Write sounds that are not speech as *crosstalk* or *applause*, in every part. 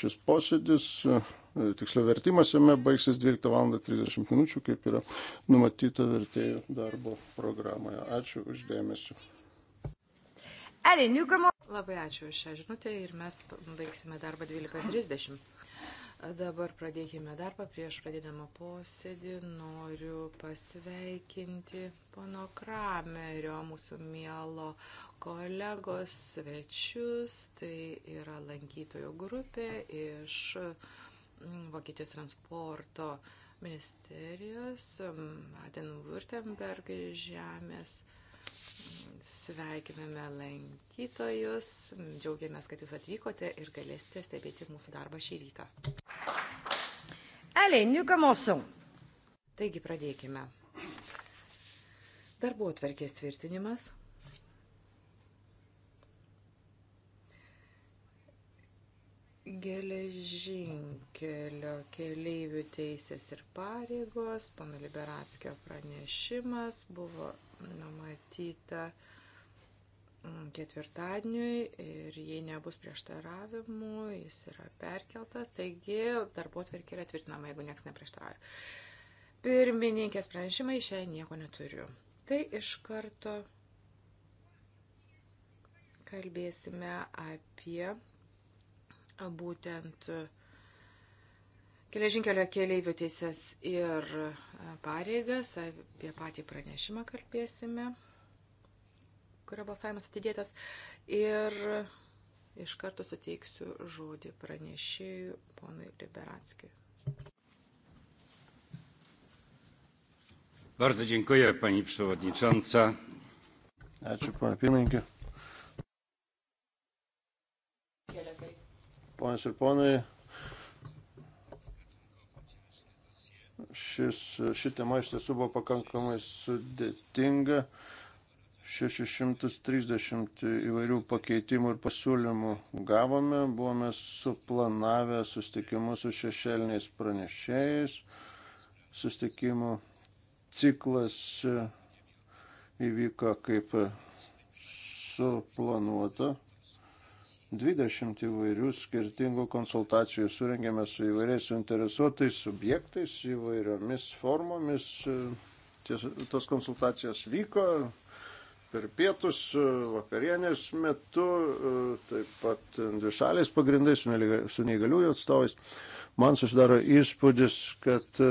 šis posėdis, e, tiksliau vertimas jame baigsis 12 val. 30 minučių, kaip yra numatyta vertėjų darbo programoje. Ačiū uždėmesi. Labai ačiū už šią žinutę ir mes baigsime darbą 12.30. Dabar pradėkime darbą. Prieš pradėdama posėdį noriu pasveikinti pono Kramerio, mūsų mielo kolegos svečius. Tai yra lankytojų grupė iš mm, Vokietijos transporto ministerijos Baden-Württemberg mm, žemės Sveikiname lankytojus, džiaugiamės, kad jūs atvykote ir galėsite stebėti mūsų darbą šį rytą. Allez, nous commençons. Taigi pradėkime. Darbo atvarkės tvirtinimas. geležinkelio keleivių teisės ir pareigos, pana Liberatskio pranešimas buvo numatyta mm, ketvirtadieniui ir jei nebus prieštaravimų, jis yra perkeltas, taigi darbo tvarkė yra tvirtinama, jeigu nieks neprieštarauja. Pirmininkės pranešimai šiandien nieko neturiu. Tai iš karto kalbėsime apie būtent uh, Keležinkelio keleivių teises ir e, pareigas, apie patį pranešimą kalbėsime, kurio balsavimas atidėtas. Ir iš karto suteiksiu žodį pranešėjui ponui Liberatskiui. Bardzo dziękuję pani przewodnicząca. Ačiū, pana pirmininkė. Ponas ir ponai, Šis, ši tema iš tiesų buvo pakankamai sudėtinga. 630 įvairių pakeitimų ir pasiūlymų gavome, buvome suplanavę susitikimus su šešelniais pranešėjais, susitikimų ciklas įvyko kaip suplanuota. 20 įvairių skirtingų konsultacijų surengėme su įvairiais suinteresuotais subjektais, įvairiomis formomis. Ties, tos konsultacijos vyko per pietus, vakarienės metu, taip pat dvišaliais pagrindais su neįgaliųjų atstovais. Man susidaro įspūdis, kad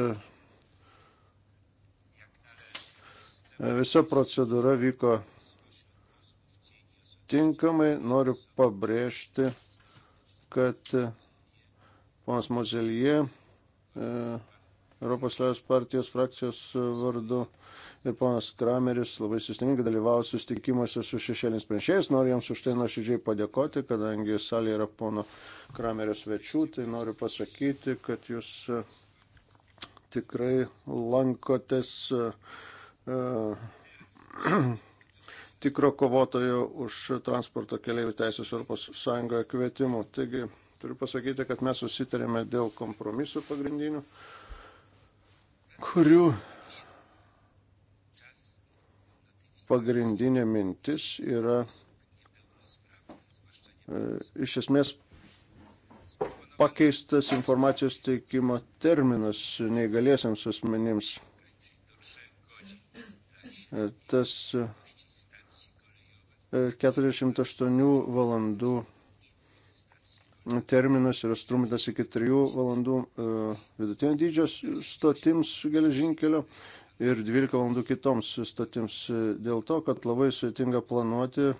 visa procedūra vyko tinkamai. Noriu pabrėžti, kad e, ponas Mozelie e, Europos Liaudės partijos frakcijos vardu ir ponas Krameris labai sistemingai dalyvavo susitikimuose su šešėliniais pranešėjais. Noriu jiems už tai nuoširdžiai padėkoti, kadangi salė yra pono Kramerio svečių, tai noriu pasakyti, kad jūs e, tikrai lankotės. Uh, tikro kovotojo už transporto keliaivių teisės ES kvietimu. Taigi turiu pasakyti, kad mes susitarėme dėl kompromisų pagrindinių, kurių pagrindinė mintis yra e, iš esmės pakeistas informacijos teikimo terminas neįgaliesiams asmenims. E, tas 48 valandų terminas yra strumtas iki 3 valandų e, vidutinio dydžio stotims geležinkelio ir 12 valandų kitoms stotims dėl to, kad labai sudėtinga planuoti,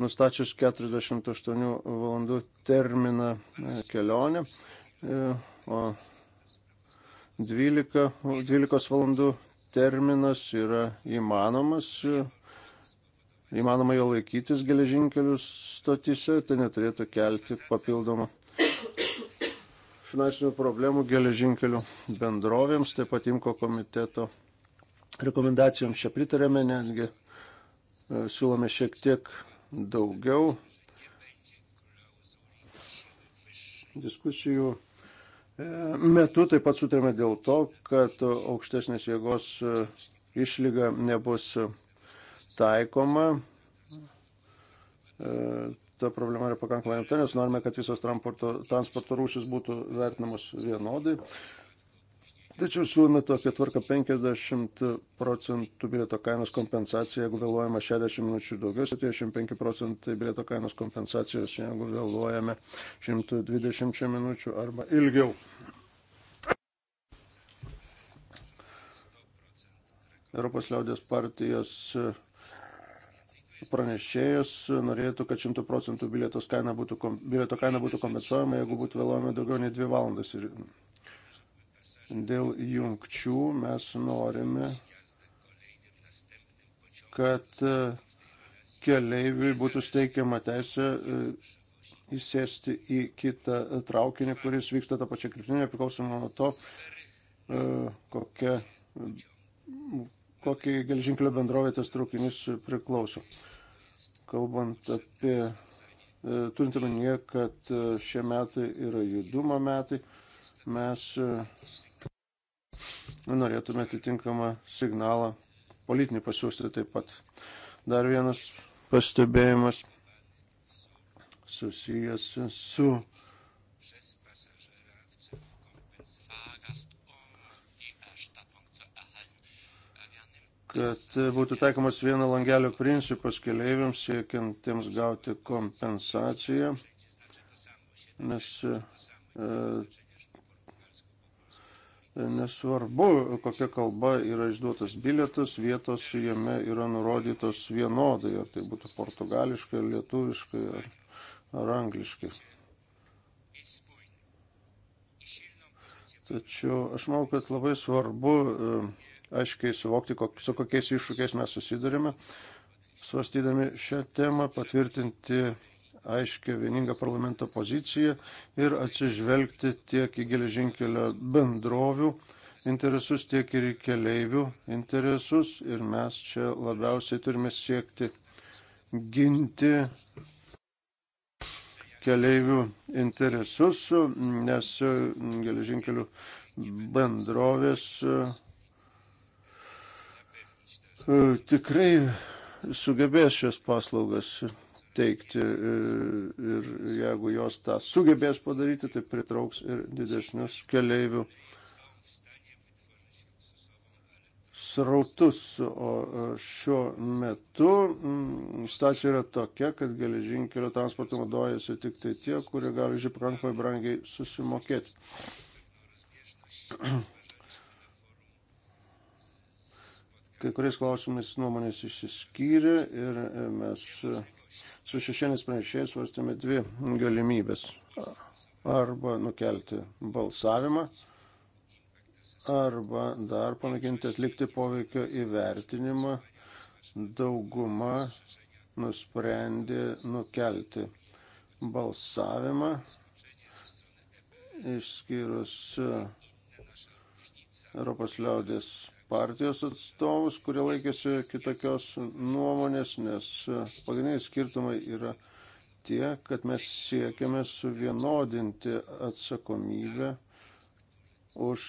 nustačius 48 valandų terminą e, kelionę, e, o 12, 12 valandų terminas yra įmanomas įmanoma jo laikytis geležinkelių stotise, tai neturėtų kelti papildomą finansinių problemų geležinkelių bendrovėms, taip pat Imko komiteto rekomendacijoms čia pritarėme, netgi e, siūlome šiek tiek daugiau diskusijų e, metu, taip pat sutarėme dėl to, kad aukštesnės jėgos e, išlyga nebus taikoma. E, ta problema yra pakankamai rimta, nes norime, kad visos transporto, transporto rūšis būtų vertinamos vienodai. Tačiau siūlome tokią tvarką 50 procentų bilieto kainos kompensacija, jeigu vėluojama 60 minučių daugiau, 75 procentai bilieto kainos kompensacijos, jeigu vėluojame 120 minučių arba ilgiau. Europos liaudės partijos pranešėjas norėtų, kad 100 procentų bilieto kaina būtų, bilieto kaina būtų kompensuojama, jeigu būtų vėluojama daugiau nei 2 valandas. Ir dėl jungčių mes norime, kad e, keleiviui būtų steikiama teisė e, įsėsti į kitą e, traukinį, kuris vyksta tą pačią kryptimį, priklausomai nuo to, kokia, kokiai gelžinklio bendrovė tas traukinys priklauso kalbant apie, e, turint omenyje, kad e, šie metai yra judumo metai, mes e, norėtume atitinkamą signalą politinį pasiūsti taip pat. Dar vienas pastebėjimas susijęs su kad būtų taikomas vieno langelio principas keleiviams siekiantiems gauti kompensaciją, nes e, nesvarbu, kokia kalba yra išduotas bilietas, vietos jame yra nurodytos vienodai, ar tai būtų portugališkai, ar lietuviškai, ar, ar angliškai. Tačiau aš manau, kad labai svarbu e, aiškiai suvokti, kok, su kokiais iššūkiais mes susidurime, svarstydami šią temą, patvirtinti aiškia vieninga parlamento pozicija ir atsižvelgti tiek į geležinkelio bendrovių interesus, tiek ir į keleivių interesus. Ir mes čia labiausiai turime siekti ginti keleivių interesus, nes geležinkelių bendrovės E, tikrai sugebės šias paslaugas teikti e, ir jeigu jos tą sugebės padaryti, tai pritrauks ir didesnius keleivių srautus. O e, šiuo metu mm, stacija yra tokia, kad geležinkelio transportu naudojasi tik tai tie, kurie gali žiūrėti pakankamai brangiai susimokėti. kai kuriais klausimais nuomonės išsiskyrė ir e, mes e, su šešienis pranešėjais svarstėme dvi galimybės. Arba nukelti balsavimą, arba dar pamėginti atlikti poveikio įvertinimą. Dauguma nusprendė nukelti balsavimą, išskyrus e, Europos liaudės partijos atstovus, kurie laikėsi kitokios nuomonės, nes pagrindiniai skirtumai yra tie, kad mes siekiame suvienodinti atsakomybę už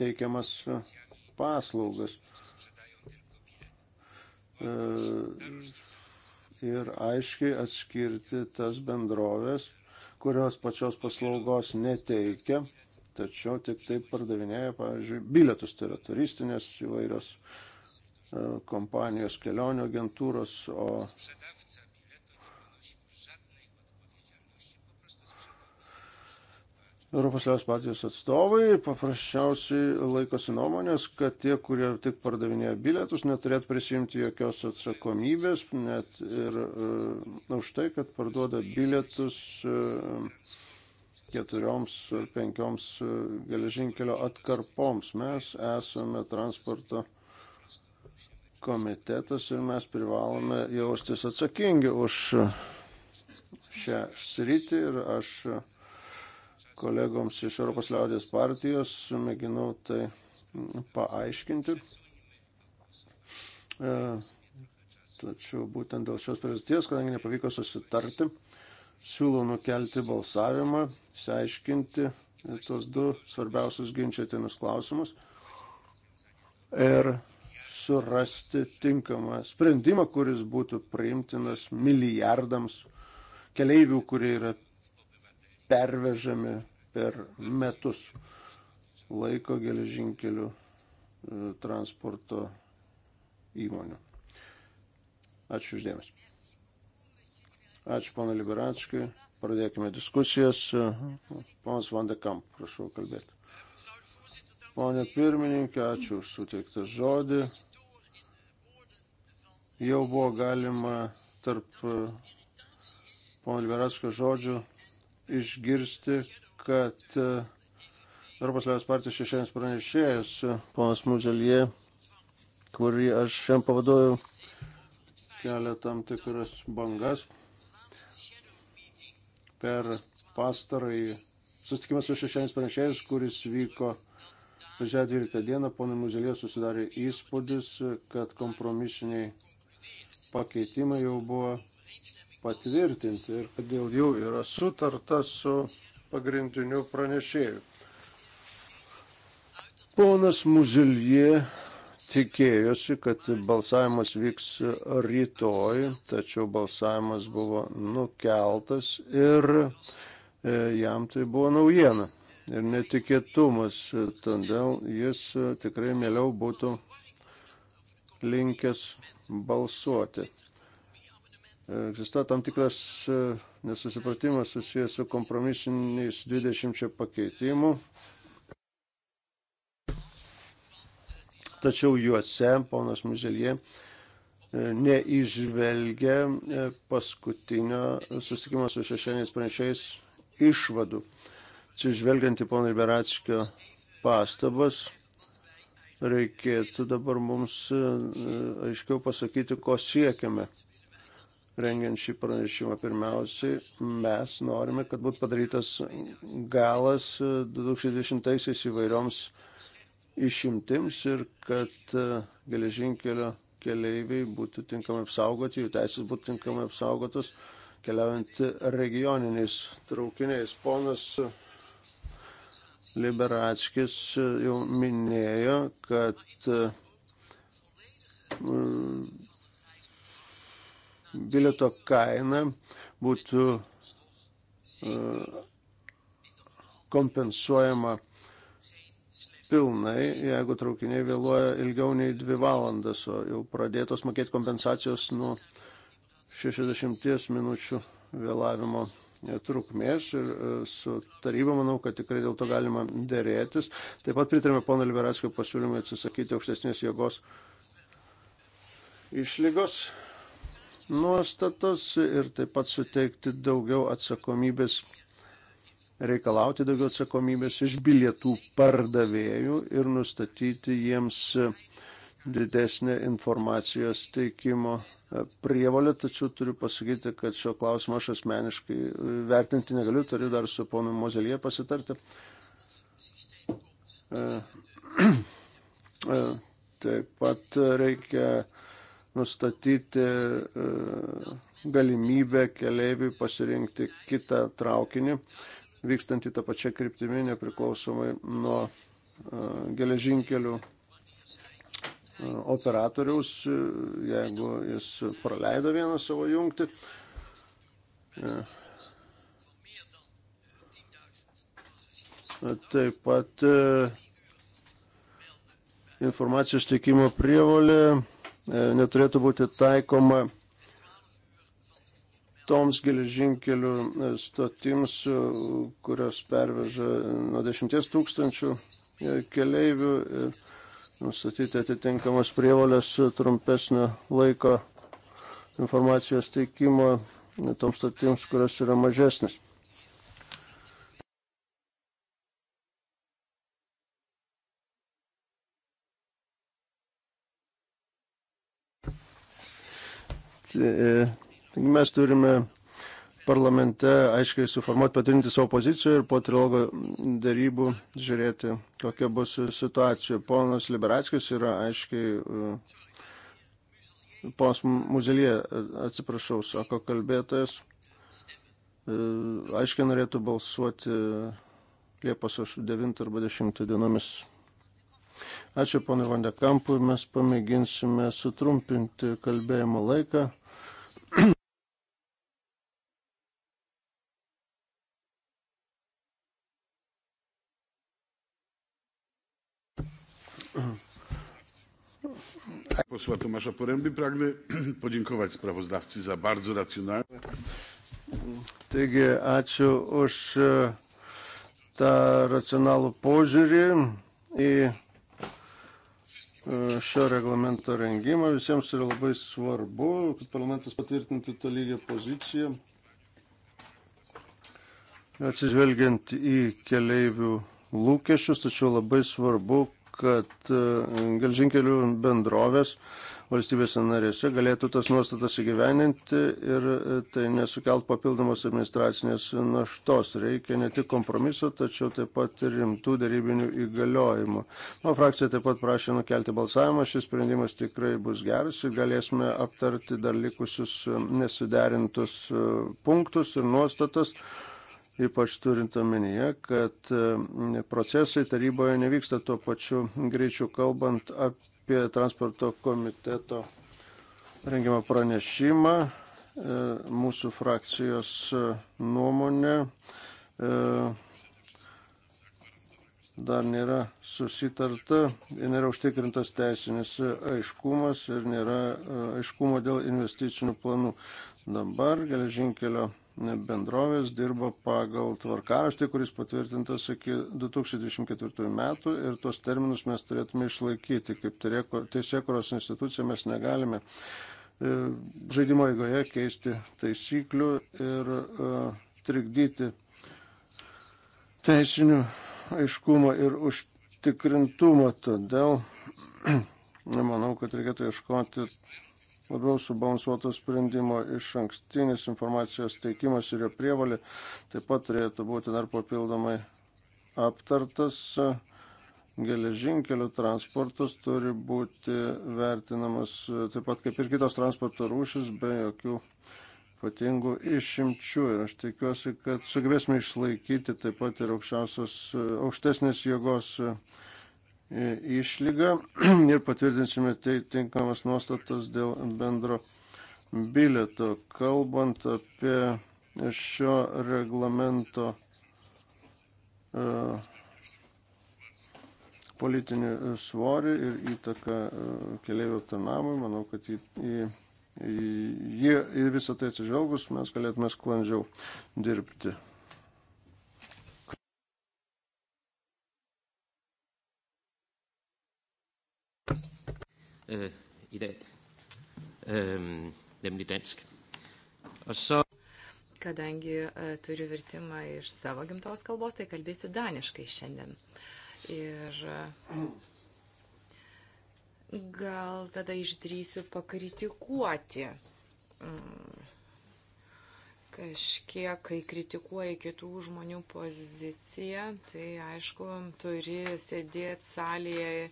teikiamas paslaugas. Ir aiškiai atskirti tas bendrovės, kurios pačios paslaugos neteikia tačiau tik taip pardavinėja, pavyzdžiui, bilietus, tai yra turistinės įvairios e, kompanijos, kelionių agentūros, o Europos Liaus partijos atstovai paprasčiausiai laikosi nuomonės, kad tie, kurie tik pardavinėja bilietus, neturėtų prisimti jokios atsakomybės net ir uh, už tai, kad parduoda bilietus uh, keturioms ar penkioms e, geležinkelio atkarpoms. Mes esame transporto komitetas ir mes privalome jaustis atsakingi už šią sritį ir aš kolegoms iš Europos liaudės partijos mėginau tai paaiškinti. E, tačiau būtent dėl šios priežasties, kadangi nepavyko susitarti, siūlau nukelti balsavimą, išsiaiškinti tos du svarbiausius ginčiatinus klausimus ir surasti tinkamą sprendimą, kuris būtų priimtinas milijardams keleivių, kurie yra pervežami per metus laiko geležinkelių e, transporto įmonių. Ačiū uždėmesi. Ačiū, pana Liberačkai. Pradėkime diskusijas. Ponas Vandekamp, prašau kalbėti. Pone pirmininkė, ačiū už suteiktą žodį. Jau buvo galima tarp e, pono Liberačko žodžių išgirsti, kad e, Europos Liaudės partijos šešienis pranešėjas, e, ponas Muzelie, kurį aš šiandien pavaduoju, kelia tam tikras bangas per pastarąjį susitikimą su šešėlis pranešėjais, kuris vyko Žia 12 dieną, ponai Muzelė susidarė įspūdis, kad kompromisiniai pakeitimai jau buvo patvirtinti ir kad dėl jų yra sutarta su pagrindiniu pranešėju. Ponas Muzelė tikėjosi, kad balsavimas vyks rytoj, tačiau balsavimas buvo nukeltas ir e, jam tai buvo naujiena ir netikėtumas, todėl jis e, tikrai mieliau būtų linkęs balsuoti. Egzistuoja tam tikras e, nesusipratimas susijęs su kompromisiniais 20 pakeitimų tačiau juose ponas Muzelie neižvelgia e, paskutinio susitikimo su šešėniais pranešiais išvadų. Atsižvelgiant į poną Liberatskio pastabas, reikėtų dabar mums e, aiškiau pasakyti, ko siekiame. Rengiant šį pranešimą pirmiausiai, mes norime, kad būtų padarytas galas 2020-aisiais e, įvairioms išimtims ir kad e, geležinkelio keleiviai būtų tinkamai apsaugoti, jų teisės būtų tinkamai apsaugotos, keliaujant regioniniais traukiniais. Ponas Liberatskis jau minėjo, kad e, bilieto kaina būtų e, kompensuojama pilnai, jeigu traukiniai vėluoja ilgiau nei 2 valandas, o jau pradėtos mokėti kompensacijos nuo 60 minučių vėlavimo trukmės ir e, su taryba manau, kad tikrai dėl to galima dėrėtis. Taip pat pritarėme pono Liberatskio pasiūlymui atsisakyti aukštesnės jėgos išlygos nuostatos ir taip pat suteikti daugiau atsakomybės reikalauti daugiau atsakomybės iš bilietų pardavėjų ir nustatyti jiems didesnė informacijos teikimo prievalė, tačiau turiu pasakyti, kad šio klausimo aš asmeniškai vertinti negaliu, turiu dar su ponu Mozelėje pasitarti. E, e, taip pat reikia nustatyti e, galimybę keleiviui pasirinkti kitą traukinį vykstantį tą pačią kryptimį, nepriklausomai nuo e, geležinkelių e, operatoriaus, jeigu jis praleido vieną savo jungtį. E, taip pat informacijos teikimo prievolė neturėtų būti taikoma toms geležinkelių e, stotims, e, kurios perveža nuo 10 tūkstančių e, keleivių ir nustatyti atitinkamas prievalės trumpesnio laiko informacijos teikimo toms stotims, kurios yra mažesnis. Tai, Taigi mes turime parlamente aiškiai suformuoti, patrinti savo poziciją ir po trilogo darybų žiūrėti, kokia bus situacija. Ponas Liberatskis yra aiškiai, e, ponas Muzelė, e, atsiprašau, sako kalbėtojas, e, aiškiai norėtų balsuoti Liepos 9 arba 10 dienomis. Ačiū ponui Vandekampui, mes pamėginsime sutrumpinti kalbėjimo laiką. posła Tomasza Poręby pragnę *clears throat* podziękować sprawozdawcy za bardzo racjonalne. Taigi, ačiū už e, tą racionalų požiūrį į e, šio reglamento rengimą. Visiems yra labai svarbu, kad parlamentas patvirtintų tą lygią poziciją, atsižvelgiant į keleivių lūkesčius, tačiau labai svarbu, kad e, gelžinkelių bendrovės valstybėse narėse galėtų tas nuostatas įgyveninti ir e, tai nesukelt papildomos administracinės naštos. Reikia ne tik kompromiso, tačiau taip pat ir rimtų darybinių įgaliojimų. Mano frakcija taip pat prašė nukelti balsavimą, šis sprendimas tikrai bus geras ir galėsime aptarti dar likusius nesuderintus e, punktus ir nuostatas ypač turint omenyje, kad e, procesai taryboje nevyksta tuo pačiu greičiu, kalbant apie transporto komiteto rengimą pranešimą. E, mūsų frakcijos nuomonė e, dar nėra susitarta, nėra užtikrintas teisinis aiškumas ir nėra aiškumo dėl investicinių planų. Dabar geležinkelio bendrovės dirbo pagal tvarkaraštį, kuris patvirtintas iki 2024 metų ir tuos terminus mes turėtume išlaikyti. Kaip teisėkuros institucija mes negalime e, žaidimo eigoje keisti taisyklių ir uh, trikdyti teisinių aiškumo ir užtikrintumo. Todėl *clears throat* manau, kad reikėtų ieškoti labiau subalansuoto sprendimo iš ankstinis informacijos teikimas ir jo prievalė taip pat turėtų būti dar papildomai aptartas. Geležinkelių transportas turi būti vertinamas taip pat kaip ir kitos transporto rūšis be jokių ypatingų išimčių ir aš tikiuosi, kad sugebėsime išlaikyti taip pat ir aukštesnės jėgos uh, išlygą *clears throat* ir patvirtinsime tai tinkamas nuostatas dėl bendro bilieto. Kalbant apie šio reglamento e, politinį svorį ir įtaką e, keliaivių aptarnavimui, manau, kad į, į, į, į visą tai atsižvelgus mes galėtume sklandžiau dirbti. øh, i dag, øh, nemlig dansk. Og så kadangi øh, turiu vertimą iš savo gimtos kalbos, tai kalbėsiu daniškai šiandien. Ir gal tada išdrysiu pakritikuoti mm, kažkiek, kai kritikuoji kitų žmonių poziciją, tai aišku, turi sėdėti salėje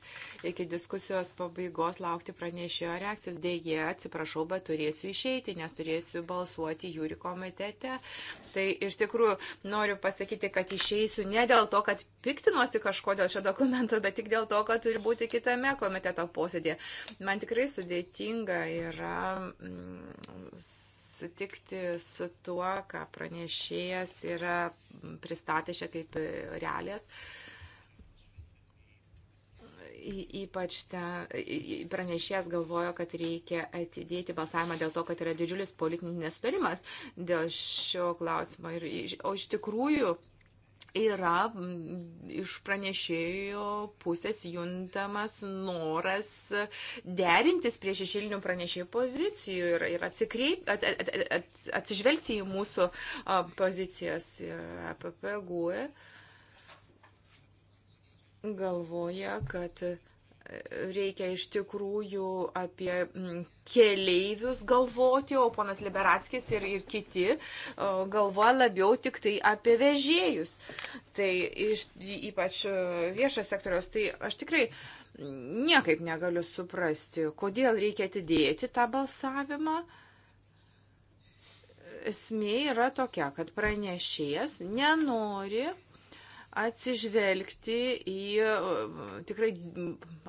iki diskusijos pabaigos, laukti pranešėjo reakcijos. Deja, atsiprašau, bet turėsiu išeiti, nes turėsiu balsuoti jūri komitete. Tai iš tikrųjų noriu pasakyti, kad išeisiu ne dėl to, kad piktinuosi kažko dėl šio dokumento, bet tik dėl to, kad turi būti kitame komiteto posėdėje. Man tikrai sudėtinga yra. Mm, sutikti su tuo, ką pranešėjas yra pristatęs čia kaip realės. Ypač ten, pranešėjas galvojo, kad reikia atidėti balsavimą dėl to, kad yra didžiulis politinis nesutarimas dėl šio klausimo. Ir, o iš tikrųjų yra mm, iš pranešėjo pusės juntamas noras derintis prie šešėlinių pranešėjų pozicijų ir, ir atsikreip, at, at, at, at, atsižvelgti į mūsų pozicijas e, APP GUE. Galvoja, kad uh, reikia iš tikrųjų apie mm, keleivius galvoti, o ponas Liberatskis ir, ir kiti galvoja labiau tik tai apie vežėjus. Tai iš, ypač e, viešas sektoriaus, tai aš tikrai mm, niekaip negaliu suprasti, kodėl reikia atidėti tą balsavimą esmė yra tokia, kad pranešėjas nenori atsižvelgti į e, tikrai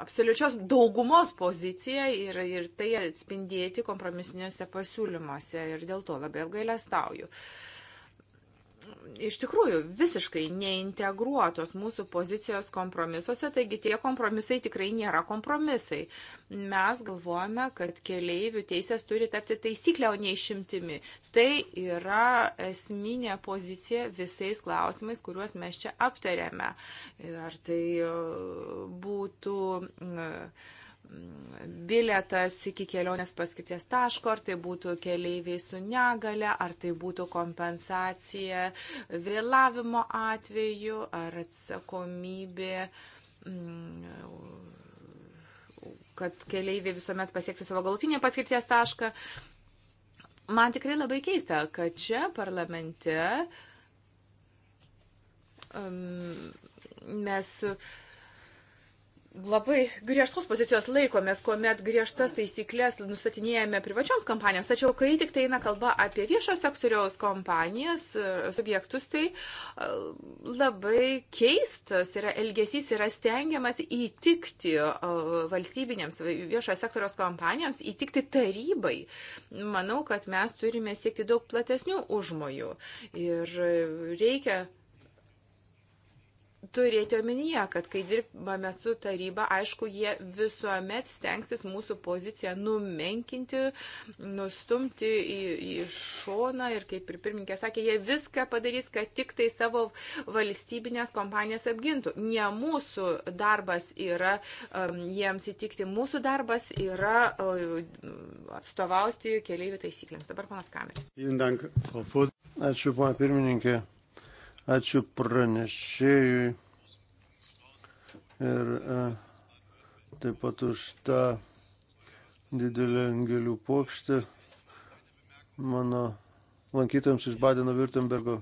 absoliučios daugumos poziciją ir, ir tai atspindėti kompromisiniuose pasiūlymuose ir dėl to labai apgailestauju. Uh, iš tikrųjų visiškai neintegruotos mūsų pozicijos kompromisuose, taigi tie kompromisai tikrai nėra kompromisai. Mes galvojame, kad keleivių teisės turi tapti taisyklę, o ne išimtimi. Tai yra esminė pozicija visais klausimais, kuriuos mes čia aptarėme. Ar tai e, būtų. Uh, bilietas iki kelionės paskirties taško, ar tai būtų keleiviai su negale, ar tai būtų kompensacija vėlavimo atveju, ar atsakomybė, mm, kad keleiviai visuomet pasiektų savo galutinį paskirties tašką. Man tikrai labai keista, kad čia parlamente um, mes uh, labai griežtos pozicijos laikomės, kuomet griežtas taisyklės nustatinėjame privačioms kompanijoms. Tačiau, kai tik tai eina kalba apie viešo sektoriaus kompanijas, subjektus, tai e, labai keistas yra elgesys, yra stengiamas įtikti e, valstybinėms viešo sektoriaus kompanijoms, įtikti tarybai. Manau, kad mes turime siekti daug platesnių užmojų ir reikia turėti omenyje, kad kai dirbame su taryba, aišku, jie visuomet stengsis mūsų poziciją numenkinti, nustumti į, į šoną ir, kaip ir pirmininkė sakė, jie viską padarys, kad tik tai savo valstybinės kompanijas apgintų. Ne mūsų darbas yra um, jiems įtikti, mūsų darbas yra um, atstovauti keliaivių taisyklėms. Dabar panas Kameris. Ačiū, pana pirmininkė. Ačiū pranešėjui ir e, taip pat už tą didelį angelių pokštį mano lankytojams iš Badeno Virtembergo.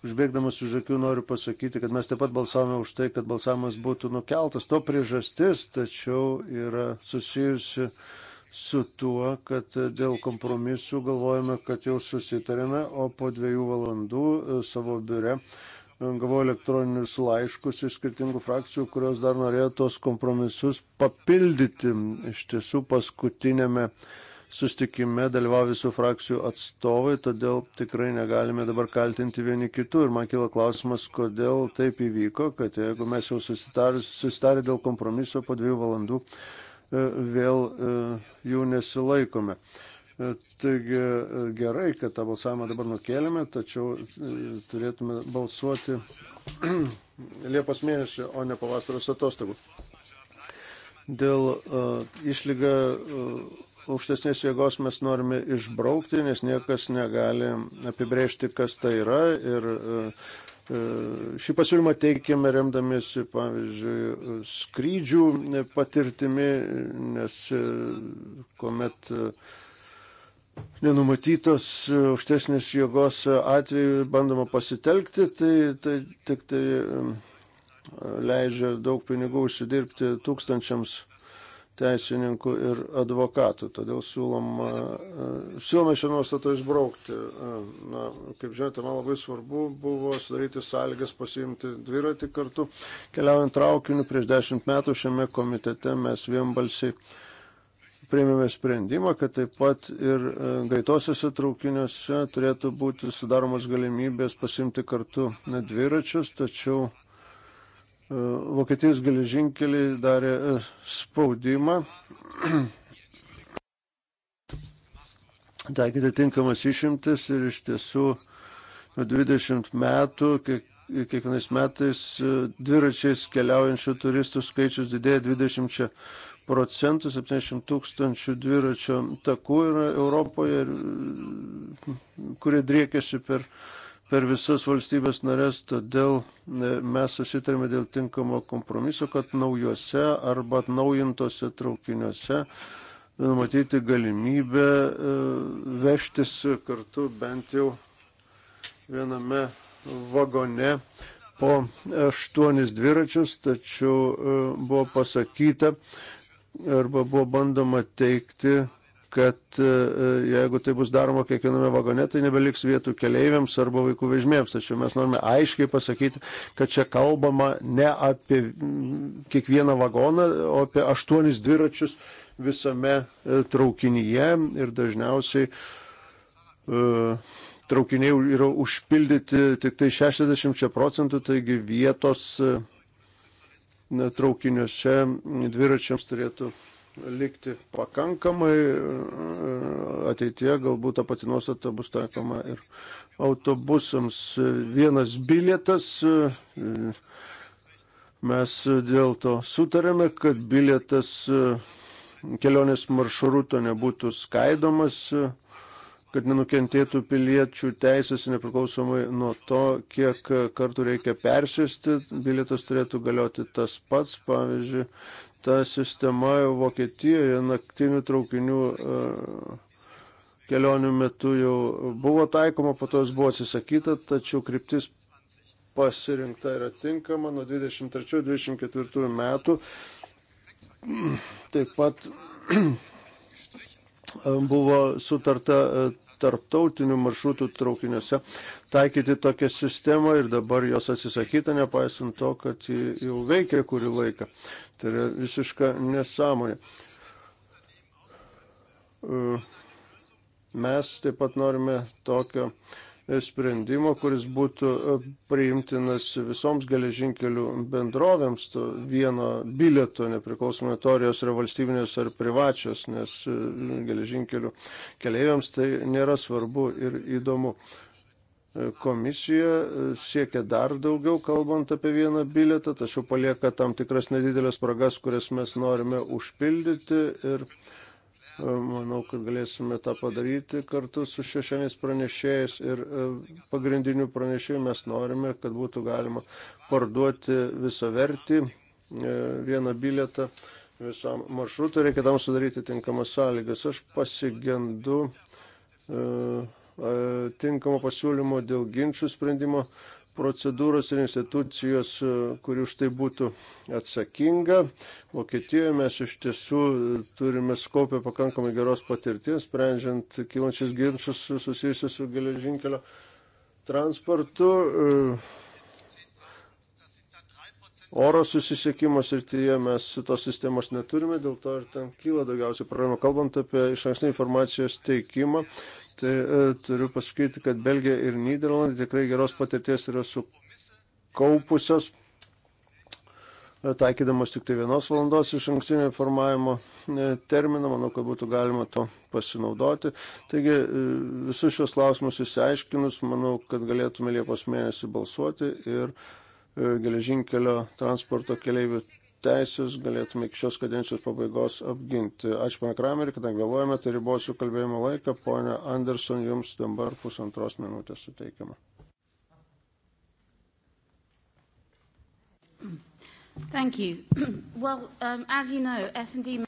Užbėgdamas už akių noriu pasakyti, kad mes taip pat balsavome už tai, kad balsavimas būtų nukeltas. To priežastis tačiau yra susijusi su su tuo, kad dėl kompromisų galvojame, kad jau susitarėme, o po dviejų valandų e, savo biure e, gavau elektroninius laiškus iš skirtingų frakcijų, kurios dar norėjo tos kompromisus papildyti. Iš tiesų paskutinėme sustikime dalyvavo visų frakcijų atstovai, todėl tikrai negalime dabar kaltinti vieni kitų. Ir man kila klausimas, kodėl taip įvyko, kad jeigu mes jau susitarė dėl kompromiso po dviejų valandų E, vėl e, jų nesilaikome. E, taigi gerai, kad tą balsavimą dabar nukėlėme, tačiau turėtume balsuoti *clears throat* Liepos mėnesį, o ne pavasaros atostogų. Dėl uh, išlyga uh, aukštesnės jėgos mes norime išbraukti, nes niekas negali apibrėžti, kas tai yra ir uh, E, šį pasiūlymą teikėme remdamiesi, pavyzdžiui, skrydžių patirtimi, nes e, kuomet e, nenumatytos aukštesnės jėgos atveju bandoma pasitelkti, tai, tai tik tai leidžia daug pinigų užsidirbti tūkstančiams teisininkų ir advokatų. Todėl siūloma, e, siūloma šią nuostatą išbraukti. E, na, kaip žinote, man labai svarbu buvo sudaryti sąlygas pasiimti dviratį kartu. Keliaujant traukiniu, prieš dešimt metų šiame komitete mes vienbalsiai priėmėme sprendimą, kad taip pat ir e, greitosiuose traukiniuose turėtų būti sudaromas galimybės pasimti kartu dviračius, tačiau E, Vokietijos geležinkeliai darė e, spaudimą *clears throat* taikyti tinkamas išimtis ir iš tiesų nuo 20 metų kiek, kiekvienais metais e, dviračiais keliaujančių turistų skaičius didėja 20 procentų, 70 tūkstančių dviračio takų yra Europoje, kurie driekiasi per per visas valstybės narės, todėl e, mes susitarėme dėl tinkamo kompromiso, kad naujuose arba atnaujintose traukiniuose e, numatyti galimybę e, vežtis kartu bent jau viename vagone po aštuonis dviračius, tačiau buvo pasakyta arba buvo bandoma teikti, kad e, e, jeigu tai bus daroma kiekviename vagone, tai nebeliks vietų keleiviams arba vaikų vežimėms. Tačiau mes norime aiškiai pasakyti, kad čia kalbama ne apie mm, kiekvieną vagoną, o apie aštuonis dviračius visame e, traukinyje ir dažniausiai traukiniai yra užpildyti tik tai 60 procentų, taigi vietos traukiniuose dviračiams turėtų likti pakankamai, e, ateitie galbūt ta pati nuostata bus taikoma ir autobusams. Vienas bilietas, e, mes dėl to sutarėme, kad bilietas e, kelionės maršruto nebūtų skaidomas kad nenukentėtų piliečių teisės nepriklausomai nuo to, kiek kartų reikia persėsti, bilietas turėtų galioti tas pats, pavyzdžiui, ta sistema jau Vokietijoje naktinių traukinių e, kelionių metu jau buvo taikoma, po to jis buvo atsisakyta, tačiau kryptis pasirinkta yra tinkama nuo 23-24 metų. Taip pat *clears throat* buvo sutarta e, tarptautinių maršrutų traukiniuose taikyti tokią sistemą ir dabar jos atsisakyta, nepaisant to, kad ji jau veikia kurį laiką. Tai yra visiška nesąmonė. E, mes taip pat norime tokio uh, sprendimo, kuris būtų e, priimtinas visoms geležinkelių bendrovėms to vieno bilieto, nepriklausomai to, ar jos yra valstybinės ar privačios, nes e, geležinkelių keliaiviams tai nėra svarbu ir įdomu. E, komisija siekia dar daugiau, kalbant apie vieną bilietą, tačiau palieka tam tikras nedidelės spragas, kurias mes norime užpildyti ir uh, Manau, kad galėsime tą padaryti kartu su šešiamis pranešėjais ir e, pagrindiniu pranešėju mes norime, kad būtų galima parduoti visą vertį, e, vieną bilietą visam maršrutui, reikia tam sudaryti tinkamas sąlygas. Aš pasigendu e, tinkamo pasiūlymo dėl ginčių sprendimo procedūros ir institucijos, e, kuri už tai būtų atsakinga. Vokietijoje mes iš tiesų turime skaupę pakankamai geros patirties, sprendžiant kylančius ginčius susijusius su geležinkelio transportu. E, oro susisiekimo srityje mes tos sistemos neturime, dėl to ir ten kyla daugiausiai problemų. Kalbant apie iš ankstinį informacijos teikimą, tai e, turiu pasakyti, kad Belgija ir Niderlandai tikrai geros patirties yra sukaupusios, e, taikydamas tik tai vienos valandos iš ankstinio informavimo e, terminą, manau, kad būtų galima to pasinaudoti. Taigi visus šios klausimus įsiaiškinus, manau, kad galėtume Liepos mėnesį balsuoti ir geležinkelio transporto keliaivių teisės galėtume iki šios kadencijos pabaigos apginti. Ačiū, pana Kramerį, kadangi vėluojame, tai ribosiu kalbėjimo laiką. Pone Anderson, jums dabar pusantros minutės suteikiama. Thank you. *clears throat* Well, um, as you know, S&D...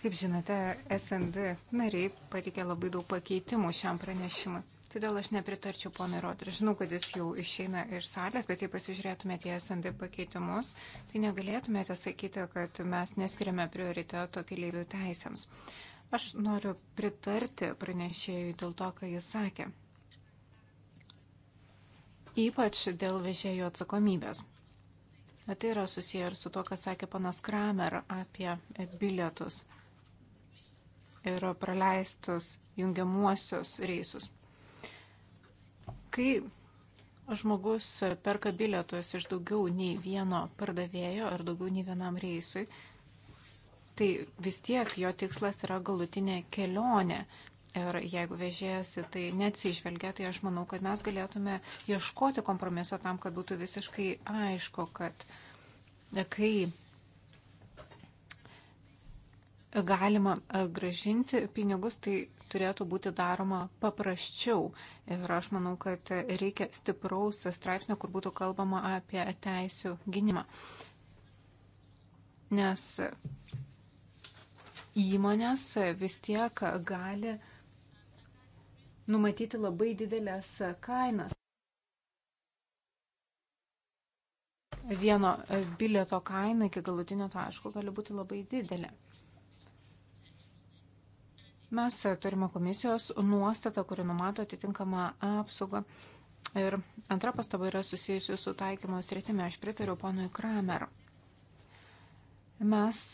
Kaip žinote, SND nariai patikė labai daug pakeitimų šiam pranešimui. Todėl aš nepritarčiau ponui Rodri. Žinau, kad jis jau išeina iš salės, bet jei pasižiūrėtumėte į SND pakeitimus, tai negalėtumėte sakyti, kad mes neskiriame prioriteto keliaivių teisėms. Aš noriu pritarti pranešėjui dėl to, ką jis sakė. Ypač dėl vežėjų atsakomybės. Tai yra susiję ir su to, ką sakė panas Kramer apie bilietus ir praleistus jungiamuosius reisus. Kai žmogus perka bilietus iš daugiau nei vieno pardavėjo ar daugiau nei vienam reisui, tai vis tiek jo tikslas yra galutinė kelionė. Ir jeigu vežėjas tai neatsižvelgia, tai aš manau, kad mes galėtume ieškoti kompromiso tam, kad būtų visiškai aišku, kad kai galima gražinti pinigus, tai turėtų būti daroma paprasčiau. Ir aš manau, kad reikia stipraus straipsnio, kur būtų kalbama apie teisų gynimą. Nes įmonės vis tiek gali numatyti labai didelės kainas. Vieno bilieto kaina iki galutinio taško gali būti labai didelė. Mes turime komisijos nuostatą, kuri numato atitinkamą apsaugą. Ir antra pastaba yra susijusi su taikymo sritimi. Aš pritariu ponui Kramer. Mes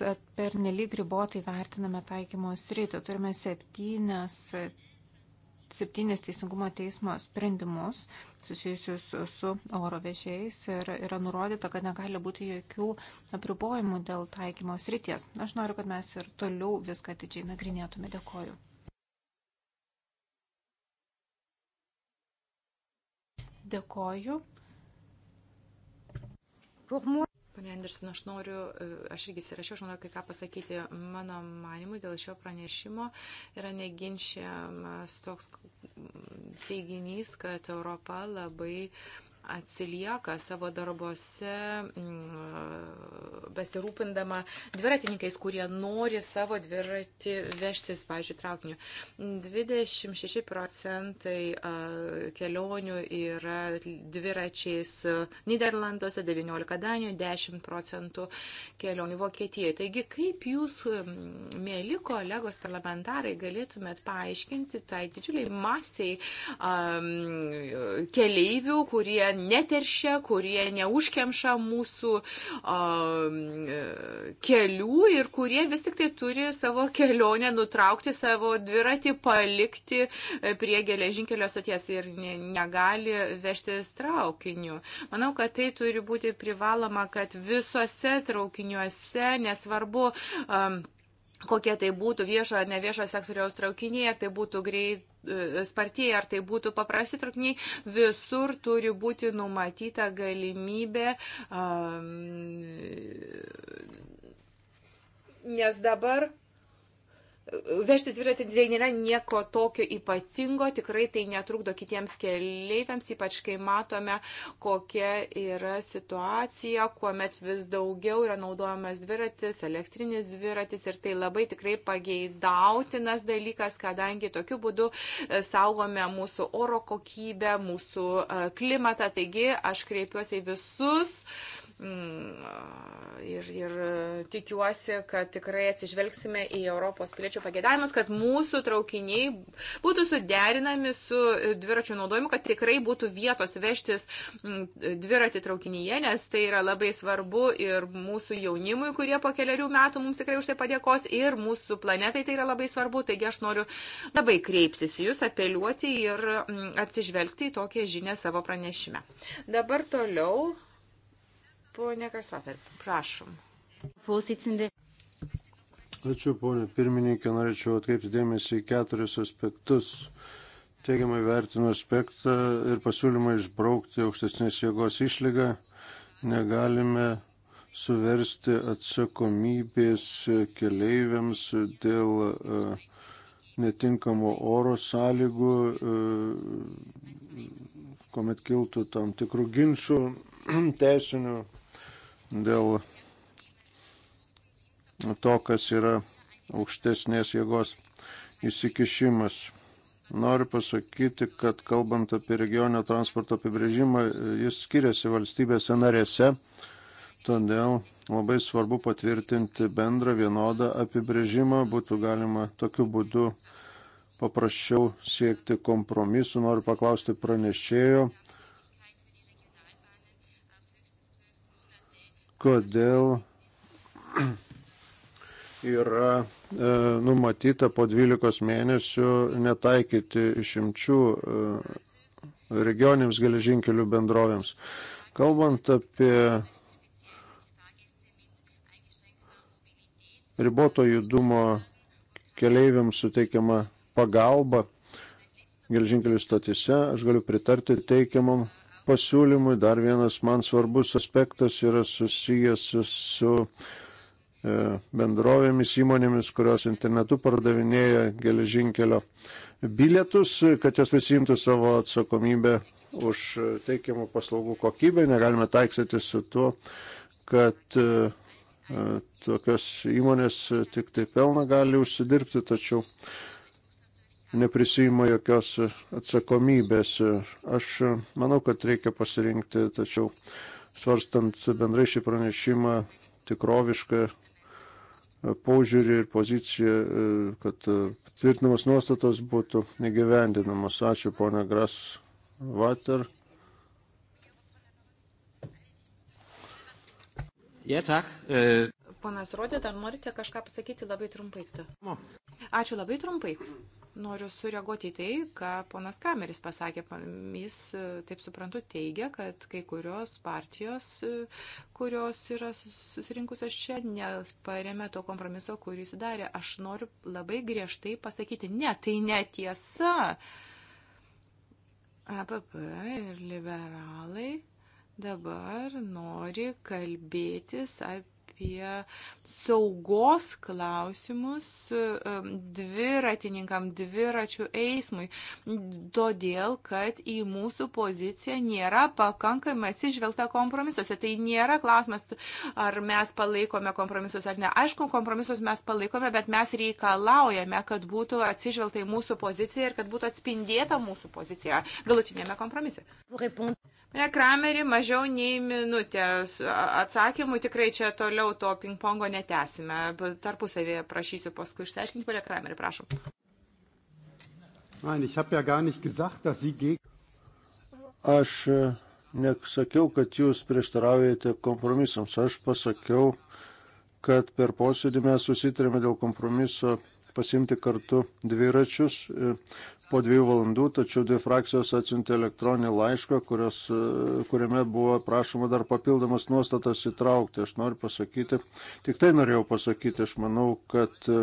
per nelyg ribotai vertiname taikymo sritį. Turime septynias septynis teisingumo teismo sprendimus susijusius su oro vežėjais ir yra nurodyta, kad negali būti jokių apribojimų dėl taikymo srities. Aš noriu, kad mes ir toliau viską didžiai nagrinėtume. Dėkoju. Dėkoju. Pane Anderson, aš noriu, e, aš irgi įsirašiau, aš noriu kai ką pasakyti. Mano manimui dėl šio pranešimo yra neginčiamas toks teiginys, kad Europa labai uh, atsilieka savo darbose, mm, besirūpindama dviratininkais, kurie nori savo dviratį vežtis, pavyzdžiui, traukiniu. 26 procentai kelionių yra dviračiais Niderlanduose, 19 Danijoje, 10 procentų kelionių Vokietijoje. Taigi, kaip jūs, mėly kolegos parlamentarai, galėtumėt paaiškinti tai didžiuliai masiai um, keleivių, kurie neteršia, kurie neužkemša mūsų a, um, kelių ir kurie vis tik tai turi savo kelionę nutraukti, savo dviratį palikti e, prie geležinkelio stoties ir negali vežtis traukiniu. Manau, kad tai turi būti privaloma, kad visose traukiniuose, nesvarbu, a, um, kokie tai būtų viešo ar neviešo sektoriaus traukiniai, ar tai būtų greit e, spartieji, ar tai būtų paprasti traukiniai, visur turi būti numatyta galimybė. Um, nes dabar Vežti dviratį tai nėra nieko tokio ypatingo, tikrai tai netrukdo kitiems keleiviams, ypač kai matome, kokia yra situacija, kuomet vis daugiau yra naudojamas dviratis, elektrinis dviratis ir tai labai tikrai pageidautinas dalykas, kadangi tokiu būdu e, saugome mūsų oro kokybę, mūsų e, klimatą. Taigi aš kreipiuosi visus Mm, ir, ir e, tikiuosi, kad tikrai atsižvelgsime į Europos piliečių pagėdavimus, kad mūsų traukiniai būtų suderinami su e, dviračių naudojimu, kad tikrai būtų vietos vežtis mm, dviratį traukinyje, nes tai yra labai svarbu ir mūsų jaunimui, kurie po keliarių metų mums tikrai už tai padėkos, ir mūsų planetai tai yra labai svarbu. Taigi aš noriu labai kreiptis į Jūs, apeliuoti ir mm, atsižvelgti į tokią žinią savo pranešime. Dabar toliau Pone Krasvater, prašom. Ačiū, ponė pirmininkė, norėčiau atkreipti dėmesį į keturis aspektus. Teigiamai vertinu aspektą ir pasiūlymą išbraukti aukštesnės jėgos išlygą. Negalime suversti atsakomybės keleiviams dėl e, netinkamo oro sąlygų, e, kuomet kiltų tam tikrų ginčių *clears throat* teisinių dėl to, kas yra aukštesnės jėgos įsikišimas. Noriu pasakyti, kad kalbant apie regioninio transporto apibrėžimą, jis skiriasi valstybėse narėse, todėl labai svarbu patvirtinti bendrą vienodą apibrėžimą, būtų galima tokiu būdu paprasčiau siekti kompromisų. Noriu paklausti pranešėjo, kodėl yra e, numatyta po 12 mėnesių netaikyti išimčių e, regioniams geležinkelių bendrovėms. Kalbant apie riboto judumo keleiviams suteikiamą pagalbą geležinkelių statise, aš galiu pritarti teikiamam pasiūlymui. Dar vienas man svarbus aspektas yra susijęs su e, bendrovėmis įmonėmis, kurios internetu pardavinėja geležinkelio bilietus, kad jos prisimtų savo atsakomybę už teikiamų paslaugų kokybę. Negalime taiksyti su tuo, kad e, e, tokios įmonės tik tai pelną gali užsidirbti, tačiau neprisima jokios atsakomybės. Aš manau, kad reikia pasirinkti, tačiau svarstant bendrai šį pranešimą, tikrovišką požiūrį ir poziciją, kad tvirtinamas nuostatos būtų negyvendinamas. Ačiū, ponia Gras Vater. Ja, tak. Øh... Ponas Rodė, dar norite kažką pasakyti labai trumpai? Tada. Ačiū labai trumpai. Noriu sureaguoti į tai, ką ponas Krameris pasakė. Jis, e, taip suprantu, teigia, kad kai kurios partijos, e, kurios yra susirinkusios čia, neparėmė to kompromiso, kurį sudarė. Aš noriu labai griežtai pasakyti, ne, tai netiesa. APP ir liberalai dabar nori kalbėtis apie apie saugos klausimus um, dviratininkam, dviračių eismui, todėl, kad į mūsų poziciją nėra pakankamai atsižvelgta kompromisuose. Tai nėra klausimas, ar mes palaikome kompromisus ar ne. Aišku, kompromisus mes palaikome, bet mes reikalaujame, kad būtų atsižvelgta į mūsų poziciją ir kad būtų atspindėta mūsų pozicija galutinėme kompromise. Ne, Kramerį mažiau nei minutę. Atsakymų tikrai čia toliau to pingpongo netesime. Tarpusavėje prašysiu paskui išsiaiškinti, ponia Kramerį, prašom. Nein, ich habe ja gar nicht gesagt, dass Sie gegen. Aš e, nesakiau, kad jūs prieštaraujate kompromisams. Aš pasakiau, kad per posėdį mes susitarėme dėl kompromiso pasimti kartu dviračius. E, po dviejų valandų, tačiau dvi frakcijos atsiuntė elektroninį laišką, kurios, e, kuriame buvo prašoma dar papildomas nuostatas įtraukti. Aš noriu pasakyti, tik tai norėjau pasakyti, aš manau, kad e,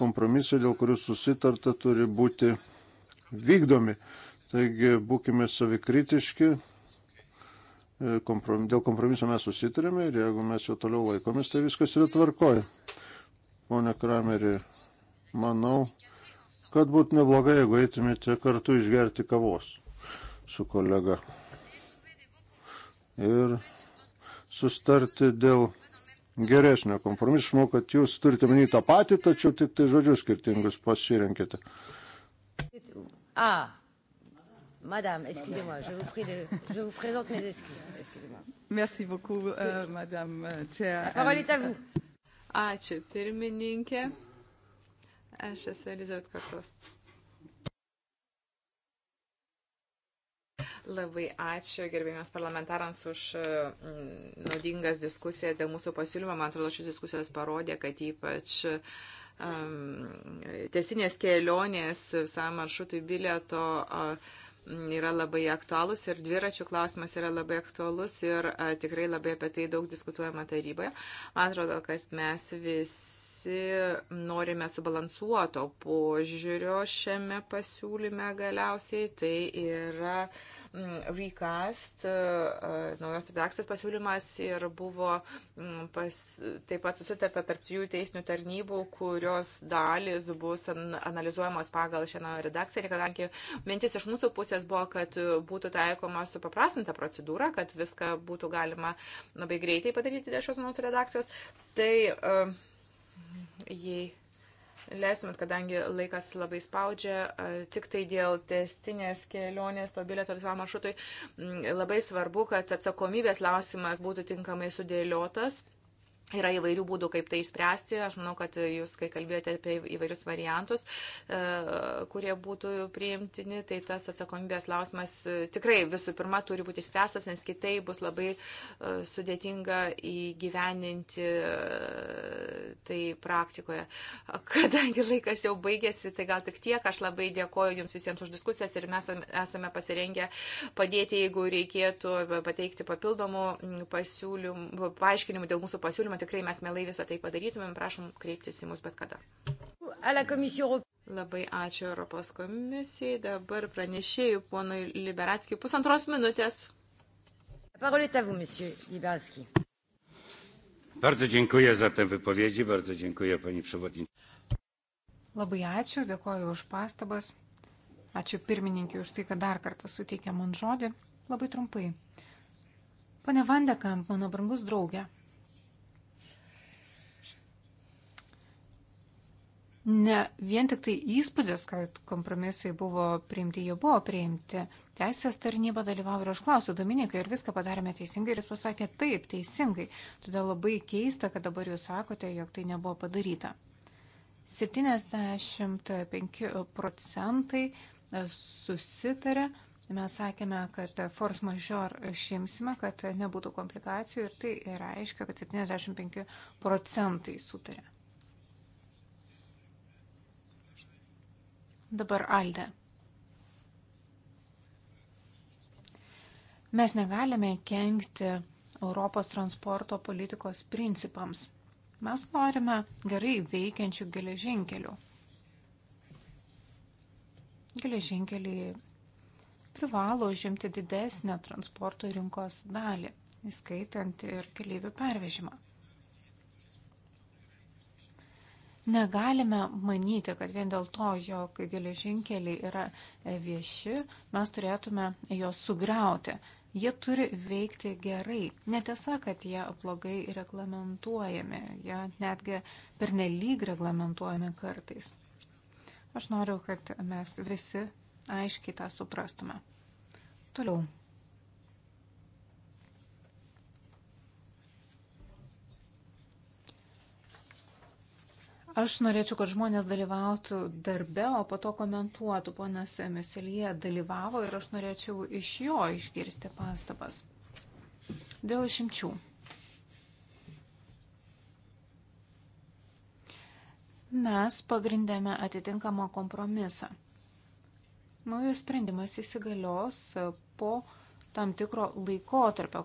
kompromisai, dėl kurių susitarta, turi būti vykdomi. Taigi būkime savikritiški, e, Komprom, dėl kompromiso mes susitarėme ir jeigu mes jo toliau laikomės, tai viskas yra tvarkoje. Pone Krameri, manau, kad būtų neblogai, jeigu eitumėte kartu išgerti kavos su kolega. Ir sustarti dėl geresnio kompromiso. Žinau, kad jūs turite minį tą patį, tačiau tik tai žodžius skirtingus pasirinkite. Ah. Madame, excusez-moi, je vous prie de, je vous présente mes excuses. Excusez-moi. Merci beaucoup, euh, Madame euh, Chair. La parole est à vous. Ačiū, pirmininkė. Aš esu Elizabet Kartos. Labai ačiū gerbėmės parlamentarams už mm, naudingas diskusijas dėl mūsų pasiūlymo. Man atrodo, šios diskusijos parodė, kad ypač um, tiesinės kelionės visam maršrutui bilieto. Uh, yra labai aktualus ir dviračių klausimas yra labai aktualus ir a, tikrai labai apie tai daug diskutuojama taryboje. Man atrodo, kad mes visi visi norime subalansuoto požiūrio šiame pasiūlyme galiausiai. Tai yra mm, recast, e, naujos redakcijos pasiūlymas ir buvo mm, pas, taip pat susitarta tarp trijų teisinių tarnybų, kurios dalis bus analizuojamos pagal šią redakciją. Ir kadangi mintis iš mūsų pusės buvo, kad būtų taikoma supaprastinta procedūra, kad viską būtų galima labai greitai padaryti dėl šios mūsų redakcijos, tai uh, Jei leistumėt, kadangi laikas labai spaudžia, tik tai dėl testinės kelionės to bilieto visam maršrutui, labai svarbu, kad atsakomybės klausimas būtų tinkamai sudėliotas Yra įvairių būdų, kaip tai išspręsti. Aš manau, kad jūs, kai kalbėjote apie įvairius variantus, e, kurie būtų priimtini, tai tas atsakomybės klausimas e, tikrai visų pirma turi būti išspręstas, nes kitai bus labai e, sudėtinga įgyveninti tai praktikoje. Kadangi laikas jau baigėsi, tai gal tik tiek. Aš labai dėkoju Jums visiems už diskusijas ir mes esame pasirengę padėti, jeigu reikėtų pateikti papildomų pasiūlymų, paaiškinimų dėl mūsų pasiūlymų bendradarbiavimo tikrai mes mielai visą tai padarytumėm, prašom kreiptis į mus bet kada. Labai ačiū Europos komisijai, dabar pranešėjau ponui Liberatskijui pusantros minutės. Parolė tavu, monsieur Liberatskij. Bardzo dziękuję za te wypowiedzi, bardzo dziękuję pani przewodnicząca. Labai ačiū, dėkoju už pastabas. Ačiū pirmininkiai už tai, kad dar kartą suteikė man žodį. Labai trumpai. Pane Vandekamp, mano brangus draugė, ne vien tik tai įspūdis, kad kompromisai buvo priimti, jie buvo priimti. Teisės tarnyba dalyvavo ir aš klausiu Dominikai, ar viską padarėme teisingai ir jis pasakė taip, teisingai. Todėl labai keista, kad dabar jūs sakote, jog tai nebuvo padaryta. 75 procentai susitarė. Mes sakėme, kad force major šimsime, kad nebūtų komplikacijų ir tai reiškia, kad 75 procentai sutarė. Dabar Alde. Mes negalime kenkti Europos transporto politikos principams. Mes norime gerai veikiančių geležinkelių. Geležinkeliai privalo užimti didesnę transporto rinkos dalį, įskaitant ir keliaivių pervežimą. Negalime manyti, kad vien dėl to, jog geležinkeliai yra vieši, mes turėtume juos sugriauti. Jie turi veikti gerai. Netiesa, kad jie blogai reglamentuojami, jie netgi pernelyg reglamentuojami kartais. Aš noriu, kad mes visi aiškiai tą suprastume. Toliau. Aš norėčiau, kad žmonės dalyvautų darbe, o po to komentuotų. Ponas Miselija dalyvavo ir aš norėčiau iš jo išgirsti pastabas. Dėl išimčių. Mes pagrindėme atitinkamą kompromisą. Naujas sprendimas įsigalios po tam tikro laikotarpio.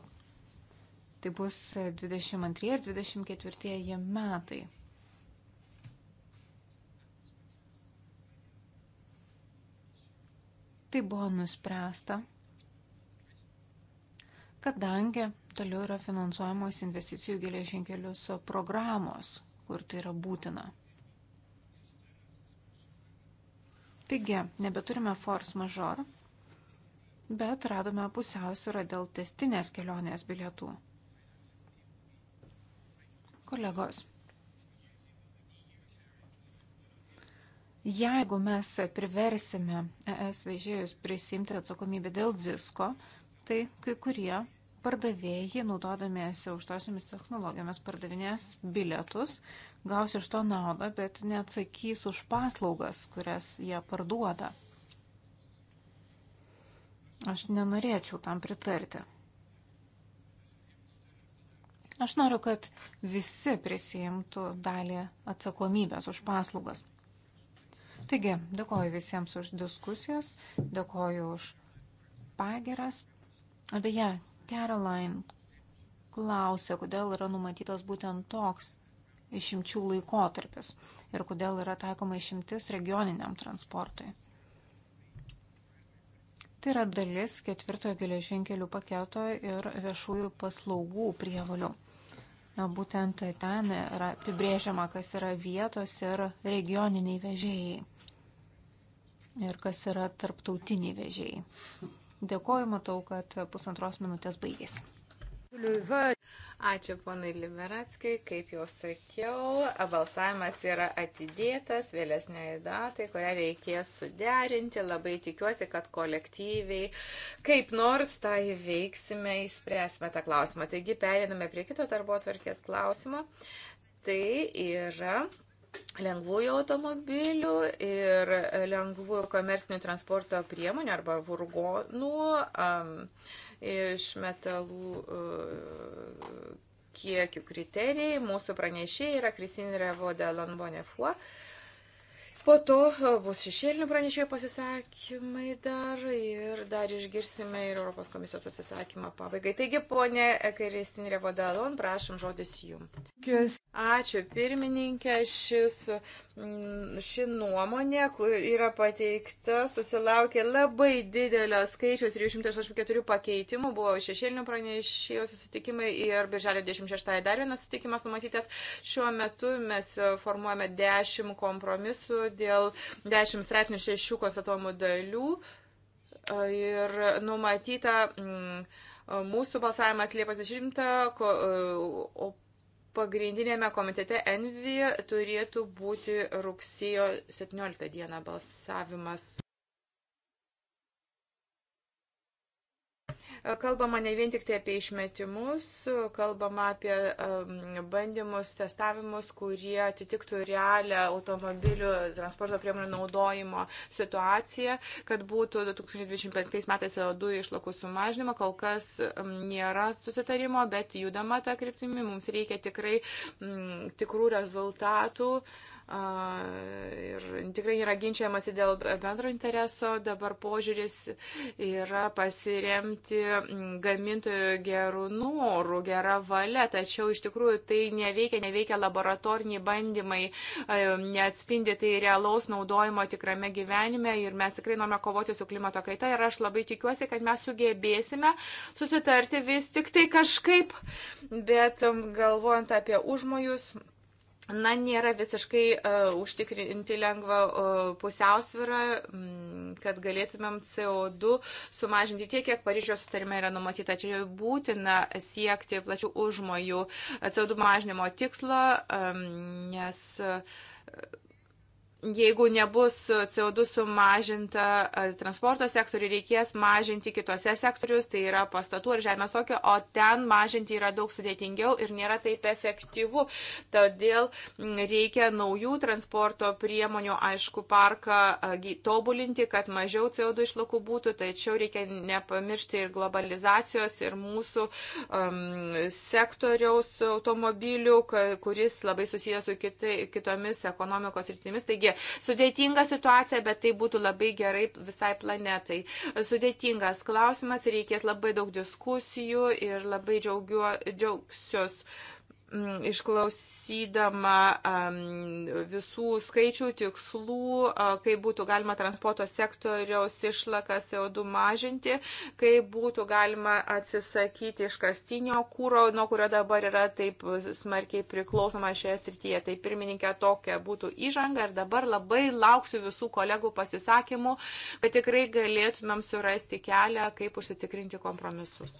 Tai bus 22 ir 24 metai. Tai buvo nuspręsta, kadangi toliau yra finansuojamos investicijų geležinkelius programos, kur tai yra būtina. Taigi, nebeturime force majeure, bet radome pusiausvyrą dėl testinės kelionės bilietų. Kolegos, Jeigu mes priversime ES vežėjus prisimti atsakomybę dėl visko, tai kai kurie pardavėjai, naudodamiesi aukštosiamis technologijomis, pardavinės bilietus, gaus iš to naudą, bet neatsakys už paslaugas, kurias jie parduoda. Aš nenorėčiau tam pritarti. Aš noriu, kad visi prisijimtų dalį atsakomybės už paslaugas. Taigi, dėkoju visiems už diskusijas, dėkoju už pagiras. Beje, Caroline klausė, kodėl yra numatytas būtent toks išimčių laikotarpis ir kodėl yra taikoma išimtis regioniniam transportui. Tai yra dalis ketvirtojo geležinkelių paketo ir viešųjų paslaugų prievalių. Būtent ten yra apibrėžiama, kas yra vietos ir regioniniai vežėjai ir kas yra tarptautiniai vežėjai. Dėkoju, matau, kad pusantros minutės baigėsi. Ačiū ponai Liberatskiai, kaip jau sakiau, balsavimas yra atidėtas vėlesniai datai, kurią reikės suderinti. Labai tikiuosi, kad kolektyviai kaip nors tą įveiksime, išspręsime tą klausimą. Taigi periname prie kito darbo tvarkės klausimo. Tai yra lengvųjų automobilių ir lengvųjų komersinių transporto priemonių arba vargonų um, iš metalų uh, kiekių kriterijai. Mūsų pranešėjai yra Kristin Revo de Lonbonefua. Uh, Po to e, bus šešėlinių pranešėjų pasisakymai dar ir dar išgirsime ir Europos komisijos pasisakymą pabaigai. Taigi, ponė Karistin Revodalon, prašom žodis jums. Ačiū pirmininkė, šis Mm, ši nuomonė, kur yra pateikta, susilaukė labai didelio skaičiaus 384 pakeitimų, buvo šešėlinių pranešėjų susitikimai ir birželio 26 dar vienas susitikimas numatytas. Šiuo metu mes e, formuojame 10 kompromisų dėl 10 straipsnių 6 konstatuomų dalių e, ir numatyta mm, e, mūsų balsavimas Liepos 10, o pagrindinėme komitete Envi turėtų būti rugsėjo 17 dieną balsavimas. kalbama ne vien tik tai apie išmetimus, kalbama apie bandymus, testavimus, kurie atitiktų realią automobilių transporto priemonių naudojimo situaciją, kad būtų 2025 metais CO2 išlakų sumažinimo. Kol kas nėra susitarimo, bet judama tą kryptimį. Mums reikia tikrai m, tikrų rezultatų. Uh, ir tikrai yra ginčiamasi dėl bendro intereso, dabar požiūris yra pasiremti mm, gamintojų gerų norų, gerą valią, tačiau iš tikrųjų tai neveikia, neveikia laboratoriniai bandymai, neatspindi tai realaus naudojimo tikrame gyvenime ir mes tikrai norime kovoti su klimato kaita ir aš labai tikiuosi, kad mes sugebėsime susitarti vis tik tai kažkaip, bet mm, galvojant apie užmojus, na, nėra visiškai uh, užtikrinti lengvą uh, e, pusiausvyrą, m, kad galėtumėm CO2 sumažinti tiek, kiek Paryžiaus sutarime yra numatyta. Čia būtina siekti plačių užmojų CO2 mažinimo tikslo, um, nes. Uh, jeigu nebus CO2 sumažinta e, transporto sektoriui, reikės mažinti kitose sektorius, tai yra pastatų ir žemės ūkio, o ten mažinti yra daug sudėtingiau ir nėra taip efektyvu. Todėl reikia naujų transporto priemonių, aišku, parką e, tobulinti, kad mažiau CO2 išlakų būtų, tačiau reikia nepamiršti ir globalizacijos, ir mūsų um, sektoriaus automobilių, kuris labai susijęs su kitai, kitomis ekonomikos rytimis. Taigi, Irgi sudėtinga situacija, bet tai būtų labai gerai visai planetai. Sudėtingas klausimas, reikės labai daug diskusijų ir labai džiaugiu, džiaugsiuos. Uh, Mm, išklausydama visų skaičių, tikslų, kaip būtų galima transporto sektoriaus išlakas CO2 mažinti, kaip būtų galima atsisakyti iškastinio kūro, nuo kurio dabar yra taip smarkiai priklausoma šioje srityje. Tai pirmininkė tokia būtų įžanga ir dabar labai lauksiu visų kolegų pasisakymų, kad tikrai galėtumėm surasti kelią, kaip užsitikrinti kompromisus.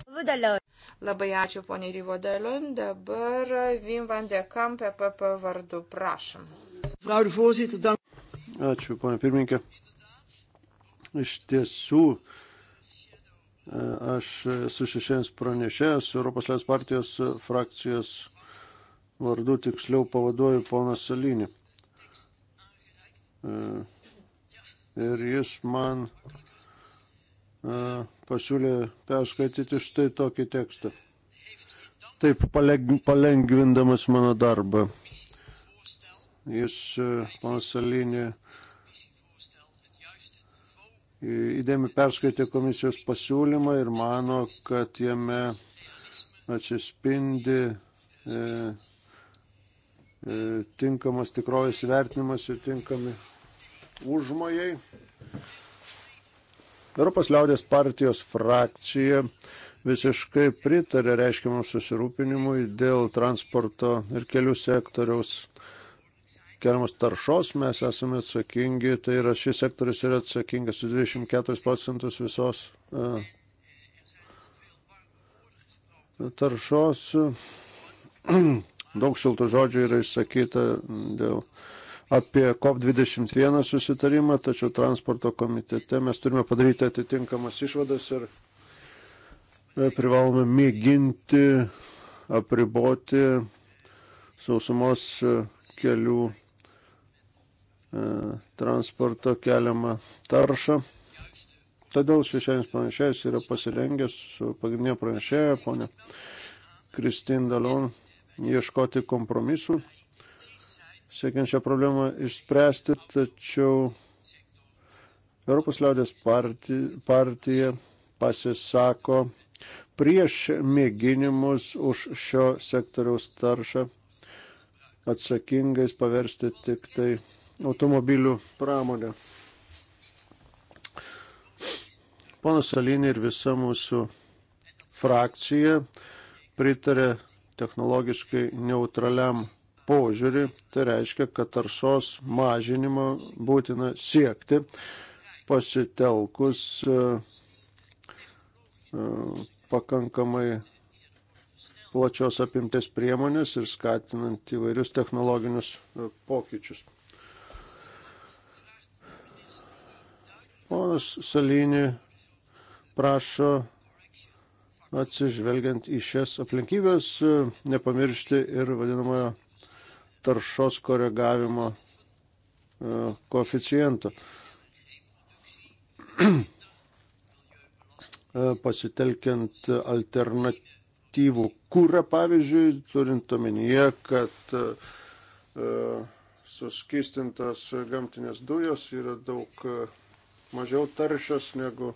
Labai ačiū, ponė Ryvodalion. Dabar Vim van de Kamp, PP e vardu, prašom. Ačiū, ponė pirmininkė. Iš tiesų, e, aš su šešėjams pranešėjęs Europos Liaudės partijos frakcijos vardu tiksliau pavaduoju poną Salinį. E, ir jis man pasiūlė perskaityti štai tokį tekstą taip palengvindamas mano darbą. Jis, e, panas Salinė, įdėmi perskaitė komisijos pasiūlymą ir mano, kad jame atsispindi e, e, tinkamas tikrovės vertinimas ir tinkami užmojai. Europos liaudės partijos frakcija e, visiškai pritarė reiškiamam susirūpinimui dėl transporto ir kelių sektoriaus keliamos taršos. Mes esame atsakingi, tai yra šis sektorius yra atsakingas už 24 procentus visos e, taršos. *clears throat* Daug šiltų žodžių yra išsakyta dėl apie COP21 susitarimą, tačiau transporto komitete mes turime padaryti atitinkamas išvadas ir privalome mėginti apriboti sausumos e, kelių e, transporto keliamą taršą. Todėl šešėlis pranešėjas yra pasirengęs su pagrindinė pranešėja, ponė Kristin Dalion, ieškoti kompromisų, siekiant šią problemą išspręsti, tačiau Europos liaudės partija, partija pasisako prieš mėginimus už šio sektoriaus taršą atsakingais paversti tik tai automobilių pramonę. Ponas Salinė ir visa mūsų frakcija pritarė technologiškai neutraliam požiūrį. Tai reiškia, kad taršos mažinimo būtina siekti pasitelkus e, e, pakankamai plačios apimties priemonės ir skatinant įvairius technologinius e, pokyčius. Ponas Salinį prašo atsižvelgiant į šias aplinkybės, e, nepamiršti ir vadinamojo taršos koregavimo e, koeficiento. *clears throat* E, pasitelkiant alternatyvų kūrą, pavyzdžiui, turint omenyje, kad e, e, suskistintas gamtinės dujos yra daug mažiau taršios negu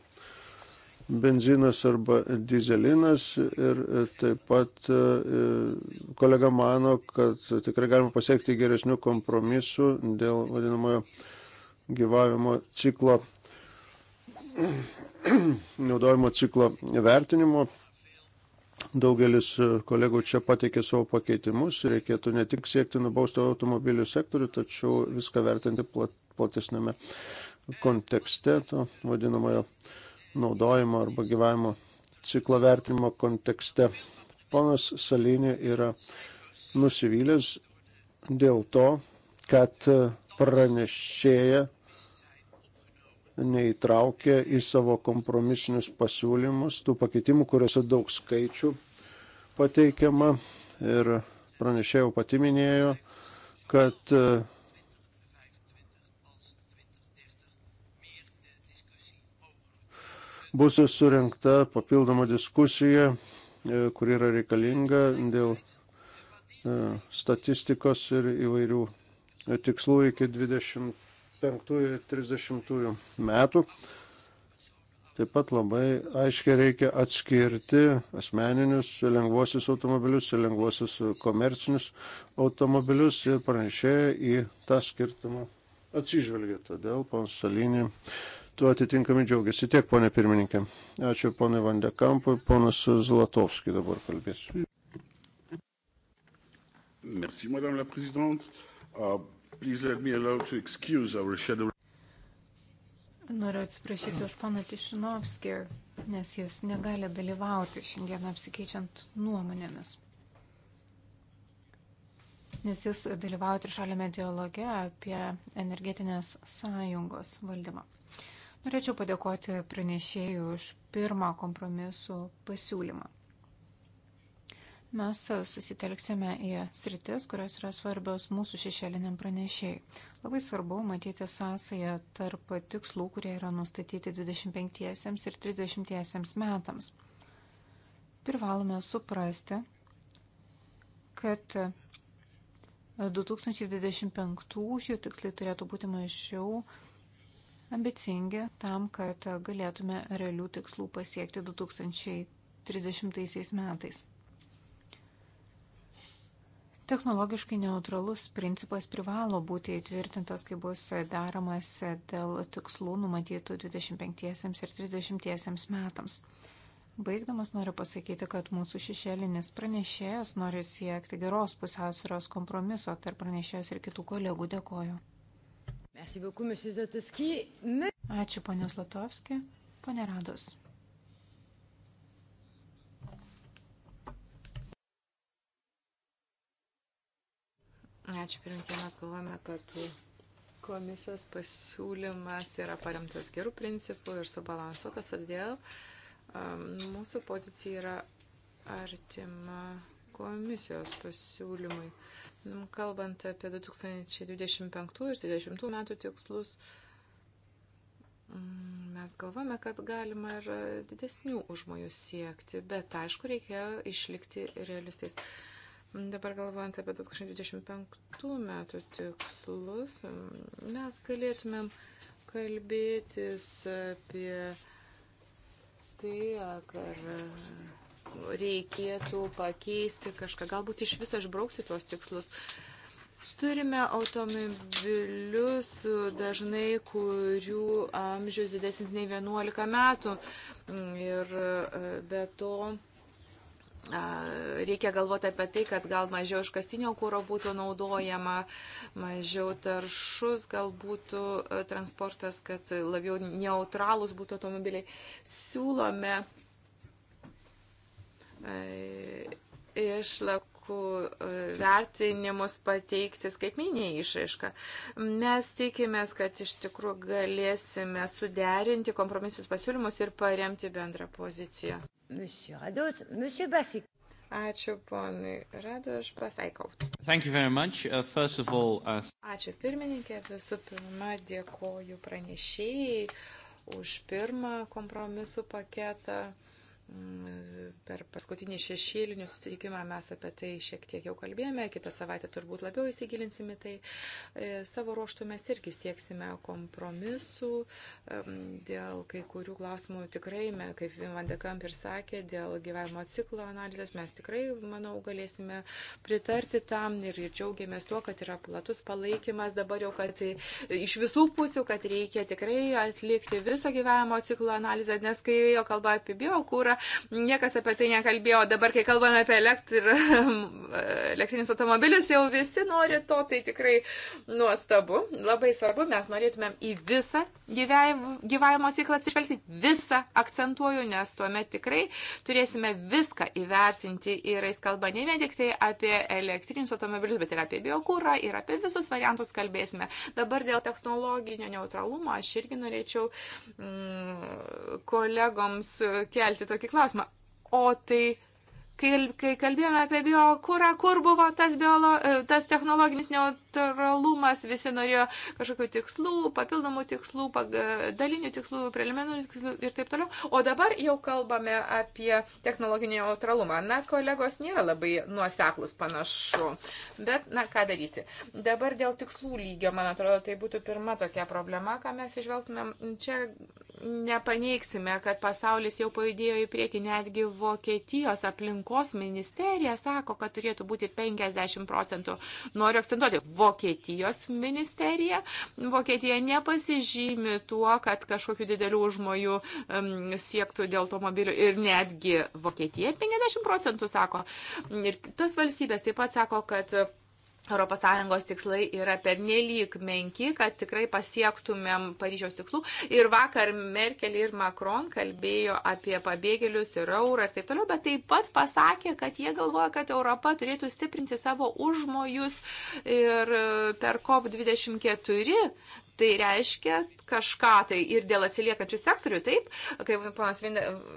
benzinas arba dizelinas ir taip pat kolega mano, kad tikrai galima pasiekti geresnių kompromisų dėl vadinamojo gyvavimo ciklo naudojimo ciklo vertinimo. Daugelis kolegų čia pateikė savo pakeitimus. Reikėtų ne tik siekti nubausti automobilių sektorių, tačiau viską vertinti platesnėme kontekste, to vadinamojo naudojimo arba gyvavimo ciklo vertinimo kontekste. Ponas Salinė yra nusivylęs dėl to, kad pranešėja neįtraukė į savo kompromisinius pasiūlymus tų pakeitimų, kuriuose daug skaičių pateikiama ir pranešėjau pati minėjo, kad e, bus surinkta papildoma diskusija, e, kuri yra reikalinga dėl e, statistikos ir įvairių tikslų iki 20 35-30 metų. Taip pat labai aiškiai reikia atskirti asmeninius lengvuosius automobilius ir lengvuosius komercinius automobilius ir pranešėjai į tą skirtumą atsižvelgia. Todėl ponas Salinį tuo atitinkami džiaugiasi. Tiek, ponė pirmininkė. Ačiū ponai Vandekampui, ponas Zlatovskis dabar kalbės. Merci, madame la présidente. Uh... Noriu atsiprašyti už paną Tišinovskį, nes jis negali dalyvauti šiandien apsikeičiant nuomonėmis. Nes jis dalyvauja trišalėme dialoge apie energetinės sąjungos valdymą. Norėčiau padėkoti pranešėjų už pirmą kompromisų pasiūlymą. Mes susitelksime į sritis, kurios yra svarbios mūsų šešėliniam pranešėjai. Labai svarbu matyti sąsąją tarp tikslų, kurie yra nustatyti 25 ir 30 metams. Privalome suprasti, kad 2025 tikslai turėtų būti mažiau ambicingi tam, kad galėtume realių tikslų pasiekti 2030 metais. Technologiškai neutralus principas privalo būti įtvirtintas, kai bus daromas dėl tikslų numatytų 25 ir 30 metams. Baigdamas noriu pasakyti, kad mūsų šešėlinis pranešėjas nori siekti geros pusiausvėros kompromiso tarp pranešėjos ir kitų kolegų. Dėkoju. Ačiū, ponios Latovski. Pone Rados. Ačiū pirmininkė, mes galvojame, kad komisijos pasiūlymas yra paremtas gerų principų ir subalansuotas, todėl um, mūsų pozicija yra artima komisijos pasiūlymui. Kalbant apie 2025 ir 2030 metų tikslus, mes galvome, kad galima ir didesnių užmojų siekti, bet aišku, reikia išlikti realistais. Dabar galvojant apie 2025 metų tikslus, mes galėtumėm kalbėtis apie tai, ar reikėtų pakeisti kažką, galbūt iš viso išbraukti tuos tikslus. Turime automobilius dažnai, kurių amžius didesnis nei 11 metų ir e, be to Reikia galvoti apie tai, kad gal mažiau iškastinio kūro būtų naudojama, mažiau taršus gal būtų e, transportas, kad labiau neutralūs būtų automobiliai. Siūlome e, išlakų e, vertinimus pateikti skaitminė išaiška. Mes tikimės, kad iš tikrųjų galėsime suderinti kompromisus pasiūlymus ir paremti bendrą poziciją. Monsieur Rados, Monsieur Basik. Ačiū ponui Radoš Pasaikau. Uh, all, uh... Ačiū pirmininkė, visų pirma dėkoju pranešėjai už pirmą kompromisų paketą. Per paskutinį šešėlinių susitikimą mes apie tai šiek tiek jau kalbėjome, kitą savaitę turbūt labiau įsigilinsime tai. E, savo ruoštų mes irgi sieksime kompromisų dėl kai kurių klausimų tikrai, kaip Vandekamp ir sakė, dėl gyvenimo ciklo analizės mes tikrai, manau, galėsime pritarti tam ir džiaugiamės tuo, kad yra platus palaikymas dabar jau, kad iš visų pusių, kad reikia tikrai atlikti viso gyvenimo ciklo analizę, nes kai jo kalba apie biokūrą, Niekas apie tai nekalbėjo. Dabar, kai kalbame apie elektr... *laughs* elektrinius automobilius, jau visi nori to. Tai tikrai nuostabu. Labai svarbu. Mes norėtumėm į visą gyvavimo ciklą atsižvelgti. Visą akcentuoju, nes tuomet tikrai turėsime viską įvertinti. Ir jis kalba ne vien tik tai apie elektrinius automobilius, bet ir apie biokūrą, ir apie visus variantus kalbėsime. Dabar dėl technologinio neutralumo aš irgi norėčiau mm, kolegoms kelti tokį tokį klausimą. O tai, kai, kai kalbėjome apie biokūrą, kur buvo tas, biolo, e, tas technologinis neutralumas, visi norėjo kažkokių tikslų, papildomų tikslų, dalinių tikslų, preliminarių tikslų ir taip toliau. O dabar jau kalbame apie technologinį neutralumą. Na, kolegos nėra labai nuoseklus panašu, bet, na, ką darysi. Dabar dėl tikslų lygio, man atrodo, tai būtų pirma tokia problema, ką mes išvelgtumėm. Čia nepaneiksime, kad pasaulis jau pajudėjo į priekį, netgi Vokietijos aplinkos ministerija sako, kad turėtų būti 50 procentų. Noriu akcentuoti, Vokietijos ministerija, Vokietija nepasižymi tuo, kad kažkokiu dideliu užmoju um, siektų dėl automobilių ir netgi Vokietija 50 procentų sako. Ir tos valstybės taip pat sako, kad ES tikslai yra pernelyg menki, kad tikrai pasiektumėm Paryžiaus tikslų. Ir vakar Merkel ir Macron kalbėjo apie pabėgėlius ir eurą ir taip toliau, bet taip pat pasakė, kad jie galvoja, kad Europa turėtų stiprinti savo užmojus ir e, per COP24 Tai reiškia kažką tai ir dėl atsiliekančių sektorių, taip, kaip panas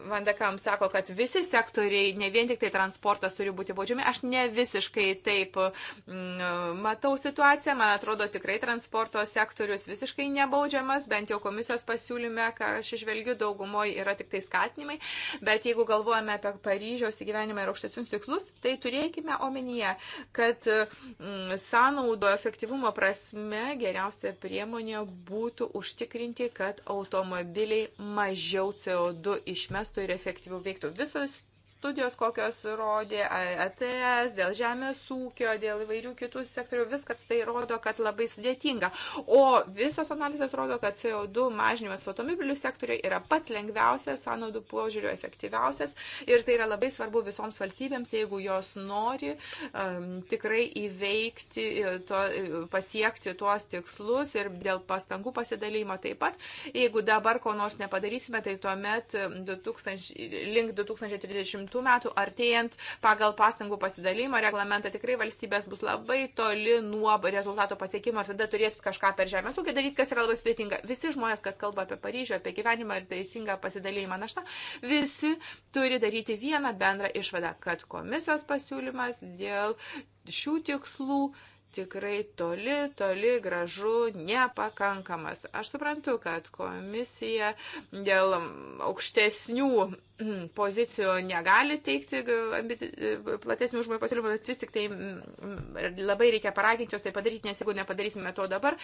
Vandekam sako, kad visi sektoriai, ne vien tik tai transportas turi būti baudžiami, aš ne visiškai taip m, mm, matau situaciją, man atrodo tikrai transporto sektorius visiškai nebaudžiamas, bent jau komisijos pasiūlyme, ką aš išvelgiu, daugumoje yra tik tai skatinimai, bet jeigu galvojame apie Paryžiaus įgyvenimą ir aukštesnius tikslus, tai turėkime omenyje, kad m, mm, sąnaudo efektyvumo prasme geriausia priemonė priemonė būtų užtikrinti, kad automobiliai mažiau CO2 išmestų ir efektyviau veiktų. Visos studijos, kokios rodė ACS, dėl žemės ūkio, dėl įvairių kitų sektorių, viskas tai rodo, kad labai sudėtinga. O visos analizės rodo, kad CO2 mažinimas automobilių sektoriai yra pats lengviausias, sąnaudų požiūrio efektyviausias ir tai yra labai svarbu visoms valstybėms, jeigu jos nori um, tikrai įveikti, e, to, e, pasiekti tuos tikslus ir dėl pastangų pasidalymo taip pat. Jeigu dabar ko nors nepadarysime, tai tuomet 2000, e, link 2030 2020 metų, artėjant pagal pastangų pasidalymo reglamentą, tikrai valstybės bus labai toli nuo rezultato pasiekimo ir tada turės kažką per žemės ūkį daryti, kas yra labai sudėtinga. Visi žmonės, kas kalba apie Paryžių, apie gyvenimą ir teisingą pasidalymą naštą, visi turi daryti vieną bendrą išvadą, kad komisijos pasiūlymas dėl šių tikslų tikrai toli, toli gražu nepakankamas. Aš suprantu, kad komisija dėl aukštesnių pozicijų negali teikti platesnių užmojų pasiūlymų, bet vis tik tai mm, labai reikia paraginti jos tai padaryti, nes jeigu nepadarysime to dabar,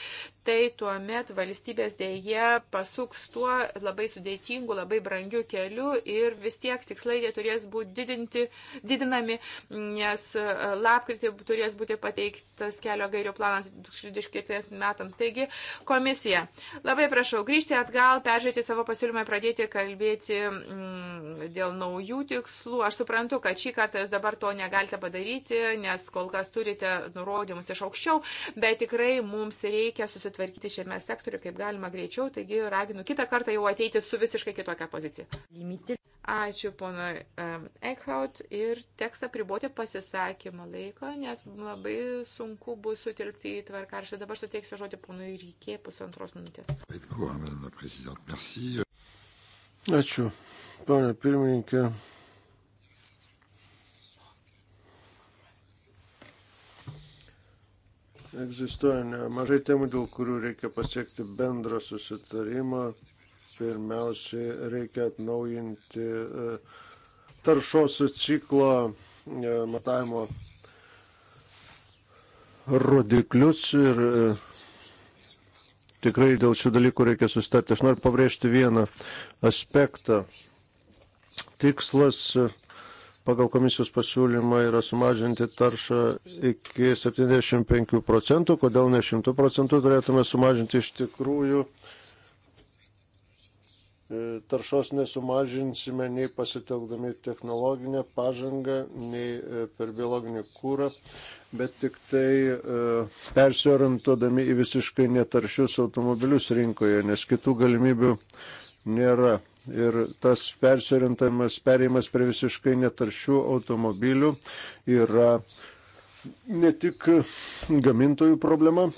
tai tuomet valstybės dėje pasuks tuo labai sudėtingu, labai brangiu keliu ir vis tiek tikslai jie turės būti didinti, didinami, nes e, lapkritį turės būti pateiktas kelio gairių planas 2024 metams. Taigi, komisija, labai prašau grįžti atgal, peržiūrėti savo pasiūlymą, pradėti kalbėti. Mm, dėl naujų tikslų. Aš suprantu, kad šį kartą jūs dabar to negalite padaryti, nes kol kas turite nurodymus iš aukščiau, bet tikrai mums reikia susitvarkyti šiame sektoriu kaip galima greičiau, taigi raginu kitą kartą jau ateiti su visiškai kitokia pozicija. Limiti. Ačiū pono um, Eckhout ir teks apriboti pasisakymą laiko, nes labai sunku bus sutilpti į tvarkaršį. Dabar suteiksiu žodį ponui Rykė pusantros minutės. Ačiū. Pane pirmininkė, egzistuoja nemažai temų, dėl kurių reikia pasiekti bendrą susitarimą. Pirmiausiai reikia atnaujinti e, taršos ciklo e, matavimo rodiklius ir e, tikrai dėl šių dalykų reikia sustarti. Aš noriu pabrėžti vieną aspektą tikslas e, pagal komisijos pasiūlymą yra sumažinti taršą iki 75 procentų, kodėl ne 100 procentų turėtume sumažinti iš tikrųjų. E, taršos nesumažinsime nei pasitelkdami technologinę pažangą, nei e, per biologinį kūrą, bet tik tai persiorantuodami į visiškai netaršius automobilius rinkoje, nes kitų galimybių nėra ir tas persiorientavimas, perėjimas prie visiškai netaršių automobilių yra ne tik gamintojų problema,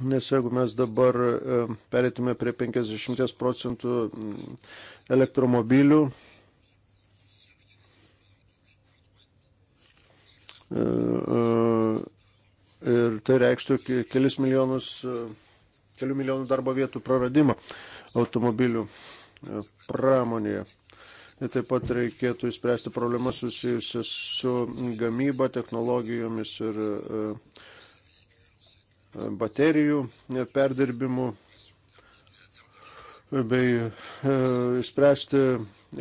nes jeigu mes dabar e, perėtume prie 50 procentų mm, elektromobilių, e, e, ir tai reikštų kelis milijonus, kelių milijonų darbo vietų praradimą automobilių E, pramonėje. Ir taip pat reikėtų įspręsti problemas susijusias su gamyba, technologijomis ir e, baterijų perdirbimu bei e, įspręsti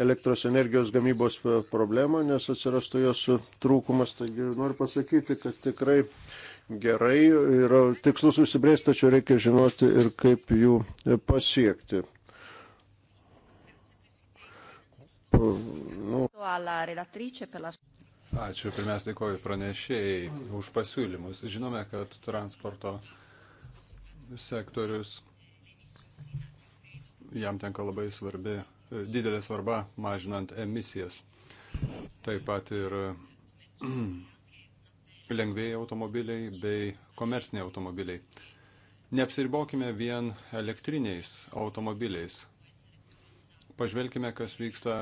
elektros energijos gamybos problemą, nes atsirastų jos trūkumas. Taigi noriu pasakyti, kad tikrai gerai yra tikslus užsibrėžti, tačiau reikia žinoti ir kaip jų pasiekti. Nu. Ačiū, pirmiausia, dėkoju pranešėjai už pasiūlymus. Žinome, kad transporto sektorius, jam tenka labai svarbi, didelė svarba mažinant emisijas. Taip pat ir *clears throat* lengvėjai automobiliai bei komerciniai automobiliai. Neapsiribokime vien elektriniais automobiliais. Pažvelkime, kas vyksta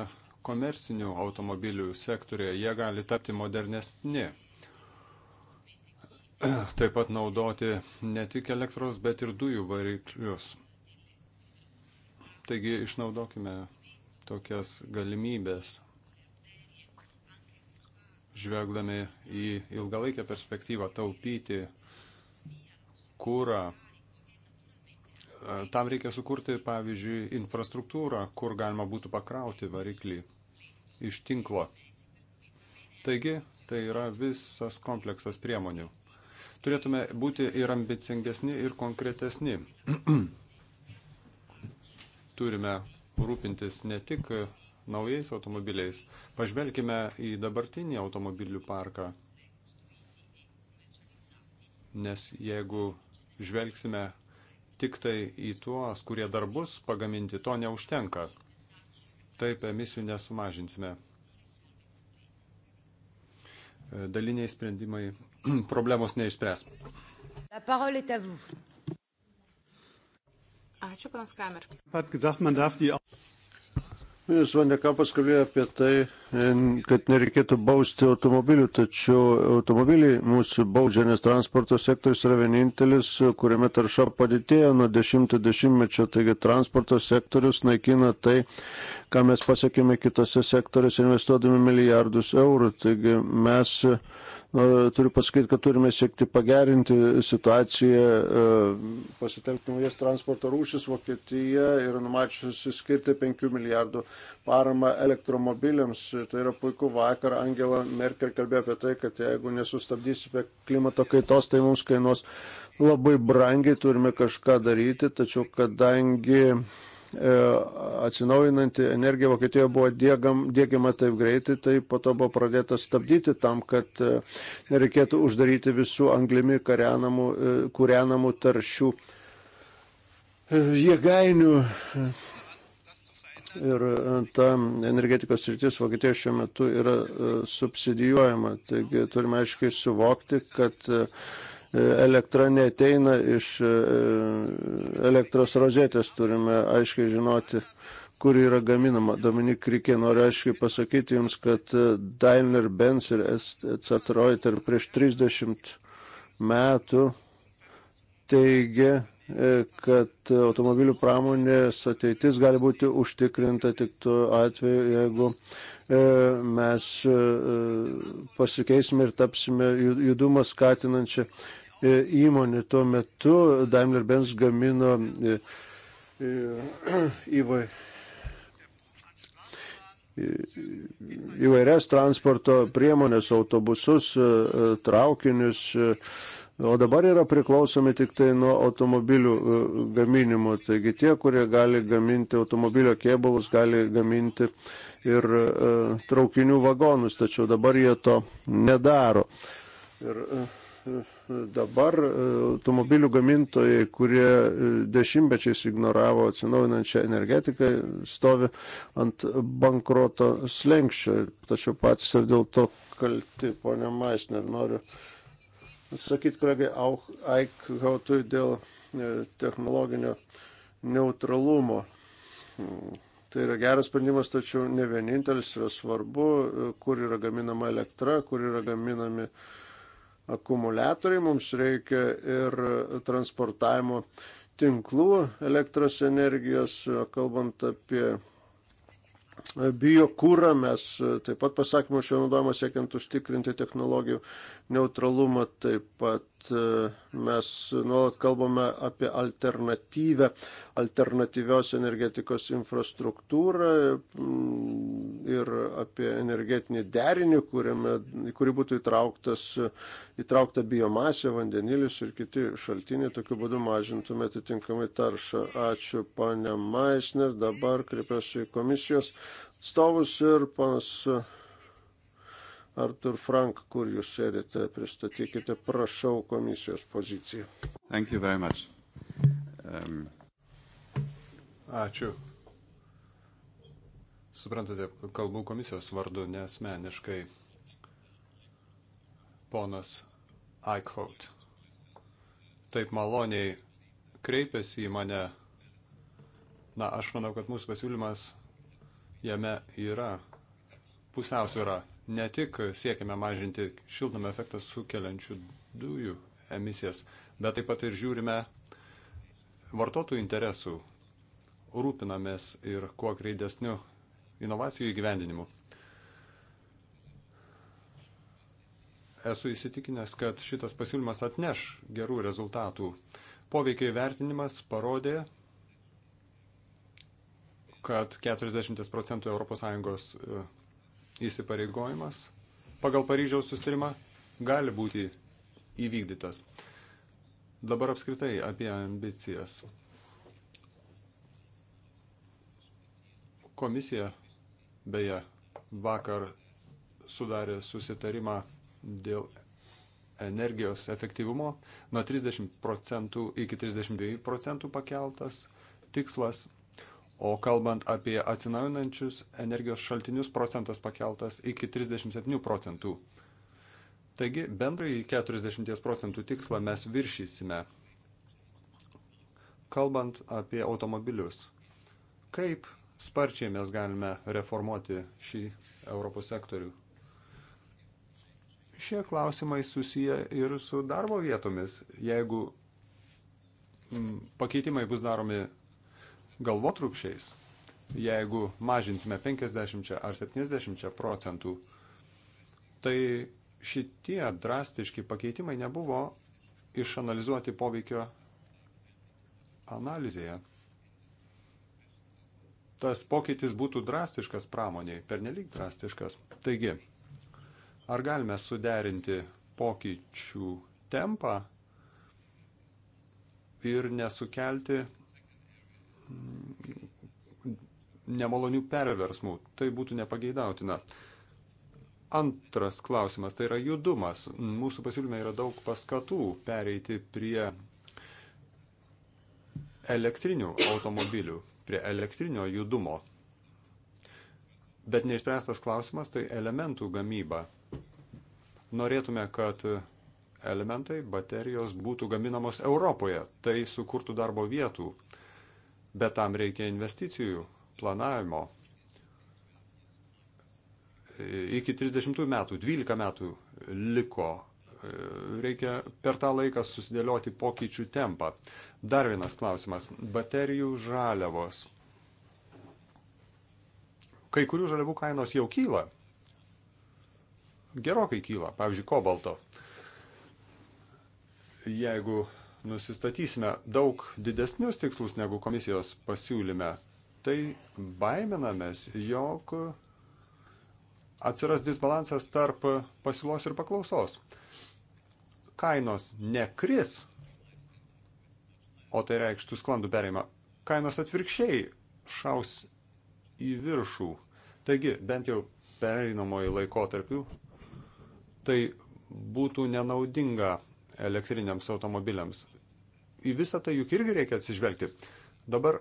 komercinių automobilių sektorėje, jie gali tapti modernesni. *clears throat* Taip pat naudoti ne tik elektros, bet ir dujų variklius. Taigi išnaudokime tokias galimybės, žvelgdami į ilgalaikę perspektyvą taupyti kūrą Tam reikia sukurti, pavyzdžiui, infrastruktūrą, kur galima būtų pakrauti variklį iš tinklo. Taigi, tai yra visas kompleksas priemonių. Turėtume būti ir ambicingesni, ir konkretesni. *clears throat* Turime rūpintis ne tik naujais automobiliais. Pažvelkime į dabartinį automobilių parką. Nes jeigu žvelgsime tik tai į tuos, kurie dar bus pagaminti, to neužtenka. Taip emisijų nesumažinsime. Daliniai sprendimai *clears throat* problemos neišspręs. La parole est à vous. Ačiū, panas Kramer. Pat gesagt, man darf die. Jūs Vandekampas kalbėjo apie tai, kad nereikėtų bausti automobilių, tačiau automobiliai mūsų baudžia, nes transporto sektorius yra vienintelis, kuriame tarša padidėjo nuo 10-mečio, taigi transporto sektorius naikina tai, ką mes pasiekėme kitose sektoriuose investuodami milijardus eurų. Taigi mes, nu, turiu pasakyti, kad turime siekti pagerinti situaciją, e, pasitelkti naujas transporto rūšis Vokietija ir numačiusi skirti 5 milijardų paramą elektromobiliams ir tai yra puiku vakar. Angela Merkel kalbėjo apie tai, kad jeigu nesustabdysime klimato kaitos, tai mums kainuos labai brangiai, turime kažką daryti, tačiau kadangi e, atsinaujinanti energija Vokietijoje buvo dėgam, dėgiama taip greitai, tai po to buvo pradėta stabdyti tam, kad e, nereikėtų uždaryti visų anglimi karenamų, e, kūrenamų taršių e, jėgainių. E, Ir e, ta energetikos rytis Vokietijoje šiuo metu yra e, subsidijuojama. Taigi turime aiškiai suvokti, kad e, elektra neteina iš elektros rozetės. Turime aiškiai žinoti, kur yra gaminama. Dominik Rikė nori aiškiai pasakyti Jums, kad Daimler Benz ir Cetroiter prieš 30 metų teigia, kad automobilių pramonės ateitis gali būti užtikrinta tik tuo atveju, jeigu e, mes e, pasikeisime ir tapsime judumą skatinančią e, įmonę. Tuo metu Daimler Benz gamino *clears throat* įvai įvairias transporto priemonės, autobusus, traukinius, o dabar yra priklausomi tik tai nuo automobilių e, gaminimo. Taigi tie, kurie gali gaminti automobilio kėbalus, gali gaminti ir e, traukinių vagonus, tačiau dabar jie to nedaro. Ir e, dabar automobilių gamintojai, kurie dešimtmečiais ignoravo atsinaujinančią energetiką, stovi ant bankroto slengščio, tačiau patys ir dėl to kalti, ponia Maisner, noriu sakyti kolegai Eichhautui dėl e, technologinio neutralumo. Mm, tai yra geras sprendimas, tačiau ne vienintelis yra svarbu, e, kur yra gaminama elektra, kur yra gaminami akumuliatoriai. Mums reikia ir transportavimo tinklų elektros energijos, e, kalbant apie biokūrą, mes taip pat pasakymų šio naudojimą siekiant užtikrinti technologijų neutralumą. Taip pat e, mes nuolat kalbame apie alternatyvę, alternatyvios energetikos infrastruktūrą mm, ir apie energetinį derinį, kuriame, kuri būtų įtrauktas, įtraukta biomasė, vandenilis ir kiti šaltiniai. Tokiu būdu mažintume atitinkamai taršą. Ačiū, pane Maisner. Dabar kreipiuosi į komisijos atstovus ir panas. Artur Frank, kur jūs sėdite, pristatykite, prašau, komisijos poziciją. Thank you very much. Um... Ačiū. Suprantate, kalbu komisijos vardu, nesmeniškai ponas Eichhout. Taip maloniai kreipėsi į mane. Na, aš manau, kad mūsų pasiūlymas jame yra pusiausvėra ne tik siekime mažinti šiltnamio efektą sukeliančių dujų emisijas, bet taip pat ir žiūrime vartotojų interesų, rūpinamės ir kuo greidesniu inovacijų įgyvendinimu. Esu įsitikinęs, kad šitas pasiūlymas atneš gerų rezultatų. Poveikiai vertinimas parodė, kad 40 procentų ES įsipareigojimas pagal Paryžiaus sustarimą gali būti įvykdytas. Dabar apskritai apie ambicijas. Komisija beje vakar sudarė susitarimą dėl energijos efektyvumo nuo 30 procentų iki 32 procentų pakeltas tikslas O kalbant apie atsinaujinančius energijos šaltinius, procentas pakeltas iki 37 procentų. Taigi bendrai 40 procentų tikslą mes viršysime. Kalbant apie automobilius, kaip sparčiai mes galime reformuoti šį Europos sektorių? Šie klausimai susiję ir su darbo vietomis. Jeigu mm, pakeitimai bus daromi galvotrukšiais. Jeigu mažinsime 50 ar 70 procentų, tai šitie drastiški pakeitimai nebuvo išanalizuoti poveikio analizėje. Tas pokytis būtų drastiškas pramoniai, pernelyg drastiškas. Taigi, ar galime suderinti pokyčių tempą ir nesukelti nemalonių perversmų. Tai būtų nepageidautina. Antras klausimas tai yra judumas. Mūsų pasiūlyme yra daug paskatų pereiti prie elektrinių automobilių, prie elektrinio judumo. Bet neišspręstas klausimas tai elementų gamyba. Norėtume, kad elementai, baterijos būtų gaminamos Europoje. Tai sukurtų darbo vietų bet tam reikia investicijų planavimo. Iki 30 metų, 12 metų liko. Reikia per tą laiką susidėlioti pokyčių tempą. Dar vienas klausimas. Baterijų žaliavos. Kai kurių žaliavų kainos jau kyla. Gerokai kyla. Pavyzdžiui, kobalto. Jeigu nusistatysime daug didesnius tikslus negu komisijos pasiūlyme, tai baiminamės, jog atsiras disbalansas tarp pasiūlos ir paklausos. Kainos nekris, o tai reikštų sklandų perėjimą. Kainos atvirkščiai šaus į viršų. Taigi, bent jau pereinamoji laikotarpiu, tai būtų nenaudinga elektriniams automobiliams į visą tai juk irgi reikia atsižvelgti. Dabar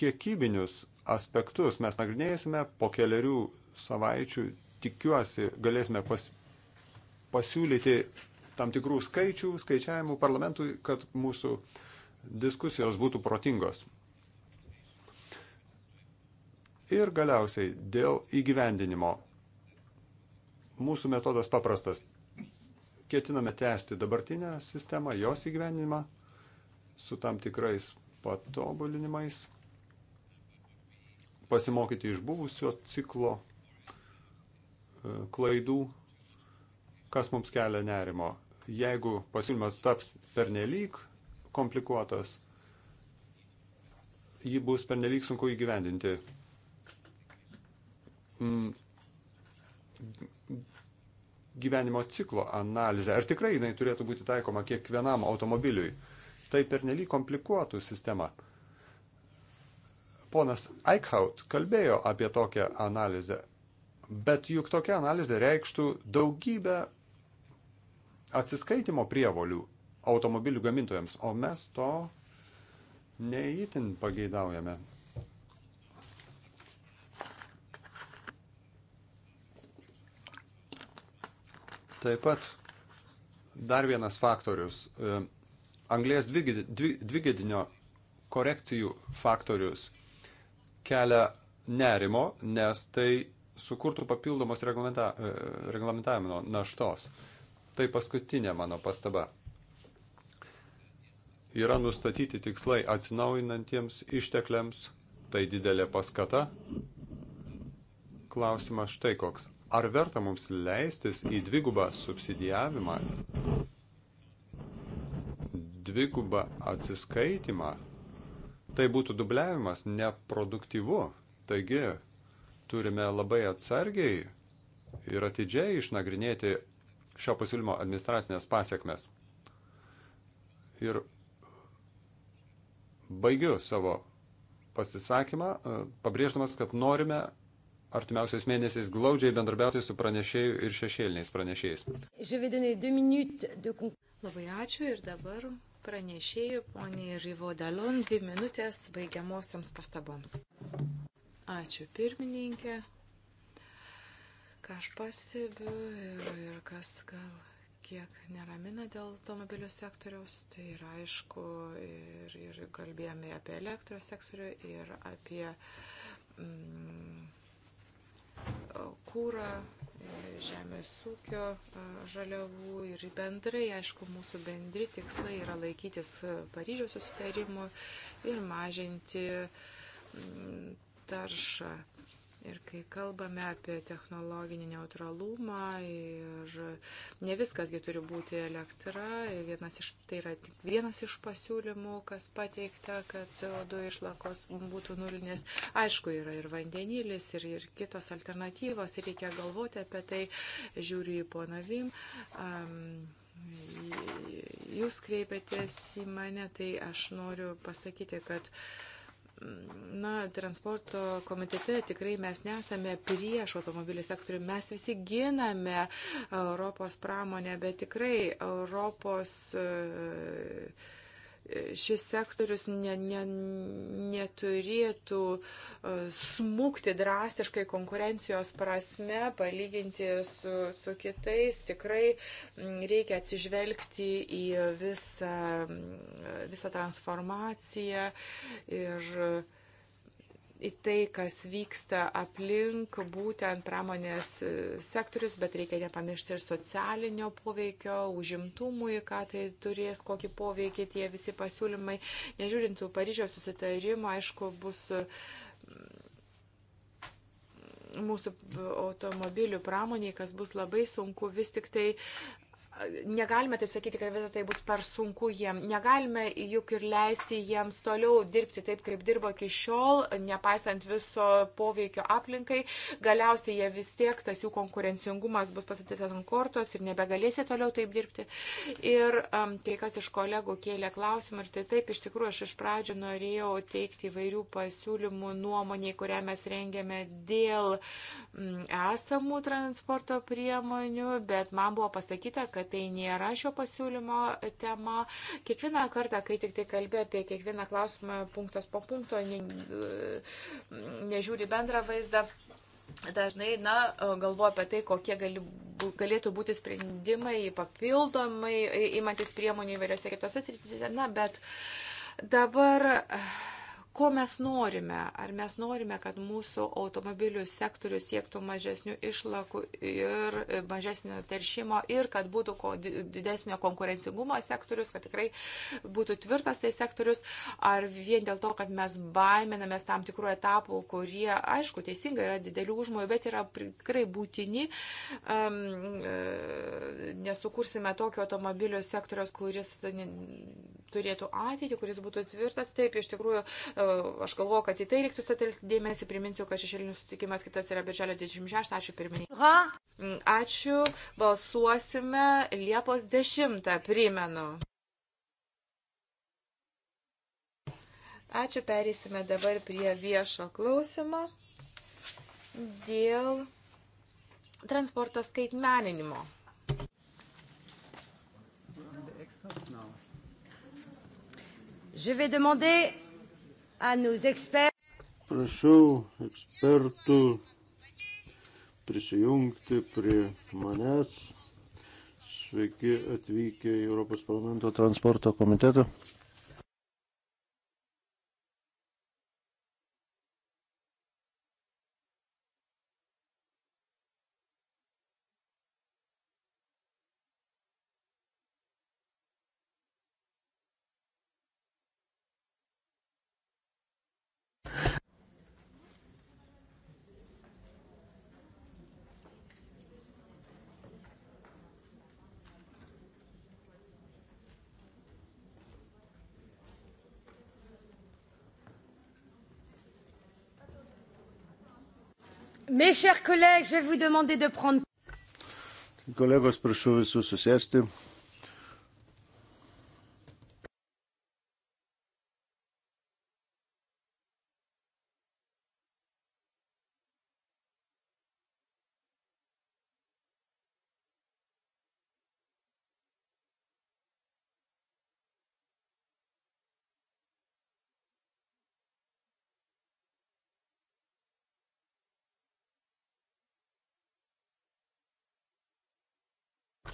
kiekybinius aspektus mes nagrinėsime po keliarių savaičių, tikiuosi, galėsime pas, pasiūlyti tam tikrų skaičių, skaičiavimų parlamentui, kad mūsų diskusijos būtų protingos. Ir galiausiai dėl įgyvendinimo. Mūsų metodas paprastas ketiname tęsti dabartinę sistemą, jos įgyvenimą su tam tikrais patobulinimais, pasimokyti iš buvusio ciklo e, klaidų, kas mums kelia nerimo. Jeigu pasiūlymas taps pernelyg komplikuotas, jį bus pernelyg sunku įgyvendinti. Mm gyvenimo ciklo analizę. Ar tikrai jinai turėtų būti taikoma kiekvienam automobiliui? Tai pernelyg komplikuotų sistemą. Ponas Eichhaut kalbėjo apie tokią analizę, bet juk tokia analizė reikštų daugybę atsiskaitimo prievolių automobilių gamintojams, o mes to neįtin pageidaujame. Taip pat dar vienas faktorius e, - anglės dvigidinio korekcijų faktorius kelia nerimo, nes tai sukurtų papildomos reglamenta, e, reglamentavimo naštos. Tai paskutinė mano pastaba. Yra nustatyti tikslai atsinaujinantiems ištekliams, tai didelė paskata. Klausimas štai koks. Ar verta mums leistis į dvigubą subsidijavimą, dvigubą atsiskaitimą? Tai būtų dubliavimas neproduktyvu. Taigi turime labai atsargiai ir atidžiai išnagrinėti šio pasiūlymo administracinės pasiekmes. Ir baigiu savo pasisakymą, pabrėždamas, kad norime artimiausiais mėnesiais glaudžiai bendrabiauti su pranešėjų ir šešėliniais pranešėjais. Labai ačiū ir dabar pranešėjų poniai Ryvo Dalon dvi minutės baigiamosiams pastaboms. Ačiū pirmininkė. Ką aš pastebiu ir, ir kas gal kiek neramina dėl automobilių sektoriaus, tai yra aišku ir, ir kalbėjome apie elektros sektorių ir apie mm, kūrą, žemės ūkio žaliavų ir bendrai, aišku, mūsų bendri tikslai yra laikytis Paryžiaus susitarimų ir mažinti taršą. Ir kai kalbame apie technologinį neutralumą ir ne viskasgi turi būti elektra, vienas iš, tai yra tik vienas iš pasiūlymų, kas pateikta, kad CO2 išlakos būtų nulinės. Aišku, yra ir vandenilis, ir, ir kitos alternatyvos, ir reikia galvoti apie tai, žiūriu į ponavim. Um, jūs kreipėtės į mane, tai aš noriu pasakyti, kad uh, na, transporto komitete tikrai mes nesame prieš automobilių sektorių, mes visi giname Europos pramonę, bet tikrai Europos e, šis sektorius ne, ne, neturėtų e, smūgti drastiškai konkurencijos prasme, palyginti su, su kitais. Tikrai reikia atsižvelgti į visą, visą transformaciją ir į tai, kas vyksta aplink būtent pramonės e, sektorius, bet reikia nepamiršti ir socialinio poveikio, užimtumui, ką tai turės, kokį poveikį tie visi pasiūlymai. Nežiūrint tų Paryžiaus susitarimų, aišku, bus mūsų automobilių pramoniai, kas bus labai sunku vis tik tai negalime taip sakyti, kad visą tai bus per sunku jiem. Negalime juk ir leisti jiems toliau dirbti taip, kaip dirbo iki šiol, nepaisant viso poveikio aplinkai. Galiausiai jie vis tiek, tas jų konkurencingumas bus pasatytas ant kortos ir nebegalėsi toliau taip dirbti. Ir um, tai, kas iš kolegų kėlė klausimą, ir tai taip, iš tikrųjų, aš iš pradžio norėjau teikti įvairių pasiūlymų nuomoniai, kurią mes rengėme dėl mm, esamų transporto priemonių, bet man buvo pasakyta, kad kad tai nėra šio pasiūlymo tema. Kiekvieną kartą, kai tik tai kalbė apie kiekvieną klausimą punktas po punkto, ne, nežiūri bendrą vaizdą dažnai, na, galvoju apie tai, kokie gali, galėtų būti sprendimai papildomai, imantis priemonių įvairiose kitose srityse, na, bet dabar ko mes norime. Ar mes norime, kad mūsų automobilių sektorius siektų mažesnių išlakų ir e, mažesnio teršimo ir kad būtų didesnio konkurencingumo sektorius, kad tikrai būtų tvirtas tai sektorius, ar vien dėl to, kad mes baiminamės tam tikrų etapų, kurie, aišku, teisingai yra didelių užmojų, bet yra tikrai būtini, um, nesukursime tokio automobilių sektorius, kuris turėtų ateitį, kuris būtų tvirtas. Taip, iš tikrųjų, E, aš galvoju, kad į tai reiktų sutelkti dėmesį. Priminsiu, kad šešėlinis susitikimas kitas yra birželio 26. Ačiū pirmininkai. Mm, ačiū. Balsuosime Liepos 10. Primenu. Ačiū. Perėsime dabar prie viešo klausimo dėl transporto skaitmeninimo. Je vais demander Prašau ekspertų prisijungti prie manęs. Sveiki atvykę į Europos parlamento transporto komitetą. Mes chers collègues, je vais vous demander de prendre. Kolegos, prašau visus susėsti.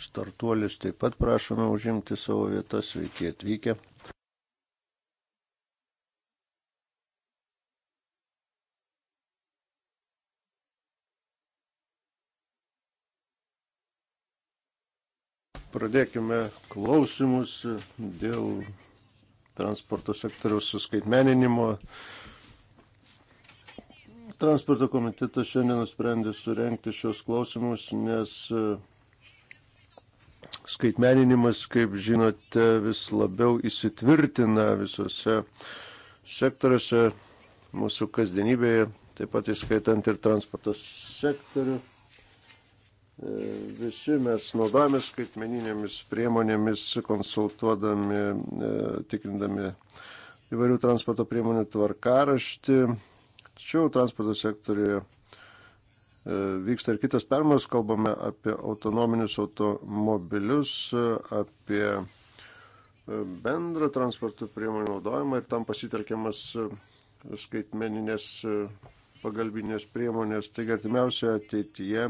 startuolius taip pat prašome užimti savo vietas, sveiki atvykę. Pradėkime klausimus dėl transporto sektoriaus suskaitmeninimo transporto komitetas šiandien nusprendė surenkti šios klausimus, nes Skaitmeninimas, kaip žinote, vis labiau įsitvirtina visose sektoriuose mūsų kasdienybėje, taip pat įskaitant ir transporto sektorių. E, visi mes naudojame skaitmeninėmis priemonėmis, konsultuodami, e, tikrindami įvairių transporto priemonių tvarkaraštį. Tačiau transporto sektoriuje vyksta ir kitos permainos, kalbame apie autonominius automobilius, apie bendrą transporto priemonių naudojimą ir tam pasitelkiamas skaitmeninės pagalbinės priemonės. Taigi artimiausioje ateityje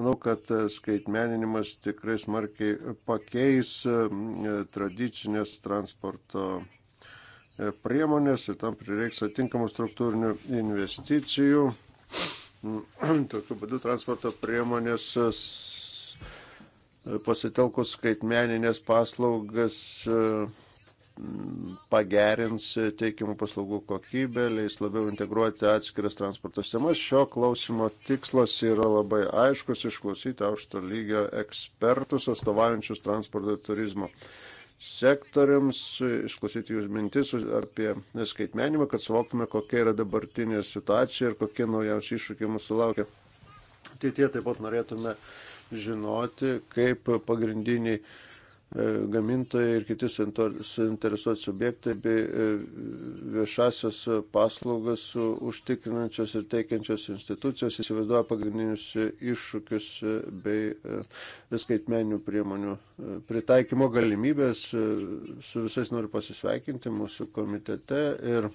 manau, kad skaitmeninimas tikrai smarkiai pakeis tradicinės transporto priemonės ir tam prireiks atinkamų struktūrinių investicijų. *clears throat* Tokiu būdu transporto priemonės pasitelkus skaitmeninės paslaugas e, pagerins teikiamų paslaugų kokybę, leis labiau integruoti atskiras transporto sistemas. Šio klausimo tikslas yra labai aiškus - išklausyti aukšto lygio ekspertus, atstovaujančius transporto turizmo sektoriams, išklausyti jūs mintis apie skaitmenimą, kad suvoktume, kokia yra dabartinė situacija ir kokie naujausi iššūkiai mūsų laukia. Ateitie taip pat norėtume žinoti, kaip pagrindiniai E, gamintojai ir kiti suinteresuoti subjektai bei e, viešasios paslaugas užtikrinančios ir teikiančios institucijos įsivaizduoja pagrindinius iššūkius e, bei skaitmeninių priemonių pritaikymo galimybės. Su visais noriu pasisveikinti mūsų komitete ir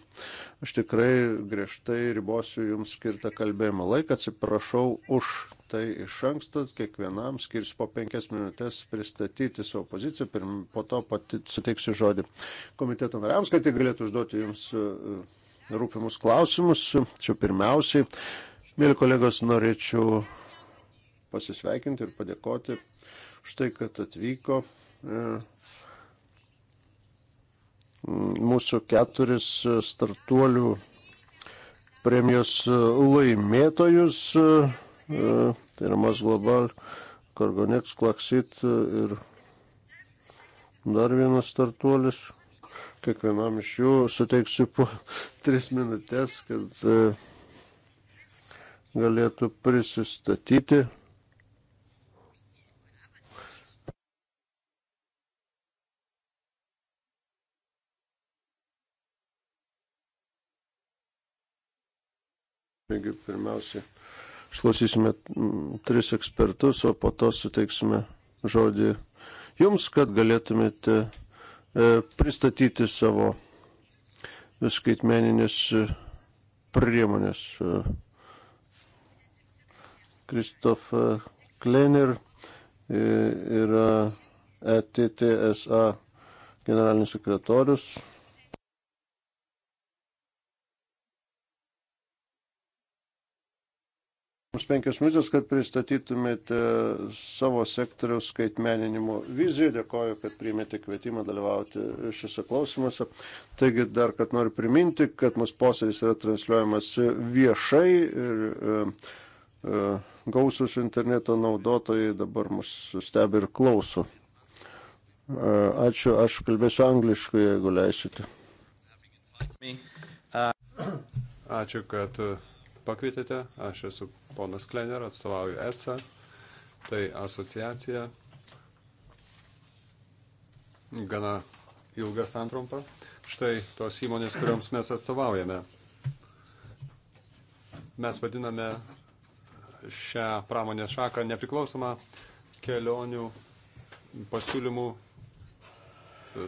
aš tikrai griežtai ribosiu jums skirtą kalbėjimo laiką. Atsiprašau už tai iš anksto, kiekvienam skirs po penkias minutės pristatyti savo poziciją, pirm, po to pati suteiksiu žodį komiteto nariams, kad jie galėtų užduoti jums e, rūpimus klausimus. Čia pirmiausiai, mėly kolegos, norėčiau pasisveikinti ir padėkoti už tai, kad atvyko e, mūsų keturis startuolių premijos laimėtojus e, E, tai yra Mas Global, Kargonets, Klaksit e, ir dar vienas startuolis. Kiekvienam iš jų suteiksiu po *laughs* tris minutės, kad e, galėtų prisistatyti. Taigi pirmiausia, išklausysime mm, tris ekspertus, o po to suteiksime žodį jums, kad galėtumėte e, pristatyti savo skaitmeninės e, priemonės. Kristof e, Klener yra ETTSA generalinis sekretorius. Mums penkios minutės, kad pristatytumėte savo sektoriaus skaitmeninimo viziją. Dėkoju, kad priimėte kvietimą dalyvauti šiuose klausimuose. Taigi dar, kad noriu priminti, kad mūsų posėdis yra transliuojamas viešai ir e, e, gausus interneto naudotojai dabar mūsų stebi ir klauso. E, ačiū, aš kalbėsiu angliškai, jeigu leisite. Uh, ačiū, kad pakvietėte. Aš esu ponas Klener, atstovauju ECA, tai asociacija gana ilga santrumpa. Štai tos įmonės, kuriuoms mes atstovaujame. Mes vadiname šią pramonės šaką nepriklausomą kelionių pasiūlymų,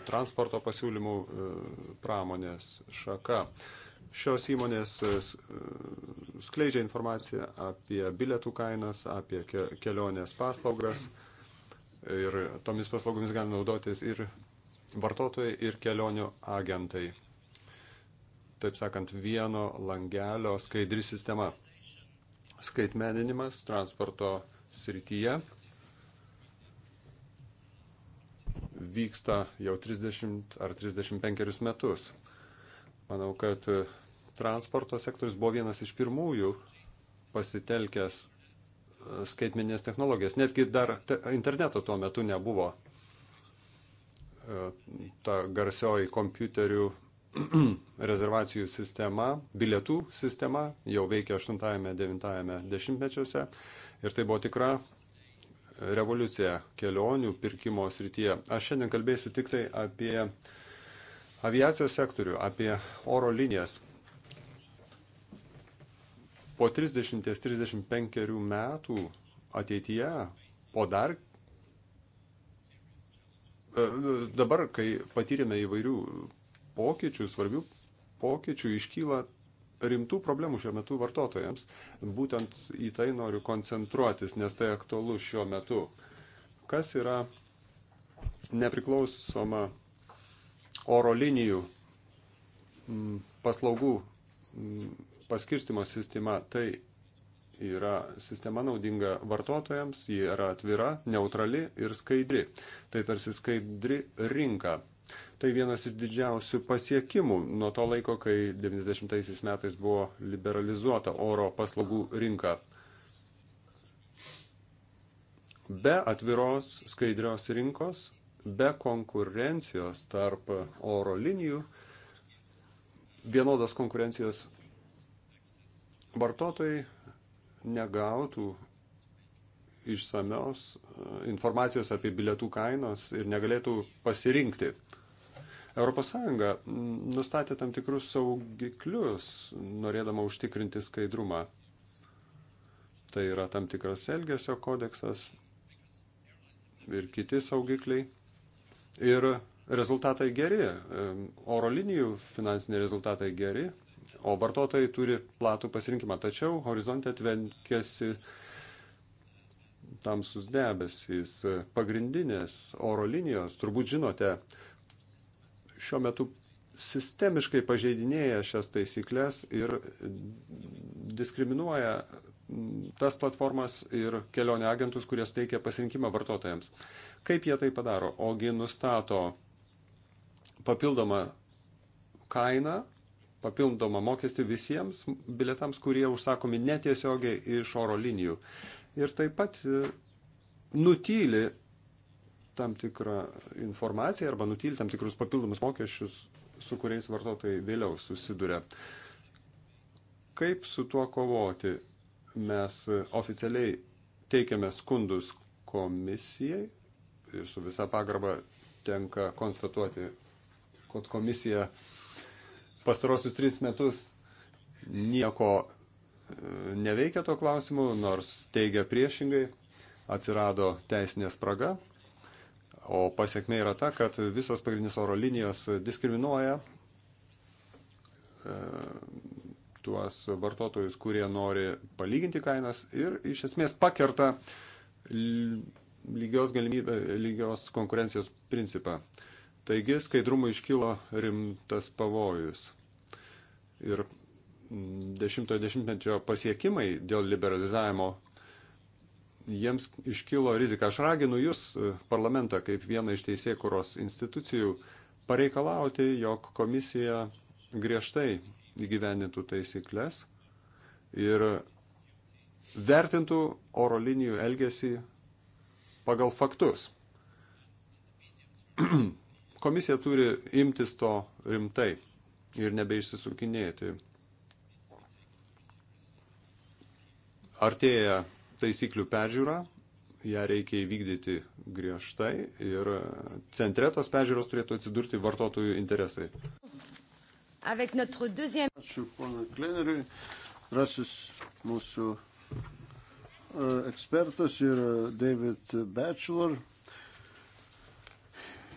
transporto pasiūlymų e, pramonės šaka. Šios įmonės e, e, skleidžia informaciją apie bilietų kainas, apie kelionės paslaugas ir tomis paslaugomis gali naudotis ir vartotojai, ir kelionių agentai. Taip sakant, vieno langelio skaidri sistema. Skaitmeninimas transporto srityje vyksta jau 30 ar 35 metus. Manau, kad e, transporto sektorius buvo vienas iš pirmųjų pasitelkęs e, skaitmeninės technologijas. Netgi dar te, interneto tuo metu nebuvo. E, ta garsioji kompiuterių *clears throat* rezervacijų sistema, bilietų sistema jau veikia 8-9 dešimtmečiuose ir tai buvo tikra revoliucija kelionių pirkimo srityje. Aš šiandien kalbėsiu tik tai apie uh, aviacijos sektorių, apie oro linijas. Po 30-35 metų ateityje, po dar e, dabar, kai patyrėme įvairių pokyčių, svarbių pokyčių, iškyla rimtų problemų šiuo metu vartotojams. Būtent į tai noriu koncentruotis, nes tai aktualu šiuo metu. Kas yra nepriklausoma oro linijų mm, paslaugų mm, paskirstimo sistema, tai yra sistema naudinga vartotojams, ji yra atvira, neutrali ir skaidri. Tai tarsi skaidri rinka. Tai vienas iš didžiausių pasiekimų nuo to laiko, kai 90 metais buvo liberalizuota oro paslaugų rinka. Be atviros skaidrios rinkos be konkurencijos tarp oro linijų, vienodos konkurencijos vartotojai negautų išsamios e, informacijos apie bilietų kainos ir negalėtų pasirinkti. ES nustatė tam tikrus saugiklius, norėdama užtikrinti skaidrumą. Tai yra tam tikras elgesio kodeksas ir kiti saugikliai. Ir rezultatai geri, oro linijų finansiniai rezultatai geri, o vartotojai turi platų pasirinkimą. Tačiau horizonte tvenkiasi tamsus debesys. Pagrindinės oro linijos, turbūt žinote, šiuo metu sistemiškai pažeidinėja šias taisyklės ir diskriminuoja tas platformas ir kelionė agentus, kurias teikia pasirinkimą vartotojams. Kaip jie tai padaro? Ogi nustato papildomą kainą, papildomą mokestį visiems biletams, kurie užsakomi netiesiogiai iš oro linijų. Ir taip pat e, nutyli tam tikrą informaciją arba nutyli tam tikrus papildomus mokesčius, su kuriais vartotojai vėliau susiduria. Kaip su tuo kovoti? Mes e, oficialiai teikiame skundus komisijai, ir su visa pagarba tenka konstatuoti, kad komisija pastarosius tris metus nieko e, neveikia to klausimu, nors teigia priešingai, atsirado teisinė spraga, o pasiekmė yra ta, kad visos pagrindinės oro linijos diskriminuoja e, tuos vartotojus, kurie nori palyginti kainas ir iš esmės pakerta lygios galimybę, lygios konkurencijos principą. Taigi skaidrumui iškilo rimtas pavojus. Ir dešimtojo dešimtmečio pasiekimai dėl liberalizavimo, jiems iškilo rizika. Aš raginu Jūs, parlamentą, kaip vieną iš teisėkuros institucijų, pareikalauti, jog komisija griežtai įgyvendintų taisyklės ir vertintų oro linijų elgesį pagal faktus. *clears throat* Komisija turi imtis to rimtai ir nebeišsisukinėti. Artėja taisyklių peržiūra, ją reikia įvykdyti griežtai ir centre tos peržiūros turėtų atsidurti vartotojų interesai. Ačiū ponui Kleneriui. Rasis mūsų ekspertas yra David Bachelor.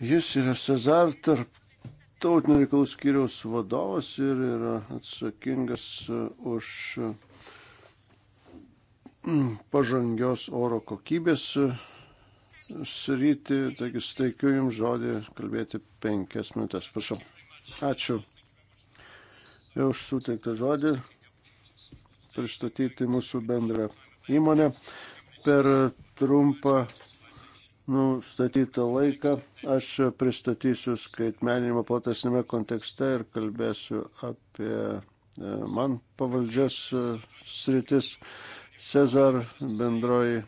Jis yra Cezar tarptautinio reikalų skyriaus vadovas ir yra atsakingas uh, už uh, pažangios oro kokybės uh, sritį. Taigi steikiu Jums žodį kalbėti penkias minutės. Prašau. Ačiū. Jau už suteiktą žodį pristatyti mūsų bendrą įmonė per trumpą nustatytą laiką. Aš pristatysiu skaitmeninimą platesnėme kontekste ir kalbėsiu apie e, man pavaldžias e, sritis Cezar bendroji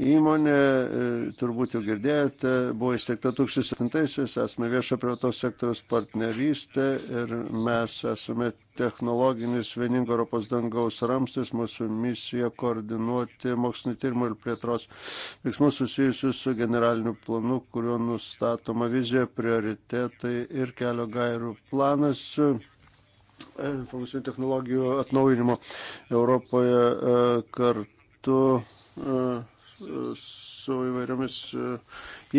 Įmonė, e, turbūt jau girdėjote, buvo įsteigta 2007-aisiais, esame viešo privataus sektoriaus partnerystė ir mes esame technologinis vieningo Europos dangaus ramstis, mūsų misija koordinuoti mokslinį tyrimą ir plėtros veiksmus susijusius su generaliniu planu, kuriuo nustatoma vizija, prioritetai ir kelio gairių planas e, informacinių technologijų atnaujinimo Europoje e, kartu su įvairiomis e,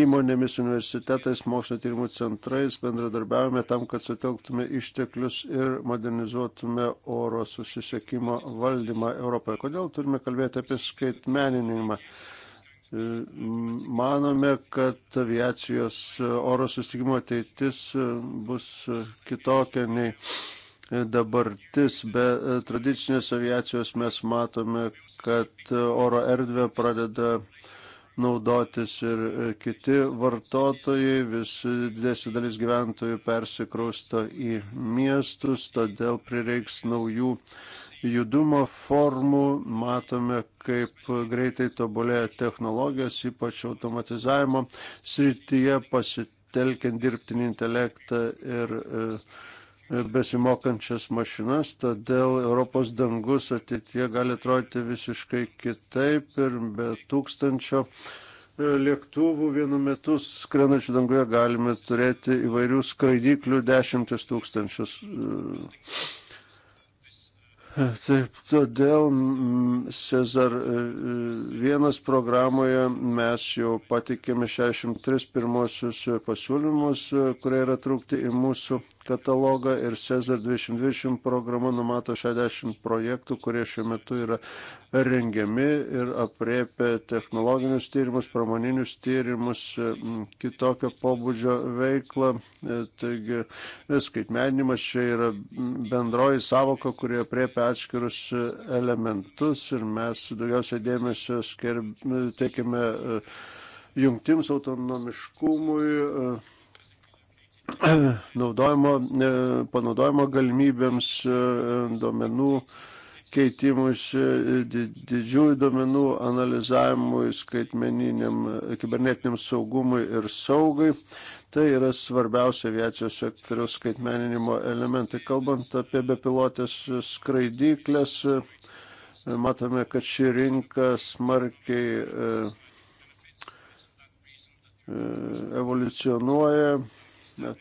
įmonėmis, universitetais, mokslo tyrimų centrais, bendradarbiavome tam, kad sutelktume išteklius ir modernizuotume oro susisiekimo valdymą Europoje. Kodėl turime kalbėti apie skaitmeninimą? E, manome, kad aviacijos oro susitikimo ateitis e, bus kitokia nei dabartis. Be e, tradicinės aviacijos mes matome, kad e, oro erdvę pradeda naudotis ir e, kiti vartotojai, vis didesnė dalis gyventojų persikrausto į miestus, todėl prireiks naujų judumo formų, matome, kaip greitai tobulėja technologijos, ypač automatizavimo srityje pasitelkiant dirbtinį intelektą ir e, besimokančias mašinas, todėl Europos dangus ateitie gali atrodyti visiškai kitaip ir be tūkstančio e, lėktuvų vienu metu skrenančių danguje galime turėti įvairių skraidyklių dešimtis tūkstančius. E, Taip, todėl Cezar e, vienas programoje mes jau patikėme 63 pirmosius pasiūlymus, kurie yra trūkti į mūsų katalogą ir Cezar 2020 programa numato 60 projektų, kurie šiuo metu yra rengiami ir apriepia technologinius tyrimus, pramoninius tyrimus, kitokio pobūdžio veiklą. E, taigi e, skaitmeninimas čia yra bendroji savoka, kurie apriepia atskirus e, elementus ir mes daugiausiai dėmesio skirb, teikime jungtims autonomiškumui *clears throat* naudojimo, e, panaudojimo galimybėms, e, duomenų keitimus, e, didžiųjų duomenų analizavimui, skaitmeniniam, kibernetiniam saugumui ir saugai. Tai yra svarbiausia aviacijos sektoriaus skaitmeninimo elementai. Kalbant apie bepilotės skraidyklės, matome, kad ši rinka smarkiai evoliucionuoja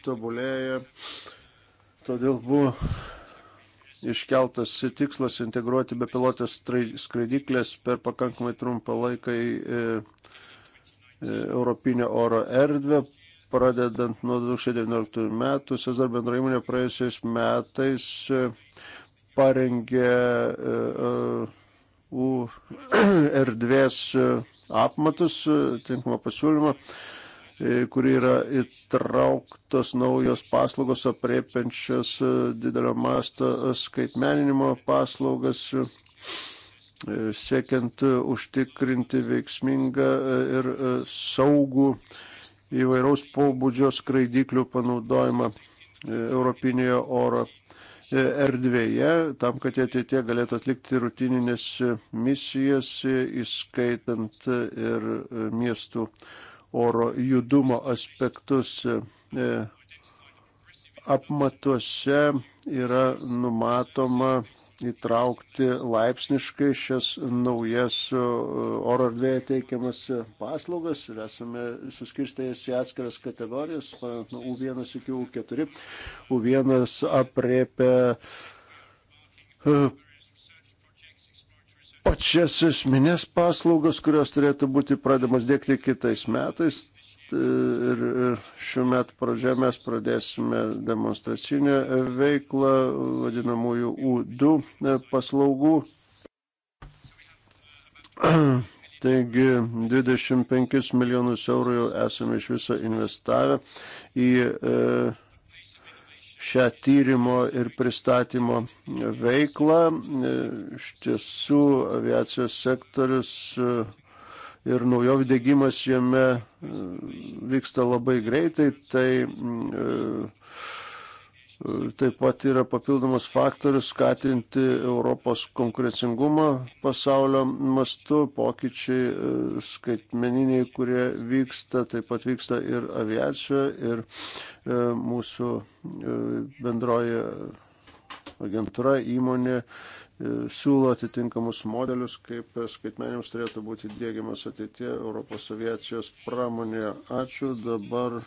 tobulėja. Todėl buvo iškeltas tikslas integruoti bepilotės skraidyklės per pakankamai trumpą laiką į e, e, Europinę oro erdvę. Pradedant nuo 2019 metų, Cezar bendra įmonė praėjusiais metais e, parengė U *clears throat* erdvės apmatus, tinkamą pasiūlymą. E, kuri yra įtrauktos naujos paslaugos apriepiančios e, didelio masto skaitmeninimo paslaugas e, siekiant užtikrinti veiksmingą ir saugų įvairaus pobūdžio skraidiklių panaudojimą Europinėje oro erdvėje, tam, kad jie ateitie galėtų atlikti rutininės misijas, įskaitant ir miestų oro judumo aspektus. E, apmatuose yra numatoma įtraukti laipsniškai šias naujas e, oro erdvėje teikiamas paslaugas ir esame suskirstę jas į atskiras kategorijas, nuo U1 iki U4. U1 apriepia pačias esminės paslaugas, kurios turėtų būti pradėmas dėkti kitais metais. Ir šiuo metu pradžioje mes pradėsime demonstracinę veiklą vadinamųjų U2 paslaugų. *clears throat* Taigi 25 milijonus eurų jau esame iš viso investavę į e, šią tyrimo ir pristatymo veiklą. Iš tiesų aviacijos sektorius e, ir naujovių dėgymas jame e, vyksta labai greitai, tai e, Taip pat yra papildomas faktorius skatinti Europos konkurencingumą pasaulio mastu, pokyčiai e, skaitmeniniai, kurie vyksta, taip pat vyksta ir aviacijoje, ir e, mūsų e, bendroji agentūra, įmonė siūlo atitinkamus modelius, kaip skaitmenims turėtų būti dėgiamas ateitie Europos aviacijos pramonėje. Ačiū dabar.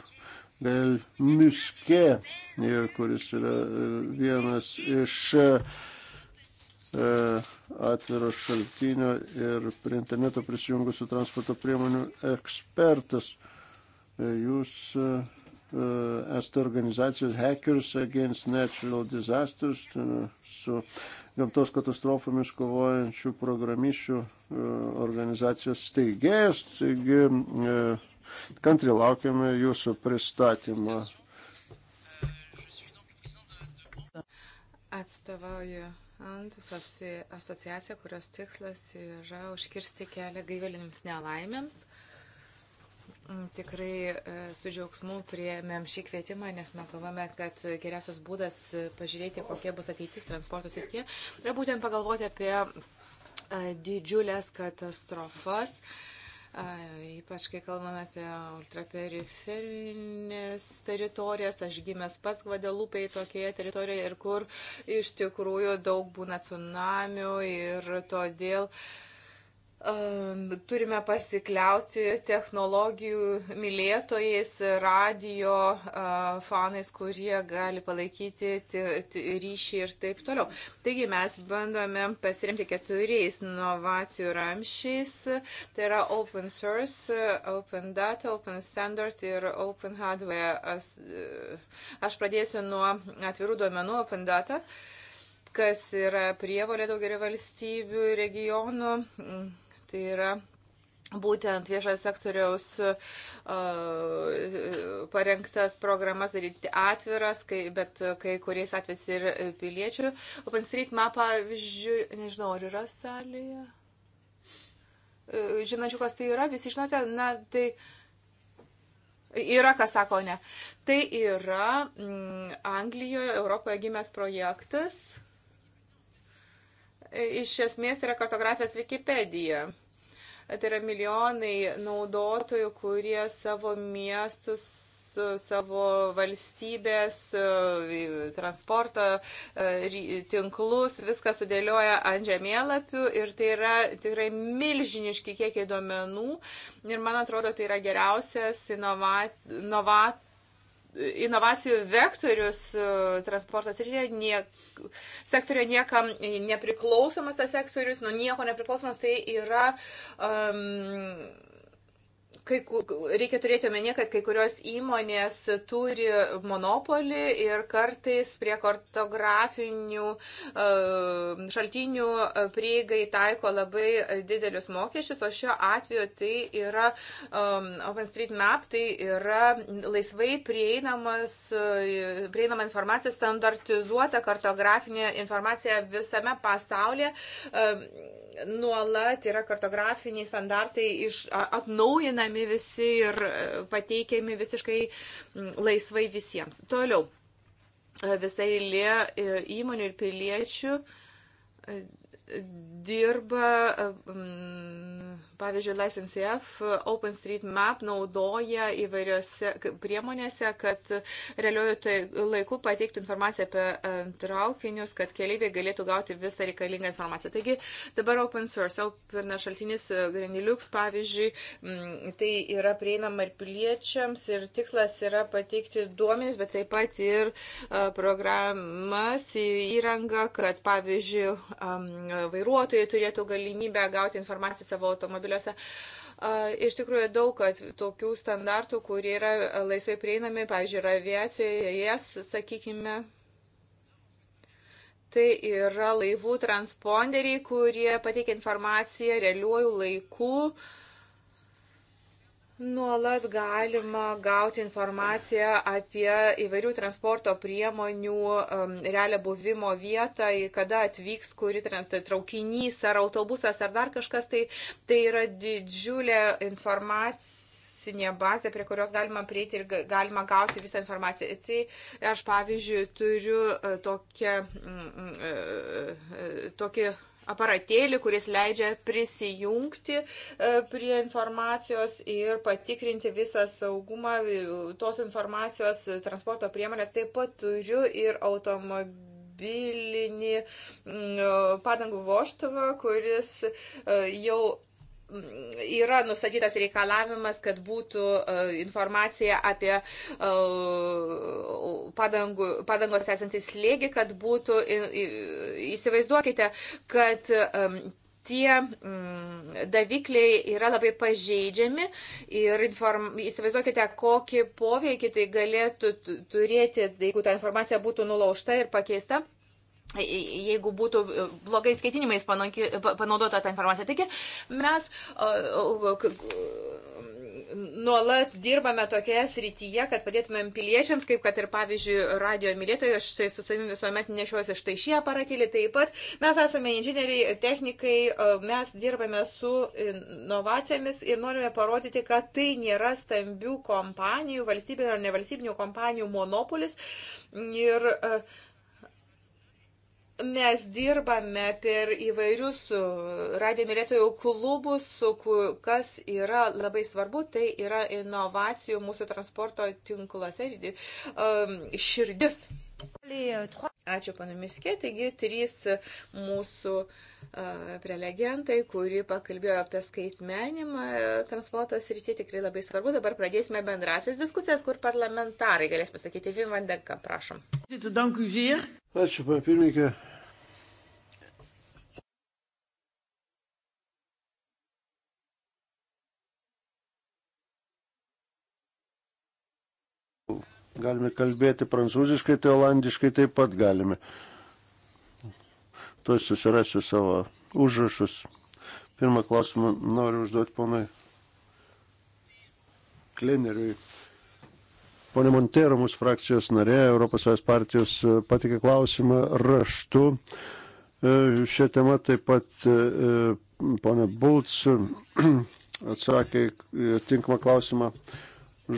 Del Miske, e, kuris yra e, vienas iš e, atviro šaltinio ir prie interneto prisijungusių transporto priemonių ekspertas. Jūs esate organizacijos Hackers Against Natural Disasters su gamtos katastrofomis kovojančių programišių organizacijos steigėjas. Taigi Kantri laukiame jūsų pristatymą. Atstovauju Antus asociacija, kurios tikslas yra užkirsti kelią gaivalinėms nelaimėms. Tikrai e, su džiaugsmu prieėmėm šį kvietimą, nes mes galvome, kad geriausias būdas e, pažiūrėti, kokie bus ateitis transporto srityje, yra būtent pagalvoti apie e, didžiulės katastrofas. Uh, Ypač kai kalbame apie ultraperiferinės teritorijas, aš gimęs pats Gvadelupėje tokioje teritorijoje ir kur iš tikrųjų daug būna tsunamių ir todėl uh, turime pasikliauti technologijų mylėtojais, radio fanais, kurie gali palaikyti ryšį ir taip toliau. Taigi mes bandome pasiremti keturiais inovacijų ramšiais. Tai yra open source, open data, open standard ir open hardware. E, aš pradėsiu nuo atvirų duomenų open data kas yra prievolė daugelį valstybių, regionų, Tai yra būtent viešojo sektoriaus uh, parengtas programas daryti atviras, kai, bet kai kuriais atvejais ir piliečių. OpenStreetMap, pavyzdžiui, nežinau, ar yra salėje. E, žinančių, kas tai yra, visi žinote, na, tai yra, kas sako ne. Tai yra mm, Anglijoje, Europoje gimęs projektas. E, iš esmės yra kartografijos Wikipedija Tai yra milijonai naudotojų, kurie savo miestus savo valstybės e, transporto e, tinklus, viską sudėlioja ant žemėlapių ir tai yra tikrai milžiniški kiekiai duomenų ir man atrodo tai yra geriausias inovat, inovacijų vektorius e, transportas ir jie nie, sektorio niekam nepriklausomas tas sektorius, nuo nieko nepriklausomas, tai yra um, kai, reikia turėti omenyje, kad kai kurios įmonės turi monopolį ir kartais prie kartografinių e, šaltinių prieigai taiko labai didelius mokesčius, o šiuo atveju tai yra um, OpenStreetMap, tai yra laisvai e, prieinama informacija, standartizuota kartografinė informacija visame pasaulyje. Um, nuolat yra kartografiniai standartai iš, atnaujinami visi ir e, pateikiami visiškai laisvai visiems. Toliau, e, visai lė e, įmonių ir piliečių dirba Pavyzdžiui, LicenseF OpenStreetMap naudoja įvairiose priemonėse, kad realiuoju tai laiku pateiktų informaciją apie e, traukinius, kad keliaiviai galėtų gauti visą reikalingą informaciją. Taigi dabar open source, open šaltinis e, Graniliux, pavyzdžiui, mm, tai yra prieinama ir piliečiams ir tikslas yra pateikti duomenys, bet taip pat ir e, programas, įrangą, kad pavyzdžiui vairuotojai turėtų galimybę gauti informaciją savo automobilio portaliuose. Iš tikrųjų daug tokių standartų, kurie yra laisvai prieinami, pavyzdžiui, yra aviacijoje, jas, sakykime, tai yra laivų transponderiai, kurie pateikia informaciją realiuoju laiku. Uh, Nuolat galima gauti informaciją apie įvairių transporto priemonių um, realią buvimo vietą, kada atvyks, kuri tai traukinys ar autobusas ar dar kažkas. Tai, tai yra didžiulė informacinė bazė, prie kurios galima prieiti ir galima gauti visą informaciją. Tai aš, pavyzdžiui, turiu e, tokią, mm, mm, e, e, tokį aparatėlį, kuris leidžia prisijungti e, prie informacijos ir patikrinti visą saugumą e, tos informacijos e, transporto priemonės. Taip pat turiu ir automobilį mobilinį mm, padangų voštuvą, kuris jau yra nusatytas reikalavimas, kad būtų e, informacija apie e, padangų, padangos esantį slėgį, kad būtų, įsivaizduokite, kad tie mm, davikliai yra labai pažeidžiami ir inform, įsivaizduokite, kokį poveikį tai galėtų turėti, jeigu ta informacija būtų nulaužta ir pakeista jeigu būtų e, blogais skaitinimais panaudota ta informacija. Taigi mes nuolat dirbame tokioje srityje, kad padėtumėm piliečiams, kaip kad ir pavyzdžiui radio mylėtojai, aš tai su savimi visuomet nešiuosi štai šį aparatėlį, taip pat mes esame inžinieriai, technikai, mes dirbame su inovacijomis ir norime parodyti, kad tai nėra stambių kompanijų, valstybinio ar nevalstybinių kompanijų monopolis. Ir, uh, Mes dirbame per įvairius e, radio mylėtojų klubus, kas yra labai svarbu, tai yra inovacijų mūsų transporto tinkluose e, širdis. Ačiū panamiškė, taigi trys mūsų e, prelegentai, kuri pakalbėjo apie skaitmenimą transporto srityje, tikrai labai svarbu. Dabar pradėsime bendrasias diskusijas, kur parlamentarai galės pasakyti. Vim Vandenka, prašom. Ačiū, papirmininkė. galime kalbėti prancūziškai, tai olandiškai taip pat galime. Tuo susirasiu savo užrašus. Pirmą klausimą noriu užduoti ponui Kleneriui. Pone Montero, mūsų frakcijos narė, Europos Sąjungos partijos e, patikė klausimą raštu. E, šią temą taip pat e, ponė Bulc *clears throat* atsakė tinkamą klausimą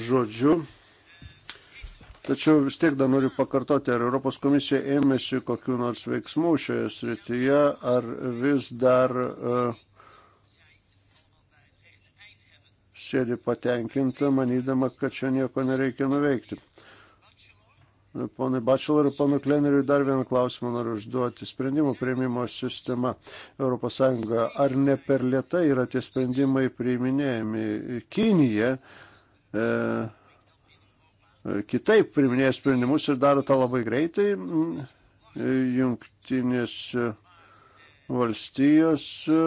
žodžiu. Tačiau vis tiek dar noriu pakartoti, ar Europos komisija ėmėsi kokiu nors veiksmu šioje srityje, ar vis dar uh, sėdi patenkinta, manydama, kad čia nieko nereikia nuveikti. Ponai Bačelor ir ponui Kleneriui dar vieną klausimą noriu užduoti. Sprendimų prieimimo sistema ES. Ar ne per lietai yra tie sprendimai priiminėjami? Kinija e, E, kitaip priminėja sprendimus ir daro tą labai greitai. E, jungtinės valstijos e,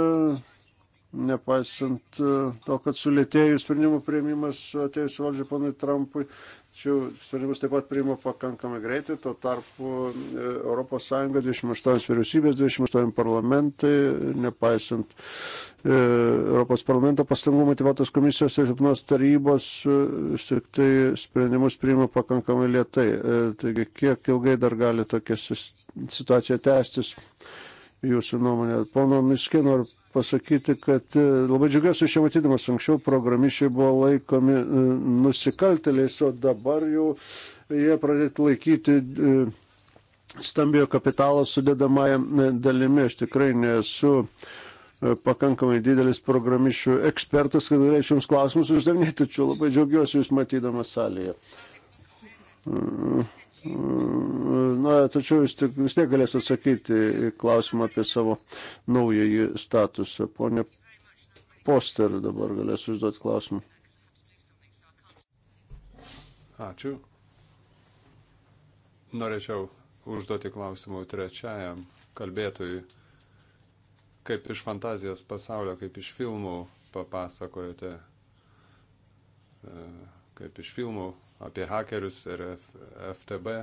nepaisant e, to, kad sulėtėjus sprendimų prieimimas atėjus valdžiai ponui Trumpui, tačiau sprendimus taip pat priima pakankamai greitai, tuo tarpu ES 28 vyriausybės, 28 parlamentai, nepaisant e, Europos parlamento pastangų motivatos komisijos ir silpnos tarybos, e, vis tik tai sprendimus priima pakankamai lietai. Taigi, kiek ilgai dar gali tokia situacija tęstis? Jūsų nuomonė. Pono Miskė noriu pasakyti, kad e, labai džiugiuosi čia matydamas, anksčiau programišiai buvo laikomi e, nusikalteliais, o dabar jau jie pradėti laikyti e, stambiojo kapitalo sudėdamąją dalimi. Aš tikrai nesu pakankamai didelis programišių ekspertas, kad galėčiau Jums klausimus uždavinėti, tačiau labai džiaugiuosi Jūs matydamas salėje. Mm. Na, tačiau vis, tik, vis tiek galės atsakyti į klausimą apie savo naująjį statusą. Pone Poster dabar galės užduoti klausimą. Ačiū. Norėčiau užduoti klausimų trečiajam kalbėtojui, kaip iš fantazijos pasaulio, kaip iš filmų papasakojate e, kaip iš filmų apie hakerius ir FTB.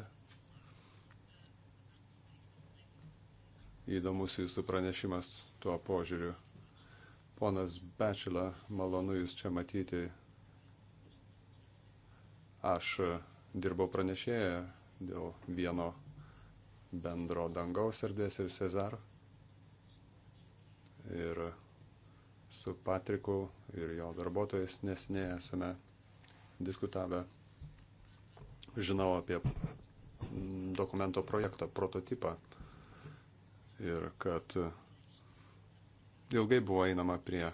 Įdomus jūsų pranešimas tuo požiūriu. Ponas Bečila, malonu jūs čia matyti. Aš dirbau pranešėję dėl vieno bendro dangaus erdvės ir Cezaro. Ir su Patriku ir jo darbuotojais nesiniai esame diskutavę. Žinau apie dokumento projektą, prototipą ir kad ilgai buvo einama prie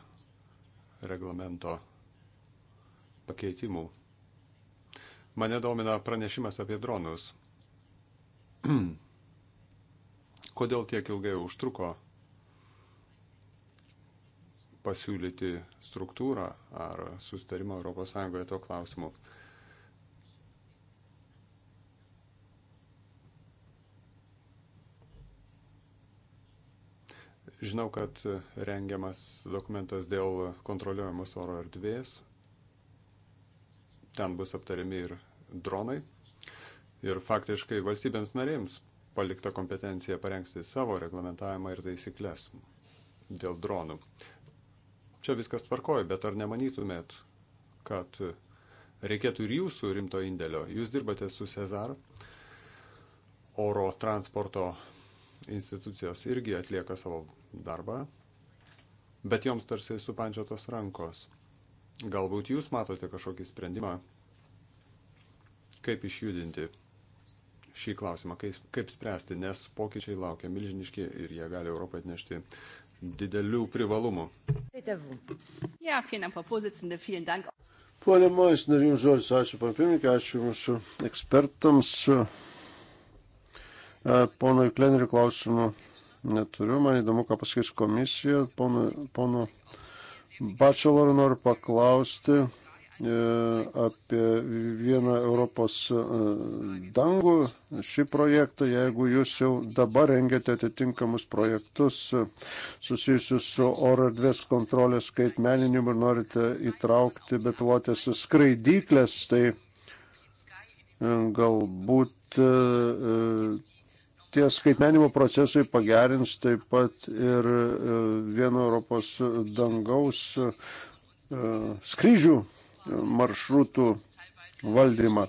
reglamento pakeitimų. Mane domina pranešimas apie dronus. *clears throat* Kodėl tiek ilgai užtruko pasiūlyti struktūrą ar sustarimą ES to klausimu. Žinau, kad rengiamas dokumentas dėl kontroliuojamos oro erdvės. Ten bus aptariami ir dronai. Ir faktiškai valstybėms narėms palikta kompetencija parengti savo reglamentavimą ir taisyklės dėl dronų čia viskas tvarkoja, bet ar nemanytumėt, kad reikėtų ir jūsų rimto indėlio? Jūs dirbate su Cezar, oro transporto institucijos irgi atlieka savo darbą, bet joms tarsi supančiotos rankos. Galbūt jūs matote kažkokį sprendimą, kaip išjudinti šį klausimą, kaip, kaip spręsti, nes pokyčiai laukia milžiniški ir jie gali Europą atnešti didelių privalumų. Pone Maisner, jums žodis, ačiū pampirmininkė, ačiū mūsų ekspertams. E, pono Klenerį klausimų neturiu, man įdomu, ką pasakys komisija. Pono, pono Bačelor noriu paklausti, E, apie vieną Europos e, dangų šį projektą, jeigu jūs jau dabar rengiate atitinkamus projektus e, susijusius su oro erdvės kontrolės skaitmeninimu ir norite įtraukti bepilotės skraidyklės, tai galbūt tie skaitmenimo procesai pagerins taip pat ir vieno Europos dangaus skrydžių maršrutų valdymą,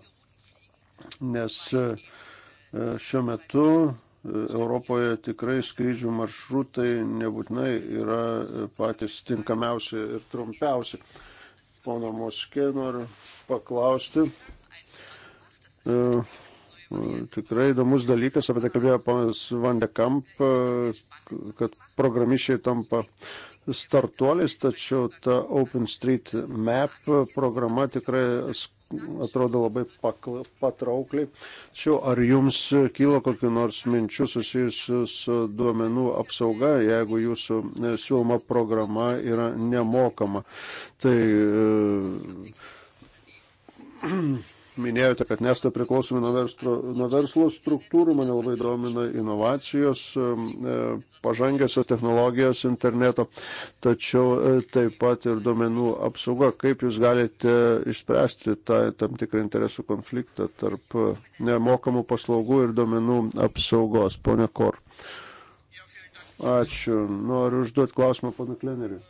nes e, šiuo metu e, Europoje tikrai skrydžių maršrutai nebūtinai yra e, patys tinkamiausi ir trumpiausi. Pono Moskė noriu paklausti. E, tikrai įdomus dalykas, apie tai kalbėjo ponas Vandekamp, kad programišiai tampa startuoliais, tačiau ta OpenStreetMap programa tikrai atrodo labai pakla, patraukliai. Tačiau ar jums kyla kokiu nors minčiu susijusiu su duomenų apsauga, jeigu jūsų e, siūloma programa yra nemokama? Tai e, *clears throat* minėjote, kad nesate priklausomi nuo verslo, nuo verslo struktūrų, mane labai domina inovacijos, e, pažangiosios technologijos interneto, tačiau e, taip pat ir duomenų apsauga. Kaip jūs galite išspręsti tą tam tikrą interesų konfliktą tarp e, nemokamų paslaugų ir duomenų apsaugos, ponia Kor? Ačiū. Noriu užduoti klausimą pana Kleneriui.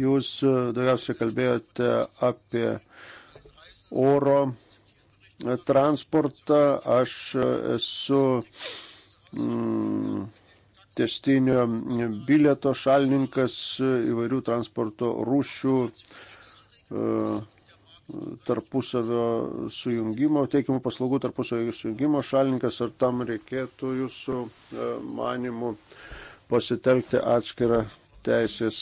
Jūs e, daugiausiai kalbėjote apie oro transportą. Aš esu mm, testinio bilieto šalininkas įvairių transporto rūšių e, tarpusavio sujungimo, teikimų paslaugų tarpusavio sujungimo šalininkas, ar tam reikėtų jūsų e, manimų pasitelkti atskirą teisės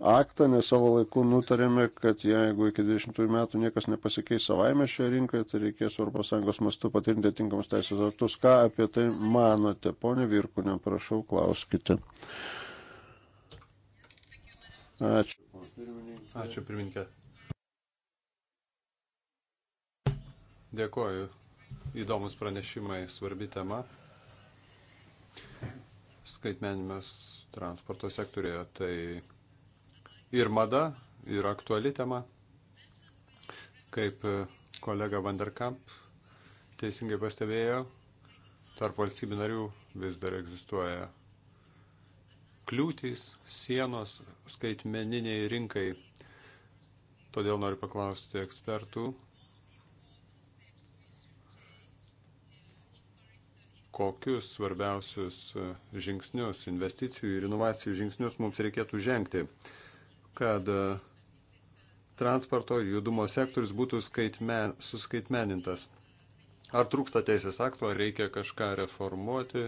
aktą, nes savo laiku nutarėme, kad jeigu iki 20 metų niekas nepasikeis savaime šioje rinkoje, tai reikės ES mastu patvirtinti tinkamus teisės aktus. Ką apie tai manote, ponė Virkunė, prašau, klauskite. Ačiū. Ačiū, pirmininkė. Dėkuoju. Įdomus pranešimai, svarbi tema skaitmenimės transporto sektorėje. Tai ir mada, ir aktuali tema, kaip kolega Vanderkamp teisingai pastebėjo, tarp valstybių narių vis dar egzistuoja kliūtys, sienos skaitmeniniai rinkai. Todėl noriu paklausti ekspertų, kokius svarbiausius e, žingsnius, investicijų ir inovacijų žingsnius mums reikėtų žengti, kad e, transporto judumo sektorius būtų skaitmen, suskaitmenintas. Ar trūksta teisės akto, ar reikia kažką reformuoti,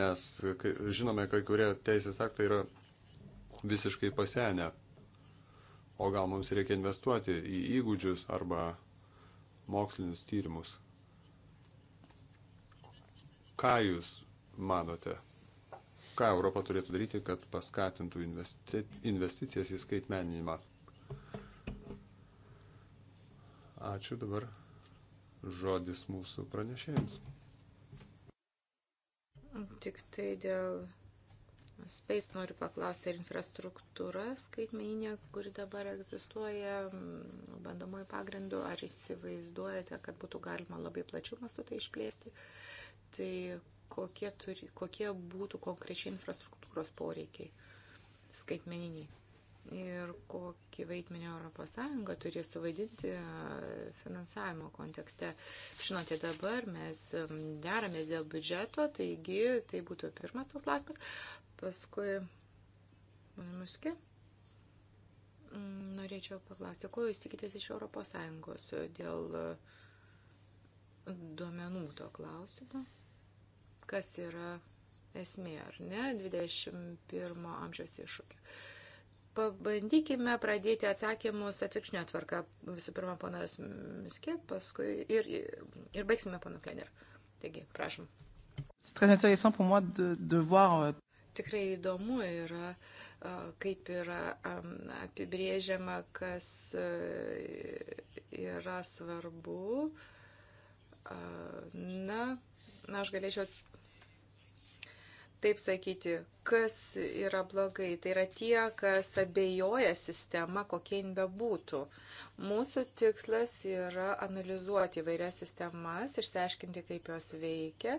nes kai, žinome, kai kurie teisės aktai yra visiškai pasenę. O gal mums reikia investuoti į įgūdžius arba mokslinius tyrimus. Ką Jūs manote? Ką Europa turėtų daryti, kad paskatintų investicijas į skaitmeninimą? Ačiū dabar. Žodis mūsų pranešėjams. Tik tai dėl Space noriu paklausti, ar infrastruktūra skaitmeninė, kuri dabar egzistuoja, bandomoji pagrindu, ar įsivaizduojate, kad būtų galima labai plačių mastų tai išplėsti, tai kokie, turi, kokie būtų konkrečiai infrastruktūros poreikiai skaitmeniniai ir kokį vaidmenį ES turi suvaidinti e, finansavimo kontekste. Žinote, dabar mes deramės dėl biudžeto, taigi tai būtų pirmas toks klausimas. Paskui, muskė, norėčiau paklausti, ko jūs tikitės iš ES dėl e, duomenų to klausimo? kas yra esmė, ar ne, 21 amžiaus iššūkių. Pabandykime pradėti atsakymus atvirkšnio tvarką. Visų pirma, ponas Miskė, paskui ir, ir baigsime panu Klener. Taigi, prašom. Euh, Tikrai įdomu yra, kaip yra apibrėžiama, kas yra svarbu. Na, na, aš galėčiau taip sakyti, kas yra blogai. Tai yra tie, kas abejoja sistema, kokia jin bebūtų. Mūsų tikslas yra analizuoti vairias sistemas, išsiaiškinti, kaip jos veikia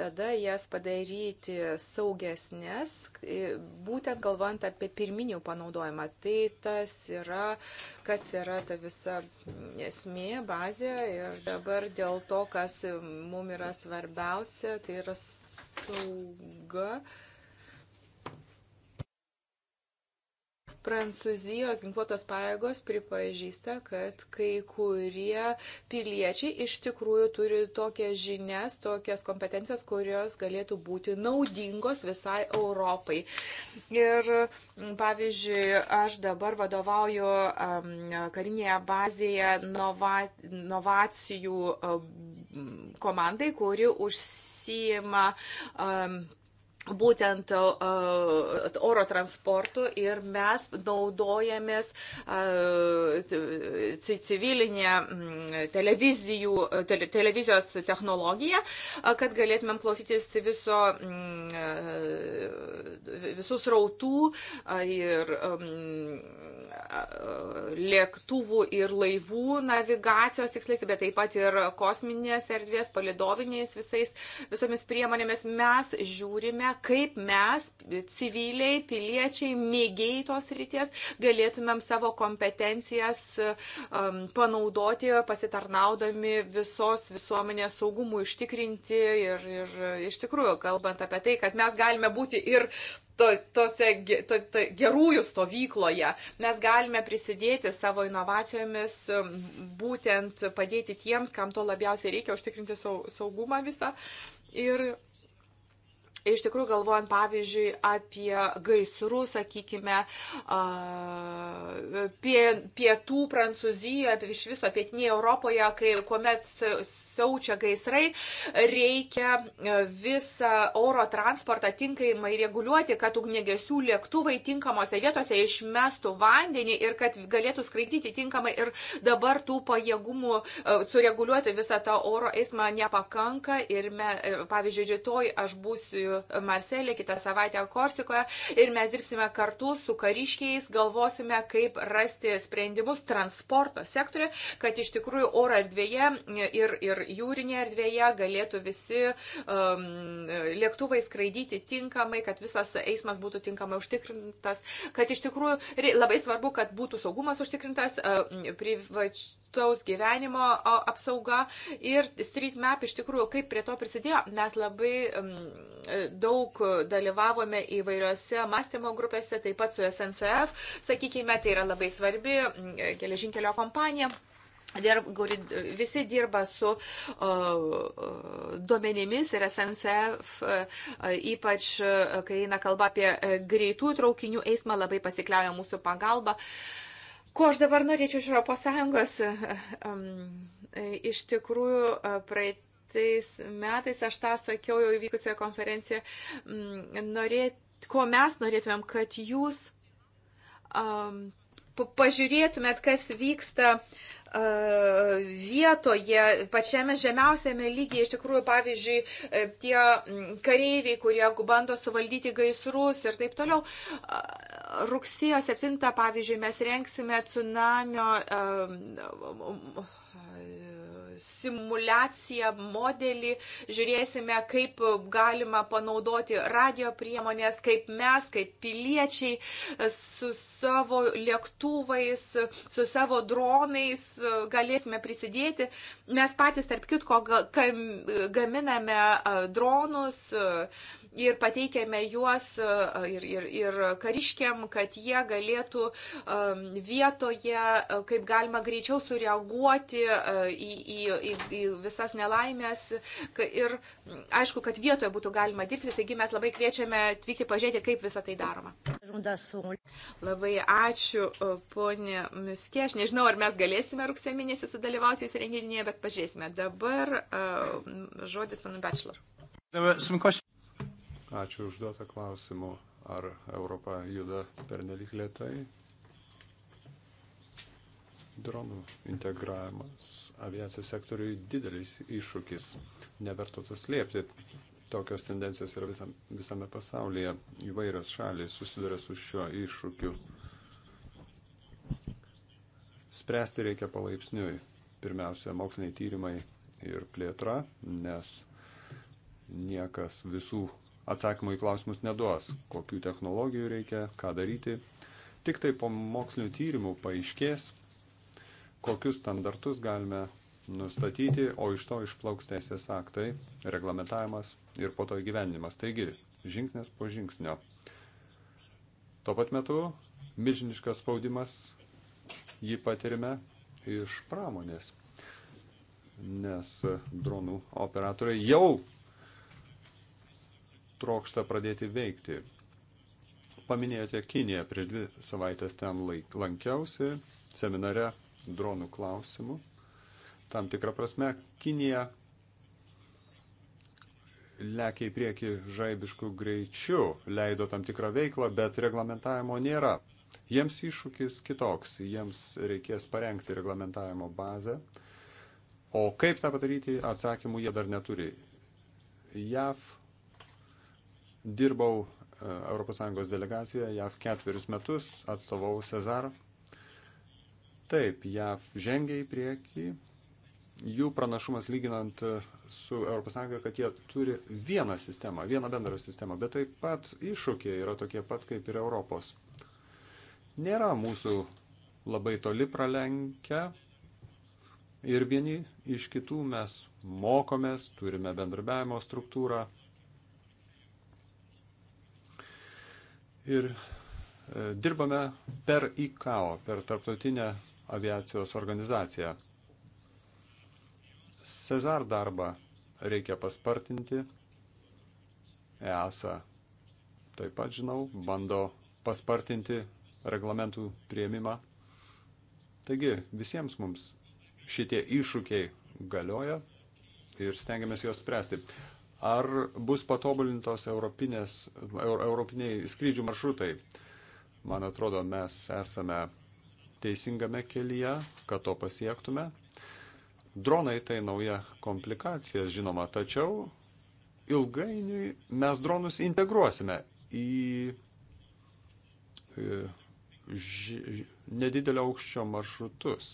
tada jas padaryti saugesnės, būtent galvant apie pirminių panaudojimą. Tai tas yra, kas yra ta visa esmė, bazė ir dabar dėl to, kas mums yra svarbiausia, tai yra sauga. Prancūzijos ginkluotos pajėgos pripažįsta, kad kai kurie piliečiai iš tikrųjų turi tokias žinias, tokias kompetencijas, kurios galėtų būti naudingos visai Europai. Ir pavyzdžiui, aš dabar vadovauju karinėje bazėje nova, novacijų komandai, kuri užsijima um, būtent oro transportu ir mes naudojamės civilinė televizijų, televizijos technologija, kad galėtumėm klausytis viso, visus rautų ir lėktuvų ir laivų navigacijos tikslais, bet taip pat ir kosminės erdvės, palidoviniais visais, visomis priemonėmis mes žiūrime, kaip mes, civiliai, piliečiai, mėgėjai tos ryties, galėtumėm savo kompetencijas um, panaudoti, pasitarnaudami visos visuomenės saugumų ištikrinti ir, ir iš tikrųjų, kalbant apie tai, kad mes galime būti ir to, tose to, to, gerųjų stovykloje. Mes galime prisidėti savo inovacijomis, um, būtent padėti tiems, kam to labiausiai reikia, užtikrinti saugumą visą. Ir Iš tikrųjų, galvojant pavyzdžiui apie gaisrus, sakykime, pie, pietų Prancūzijoje, iš viso pietinėje Europoje, kai, kuomet siaučia gaisrai, reikia e, visą oro transportą tinkamai reguliuoti, kad ugnegesių lėktuvai tinkamose vietose išmestų vandenį ir kad galėtų skraidyti tinkamai ir dabar tų pajėgumų e, sureguliuoti visą tą oro eismą nepakanka ir, me, e, pavyzdžiui, rytoj aš būsiu Marselė, kitą savaitę Korsikoje ir mes dirbsime kartu su kariškiais, galvosime, kaip rasti sprendimus transporto sektoriu, kad iš tikrųjų oro erdvėje ir, ir jūrinėje erdvėje galėtų visi um, lėktuvai skraidyti tinkamai, kad visas eismas būtų tinkamai užtikrintas, kad iš tikrųjų labai svarbu, kad būtų saugumas užtikrintas, uh, um, privataus gyvenimo apsauga ir street map iš tikrųjų kaip prie to prisidėjo. Mes labai um, daug dalyvavome įvairiose mąstymo grupėse, taip pat su SNCF, sakykime, tai yra labai svarbi um, geležinkelio kompanija dirb, kuri visi dirba su o, duomenimis ir SNCF, e, ypač e, kai eina kalba apie e, greitų traukinių eismą, labai pasikliauja mūsų pagalba. Ko aš dabar norėčiau iš Europos Sąjungos? Iš tikrųjų, praeitais metais aš tą sakiau jau įvykusioje konferencijoje, norėt, ko mes norėtumėm, kad jūs um, pažiūrėtumėt, kas vyksta uh, vietoje, pačiame žemiausiame lygyje, iš tikrųjų, pavyzdžiui, e, tie kareiviai, kurie bando suvaldyti gaisrus ir taip toliau. Rugsėjo 7, pavyzdžiui, mes renksime tsunamio simulaciją, modelį, žiūrėsime, kaip galima panaudoti radio priemonės, kaip mes, kaip piliečiai, su savo lėktuvais, su savo dronais galėsime prisidėti. Mes patys, tarp kitko, gaminame dronus, ir pateikėme juos e, ir, ir, ir kariškiam, kad jie galėtų vietoje e, kaip galima greičiau sureaguoti e, į, į, į, į visas nelaimės. Ir aišku, kad vietoje būtų galima dirbti, taigi mes labai kviečiame atvykti pažiūrėti, kaip visą tai daroma. Labai ačiū, ponė Miuskė. Aš nežinau, ar mes galėsime rugsėjo mėnesį sudalyvauti jūsų renginėje, bet pažiūrėsime. Dabar žodis panų Bachelor. There were some questions. Ačiū užduotą klausimą. Ar Europa juda pernelyg lietai? Dronų integravimas aviacijos sektoriui didelis iššūkis. Neverta to slėpti. Tokios tendencijos yra visam, visame pasaulyje. Įvairios šaliai susiduria su šiuo iššūkiu. Spręsti reikia palaipsniui. Pirmiausia, moksliniai tyrimai ir plėtra, nes niekas visų atsakymų į klausimus neduos, kokių technologijų reikia, ką daryti. Tik tai po mokslinio tyrimų paaiškės, kokius standartus galime nustatyti, o iš to išplauks teisės aktai, reglamentavimas ir po to įgyvendimas. Taigi, žingsnis po žingsnio. Tuo pat metu milžiniškas spaudimas jį patirime iš pramonės, nes dronų operatoriai jau trokšta pradėti veikti. Paminėjote Kiniją, prieš dvi savaitės ten laik, lankiausi seminare dronų klausimų. Tam tikrą prasme, Kinija lekia į priekį žaibiškų greičių, leido tam tikrą veiklą, bet reglamentavimo nėra. Jiems iššūkis kitoks, jiems reikės parengti reglamentavimo bazę, o kaip tą padaryti, atsakymų jie dar neturi. JAV Dirbau ES delegacijoje JAV ketverius metus, atstovau Cezarą. Taip, JAV žengia į priekį. Jų pranašumas lyginant e, su ES, kad jie turi vieną sistemą, vieną bendrą sistemą, bet taip pat iššūkiai yra tokie pat kaip ir Europos. Nėra mūsų labai toli pralenkę, ir vieni iš kitų mes mokomės, turime bendrabiavimo struktūrą, ir e, dirbame per ICAO, per Tarptautinę aviacijos organizaciją. Cezar darbą reikia paspartinti. EASA taip pat, žinau, bando paspartinti reglamentų prieimimą. Taigi visiems mums šitie iššūkiai galioja ir stengiamės juos spręsti ar bus patobulintos europinės, europiniai skrydžių maršrutai. Man atrodo, mes esame teisingame kelyje, kad to pasiektume. Dronai tai nauja komplikacija, žinoma, tačiau ilgainiui mes dronus integruosime į e, nedidelio aukščio maršrutus.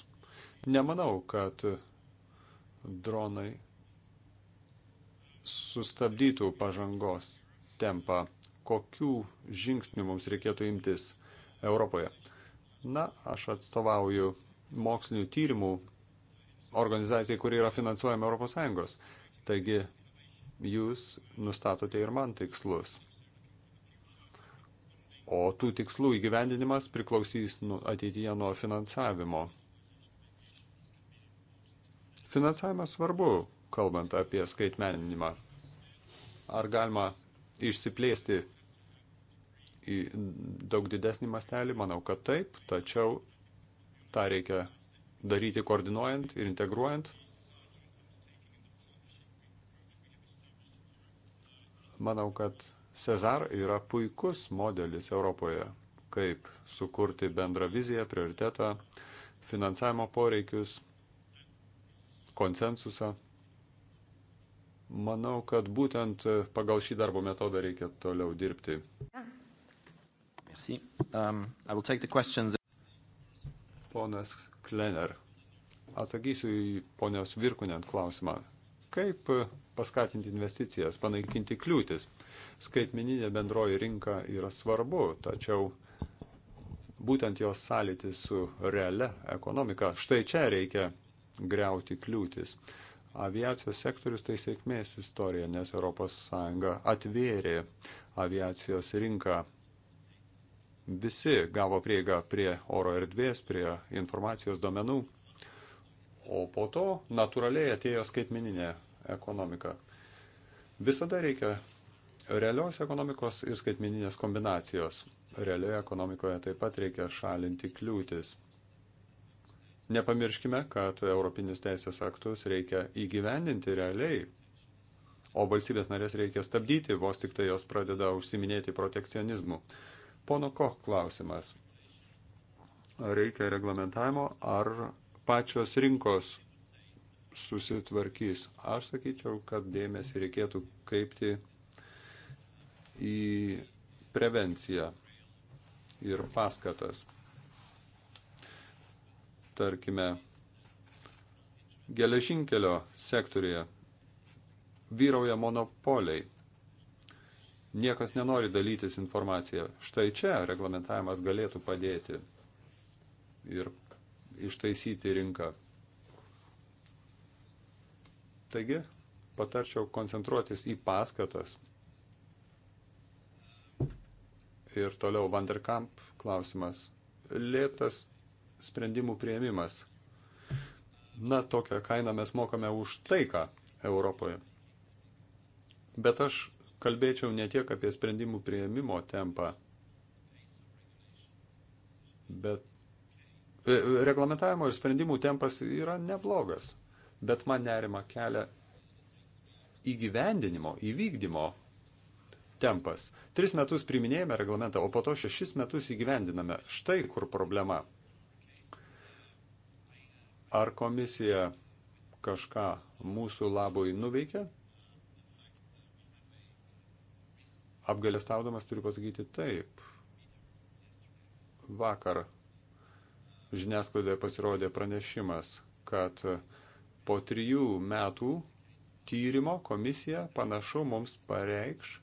Nemanau, kad dronai sustabdytų pažangos tempą. Kokių žingsnių mums reikėtų imtis Europoje? Na, aš atstovauju mokslinių tyrimų organizacijai, kuri yra finansuojama ES. Taigi, jūs nustatote ir man tikslus. O tų tikslų įgyvendinimas priklausys ateityje nuo finansavimo. Finansavimas svarbu, kalbant apie skaitmeninimą. Ar galima išsiplėsti į daug didesnį mastelį? Manau, kad taip, tačiau tą reikia daryti koordinuojant ir integruojant. Manau, kad Cezar yra puikus modelis Europoje, kaip sukurti bendrą viziją, prioritetą, finansavimo poreikius, konsensusą. Manau, kad būtent pagal šį darbo metodą reikia toliau dirbti. Um, Ponas Klener, atsakysiu į ponios Virkunent klausimą. Kaip paskatinti investicijas, panaikinti kliūtis? Skaitmeninė bendroji rinka yra svarbu, tačiau būtent jos sąlytis su realia ekonomika, štai čia reikia greuti kliūtis aviacijos sektorius tai sėkmės istorija, nes ES atvėrė aviacijos rinką. Visi gavo prieigą prie oro erdvės, prie informacijos domenų, o po to natūraliai atėjo skaitmininė ekonomika. Visada reikia realios ekonomikos ir skaitmininės kombinacijos. Realioje ekonomikoje taip pat reikia šalinti kliūtis. Nepamirškime, kad Europinius teisės aktus reikia įgyvendinti realiai, o valstybės narės reikia stabdyti, vos tik tai jos pradeda užsiminėti protekcionizmu. Pono Koch klausimas. Reikia reglamentavimo ar pačios rinkos susitvarkys? Aš sakyčiau, kad dėmesį reikėtų kreipti į prevenciją ir paskatas tarkime, geležinkelio sektorija vyrauja monopoliai. Niekas nenori dalytis informaciją. Štai čia reglamentavimas galėtų padėti ir ištaisyti rinką. Taigi, patarčiau koncentruotis į paskatas. Ir toliau Vanderkamp klausimas. Lėtas sprendimų prieimimas. Na, tokią kainą mes mokame už taiką Europoje. Bet aš kalbėčiau ne tiek apie sprendimų prieimimo tempą, bet e, reglamentavimo ir sprendimų tempas yra neblogas, bet man nerima kelia įgyvendinimo, įvykdymo tempas. Tris metus priminėjame reglamentą, o po to šešis metus įgyvendiname. Štai kur problema. Ar komisija kažką mūsų labui nuveikė? Apgalėstaudamas turiu pasakyti taip. Vakar žiniasklaidoje pasirodė pranešimas, kad po trijų metų tyrimo komisija panašu mums pareikš,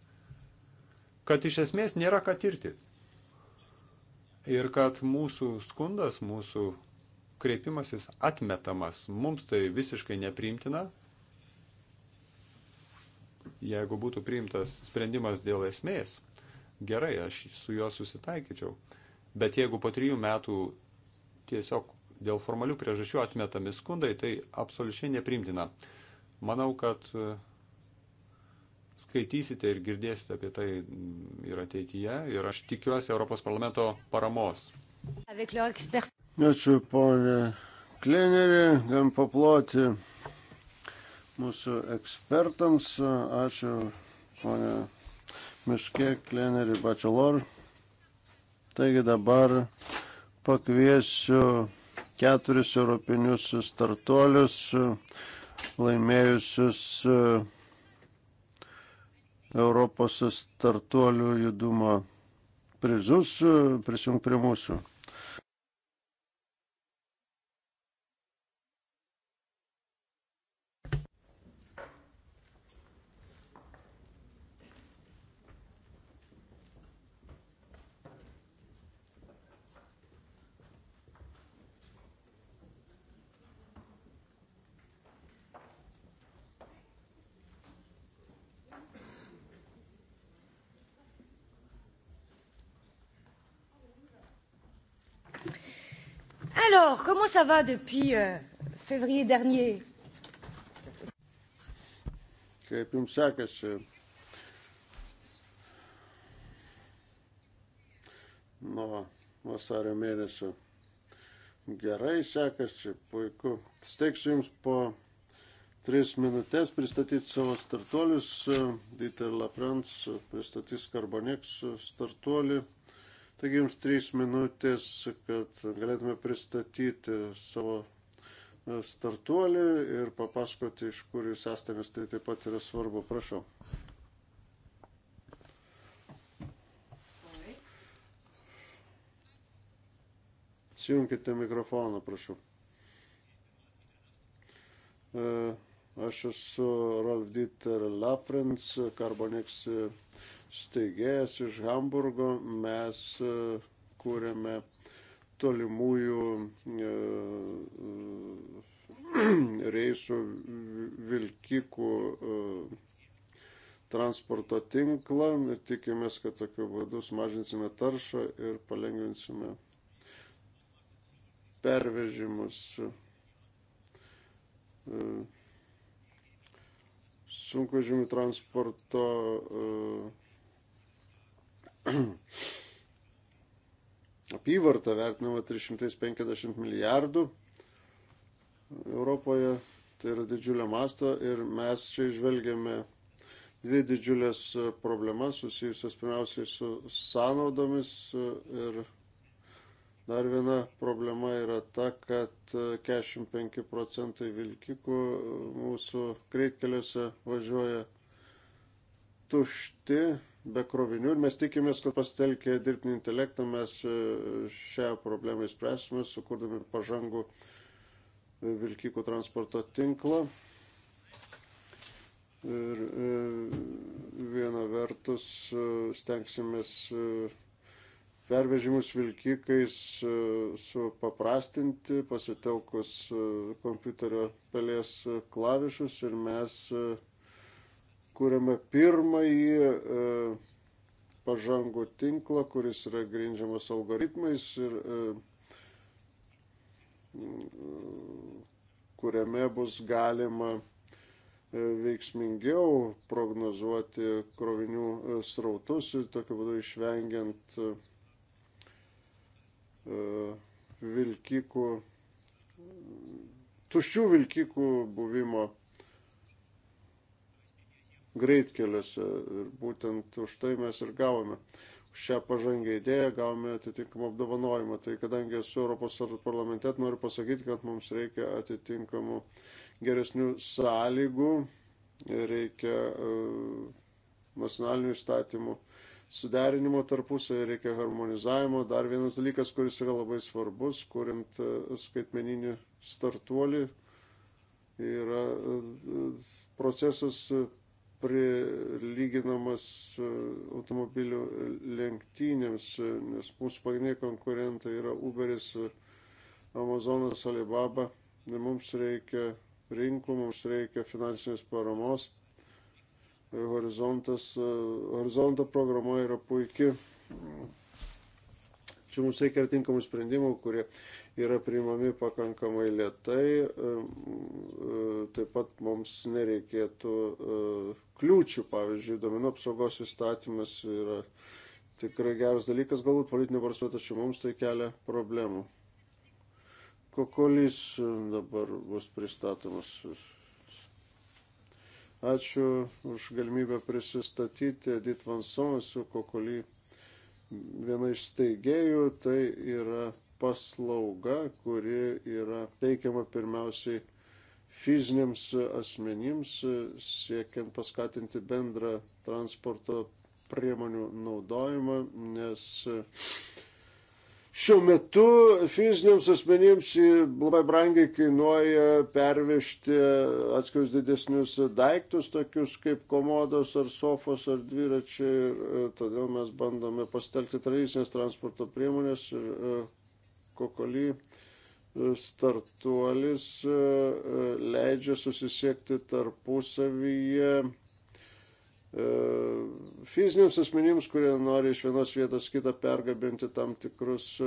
kad iš esmės nėra ką tirti. Ir kad mūsų skundas, mūsų kreipimasis atmetamas. Mums tai visiškai nepriimtina. Jeigu būtų priimtas sprendimas dėl esmės, gerai, aš su juo susitaikyčiau. Bet jeigu po trijų metų tiesiog dėl formalių priežasčių atmetami skundai, tai absoliučiai nepriimtina. Manau, kad skaitysite ir girdėsite apie tai ir ateityje ir aš tikiuosi Europos parlamento paramos. Ačiū, ponė Klenerį, gam paploti mūsų ekspertams. Ačiū, ponė Miškė, Klenerį, Bačelor. Taigi dabar pakviesiu keturis europinius startuolius laimėjusius e, Europos startuolių judumo prizus prisijungti prie mūsų. ça va depuis euh, février dernier? Kaip jums sekasi? Nuo vasario mėnesio gerai sekasi, puiku. Steiksiu jums po tris minutės pristatyti savo startuolius. Euh, Dieter Lafrance euh, pristatys Carbonex euh, startuolį Taigi jums trys minutės, kad galėtume pristatyti savo e, startuolį ir papasakoti, iš kur jūs esate, nes tai taip pat yra svarbu. Prašau. Sijunkite mikrofoną, prašau. E, aš esu Rolf Dieter Lafrens, Carbonex steigėjas iš Hamburgo, mes e, kūrėme tolimųjų e, e, reisų vilkikų transporto tinklą ir tikimės, kad tokiu būdu sumažinsime taršą ir palengvinsime pervežimus sunkvežimių transporto uh, *clears throat* apyvarta vertinama 350 milijardų Europoje, tai yra didžiulio masto ir mes čia išvelgiame dvi didžiulės e, problemas susijusios pirmiausiai su sąnaudomis e, ir Dar viena problema yra ta, kad 45 e, procentai vilkikų mūsų greitkeliuose važiuoja tušti be krovinių ir mes tikimės, kad pasitelkę dirbtinį intelektą mes e, šią problemą įspręsime, sukurdami pažangų e, vilkikų transporto tinklą. Ir e, viena vertus stengsimės pervežimus vilkikais supaprastinti, pasitelkus kompiuterio pelės klavišus ir mes kūrėme pirmąjį e, pažangų tinklą, kuris yra grindžiamas algoritmais ir e, kuriame bus galima e, veiksmingiau prognozuoti krovinių e, srautus ir tokiu būdu išvengiant e, vilkikų, tuščių vilkikų buvimo greitkeliuose. Ir būtent už tai mes ir gavome. Už šią pažangę idėją gavome atitinkamą apdovanojimą. Tai kadangi esu Europos parlamente, noriu pasakyti, kad mums reikia atitinkamų geresnių sąlygų, reikia e, nacionalinių įstatymų suderinimo tarpusai, reikia harmonizavimo. Dar vienas dalykas, kuris yra labai svarbus, kuriant e, skaitmeninį startuolį, yra e, procesas prilyginamas e, automobilių lenktynėms, e, nes mūsų pagrindiniai konkurentai yra Uberis, e, Amazonas, Alibaba. Mums reikia rinkų, mums reikia finansinės paramos. Horizontas, horizonto programa yra puikia Čia mums reikia ir tinkamų sprendimų, kurie yra priimami pakankamai lietai. E, taip pat mums nereikėtų e, kliūčių, pavyzdžiui, domino apsaugos įstatymas yra tikrai geras dalykas, galbūt politinio prasme, tačiau mums tai kelia problemų. Kokolys dabar bus pristatomas. Ačiū už galimybę prisistatyti. Edith Vanson, esu Kokolys viena iš steigėjų, tai yra paslauga, kuri yra teikiama pirmiausiai fiziniams asmenims, siekiant paskatinti bendrą transporto priemonių naudojimą, nes Šiuo metu fiziniams asmenims labai brangiai kainuoja pervežti atskirius didesnius daiktus, tokius kaip komodos ar sofos ar dviračiai. Ir e, todėl mes bandome pastelkti tradicinės transporto priemonės ir kokolį e, e, startuolis leidžia susisiekti tarpusavyje E, fiziniams asmenims, kurie nori iš vienos vietos kitą pergabinti tam tikrus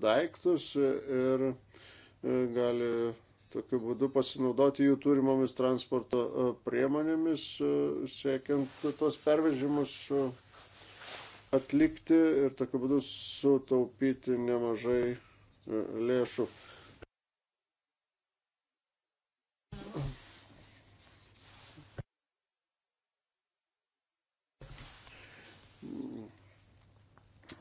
daiktus ir e, gali tokiu būdu pasinaudoti jų turimomis transporto e, priemonėmis, siekiant tos pervežimus atlikti ir tokiu būdu sutaupyti nemažai lėšų.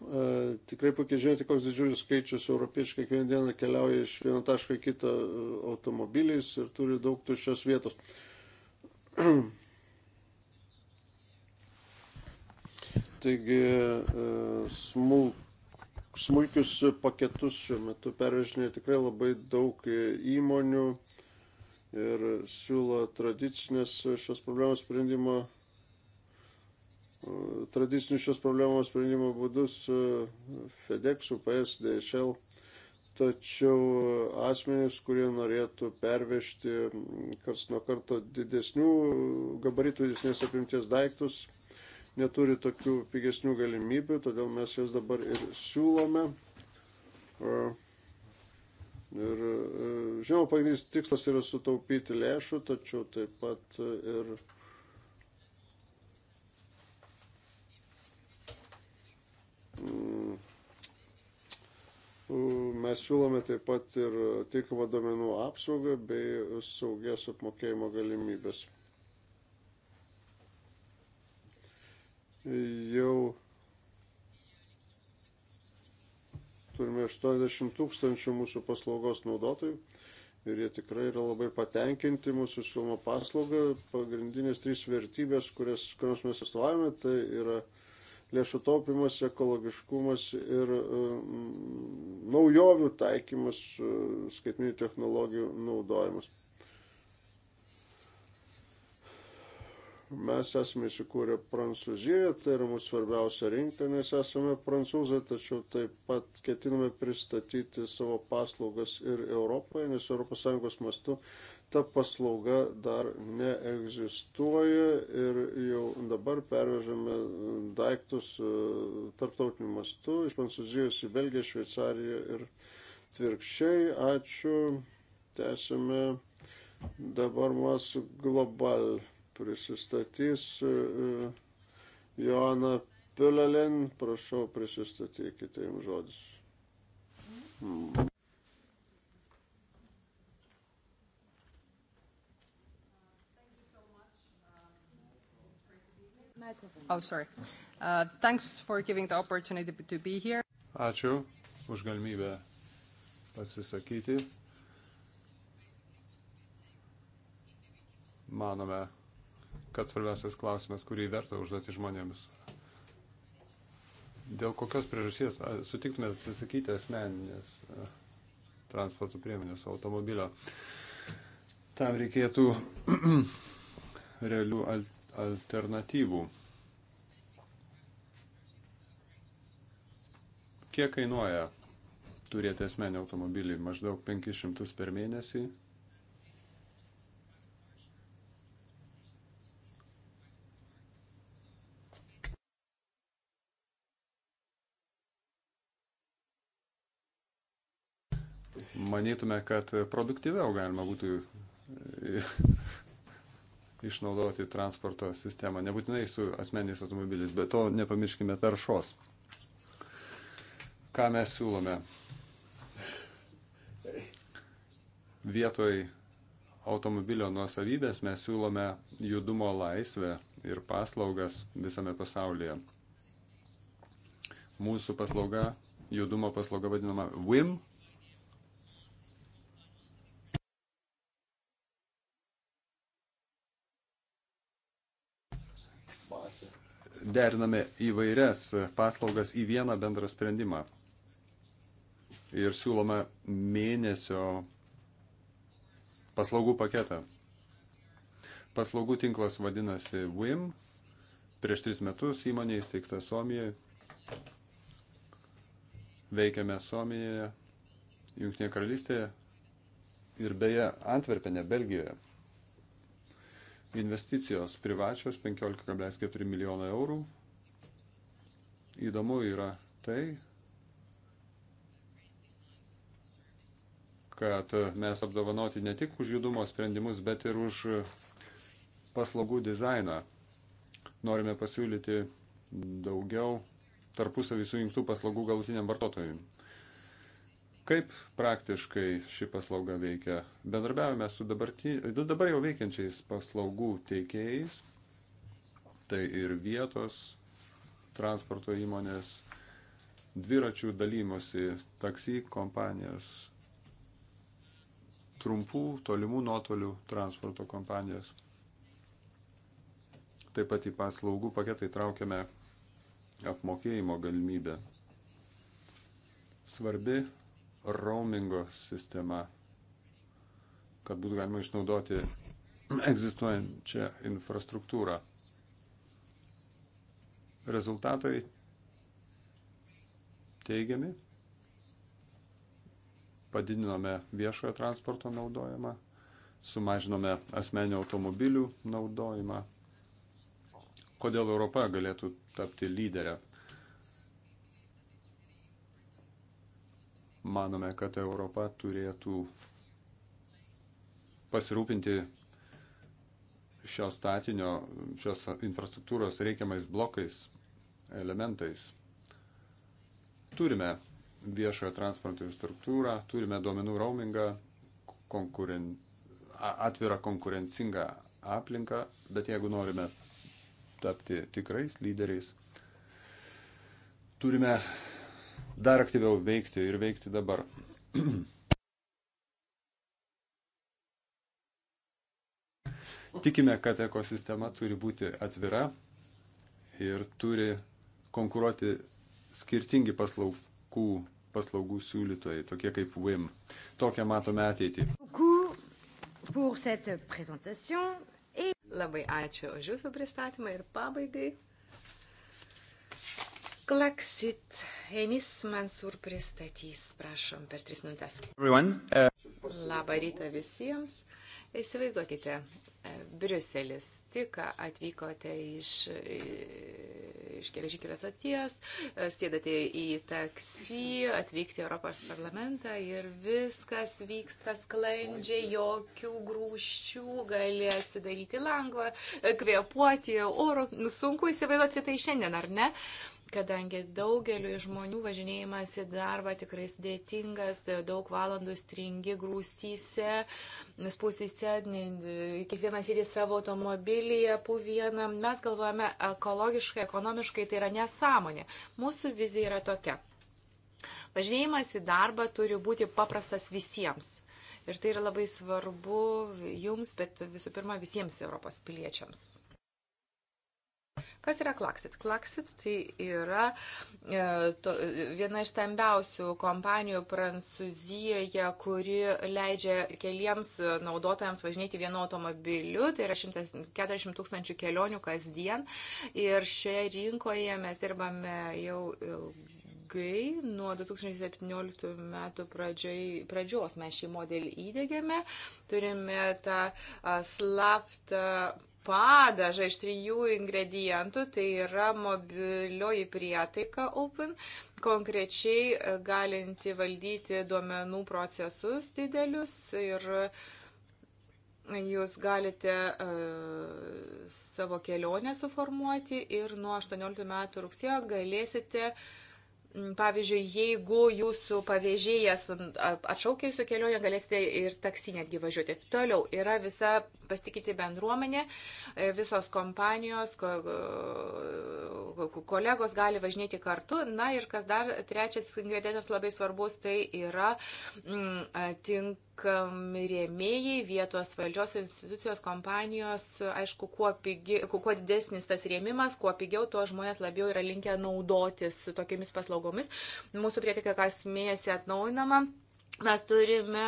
E, tikrai puikiai žinote, koks didžiulis skaičius europiečių kiekvieną dieną keliauja iš vieno taško į kitą e, automobiliais ir turi daug tuščios vietos. *clears throat* Taigi e, smulkius paketus šiuo metu pervežinėja tikrai labai daug įmonių ir siūlo tradicinės šios problemos sprendimo tradicinius šios problemos sprendimo būdus e, FedEx, UPS, DHL. Tačiau asmenys, kurie norėtų pervežti mm, kas nuo karto didesnių gabaritų, didesnės apimties daiktus, neturi tokių pigesnių galimybių, todėl mes jas dabar ir siūlome. E, ir e, žinoma, pagrindinis tikslas yra sutaupyti lėšų, tačiau taip pat ir Mm. Mes siūlome taip pat ir tikamą domenų apsaugą bei saugias apmokėjimo galimybės. Jau turime 80 tūkstančių mūsų paslaugos naudotojų ir jie tikrai yra labai patenkinti mūsų siūloma paslauga. Pagrindinės trys vertybės, kurias, kurias mes atstovavome, tai yra lėšų taupimas, ekologiškumas ir e, naujovių taikymas, e, skaitminių technologijų naudojimas. Mes esame įsikūrę Prancūzijoje, tai yra mūsų svarbiausia rinka, nes esame prancūzai, tačiau taip pat ketiname pristatyti savo paslaugas ir Europoje, nes ES mastu ta paslauga dar neegzistuoja ir jau dabar pervežame daiktus e, tarptautiniu mastu iš Prancūzijos į Belgiją, Šveicariją ir tvirkščiai. Ačiū. Tęsime. Dabar mūsų global prisistatys e, Joana Piulelin. Prašau, prisistatykite jums žodis. Mm. Oh, sorry. Uh, thanks for giving the opportunity to be here. Ačiū už galimybę pasisakyti. Manome, kad svarbiausias klausimas, kurį verta užduoti žmonėms. Dėl kokios priežasties sutiktumėte atsisakyti asmeninės transporto priemonės automobilio? Tam reikėtų *clears throat* realių alternatyvų alternatyvų. Kiek kainuoja turėti asmenį automobilį? Maždaug 500 per mėnesį. Manytume, kad produktyviau galima būtų išnaudoti transporto sistemą. Nebūtinai su asmeniais automobiliais, bet to nepamirškime taršos. Ką mes siūlome? Vietoj automobilio nuosavybės mes siūlome judumo laisvę ir paslaugas visame pasaulyje. Mūsų paslauga, judumo paslauga vadinama WIM deriname įvairias paslaugas į vieną bendrą sprendimą. Ir siūlome mėnesio paslaugų paketą. Paslaugų tinklas vadinasi WIM. Prieš tris metus įmonė įsteigta Suomijoje. Veikiame Suomijoje, Junktinėje karalystėje ir beje Antverpenė, Belgijoje. Investicijos privačios 15,4 milijono eurų. Įdomu yra tai, kad mes apdovanoti ne tik už judumo sprendimus, bet ir už paslaugų dizainą. Norime pasiūlyti daugiau tarpusavį sujungtų paslaugų galutiniam vartotojui. Kaip praktiškai ši paslauga veikia? Bendarbiavime su dabar jau veikiančiais paslaugų teikėjais, tai ir vietos transporto įmonės, dviračių dalymosi, taksi kompanijos, trumpų, tolimų nuotolių transporto kompanijos. Taip pat į paslaugų paketą įtraukiame apmokėjimo galimybę. Svarbi roamingo sistema, kad būtų galima išnaudoti egzistuojančią infrastruktūrą. Rezultatai teigiami. Padidinome viešojo transporto naudojimą, sumažinome asmenio automobilių naudojimą. Kodėl Europa galėtų tapti lyderę manome, kad Europa turėtų pasirūpinti šio statinio, šios infrastruktūros reikiamais blokais, elementais. Turime viešojo transporto infrastruktūrą, turime duomenų roamingą, konkuren... atvirą konkurencingą aplinką, bet jeigu norime tapti tikrais lyderiais, turime dar aktyviau veikti ir veikti dabar. *clears throat* Tikime, kad ekosistema turi būti atvira ir turi konkuruoti skirtingi paslaugų, paslaugų siūlytojai, tokie kaip WIM. Tokią matome ateitį. Labai ačiū už Jūsų pristatymą ir pabaigai. Klaksit Henis Mansur pristatys, prašom, per tris minutės. Uh, Labą rytą visiems. Įsivaizduokite, e, Briuselis. Tik atvykote iš, e, iš geležinkelio stoties, e, sėdate į taksi, atvykti į Europos parlamentą ir viskas vyksta sklandžiai, jokių grūščių, gali atsidaryti langą, kvėpuoti oro. Nu, sunku įsivaizduoti tai šiandien, ar ne? kadangi daugeliu žmonių važinėjimas į darbą tikrai sudėtingas, daug valandų stringi grūstyse, spūstyse, kiekvienas ir į savo automobilyje, puvieną. Mes galvojame ekologiškai, ekonomiškai, tai yra nesąmonė. Mūsų vizija yra tokia. Važinėjimas į darbą turi būti paprastas visiems. Ir tai yra labai svarbu jums, bet visų pirma visiems Europos piliečiams. Kas yra Klaxit? Klaxit tai yra e, to, viena iš stambiausių kompanijų Prancūzijoje, kuri leidžia keliems e, naudotojams važinėti vienu automobiliu, tai yra 140 tūkstančių kelionių kasdien. Ir šioje rinkoje mes dirbame jau ilgai ilgai, nuo 2017 metų pradžiai, pradžios mes šį modelį įdėgėme, turime tą e, slaptą padažą iš trijų ingredientų, tai yra mobilioji prietaika Open, konkrečiai e, galinti valdyti duomenų procesus didelius ir jūs galite uh, savo kelionę suformuoti ir nuo 18 metų rugsėjo galėsite Pavyzdžiui, jeigu jūsų pavėžėjas atšaukė jūsų kelionę, galėsite ir taksi netgi važiuoti. Toliau yra visa pasitikėti bendruomenė, e, visos kompanijos, kolegos gali važinėti kartu. Na ir kas dar trečias ingredientas labai svarbus, tai yra tinkamas mm, tinkami rėmėjai, vietos valdžios institucijos, kompanijos, aišku, kuo, pigi, kuo didesnis tas rėmimas, kuo pigiau, tuo žmonės labiau yra linkę naudotis tokiamis paslaugomis. Mūsų prietika kas mėnesį atnaujinama. Mes turime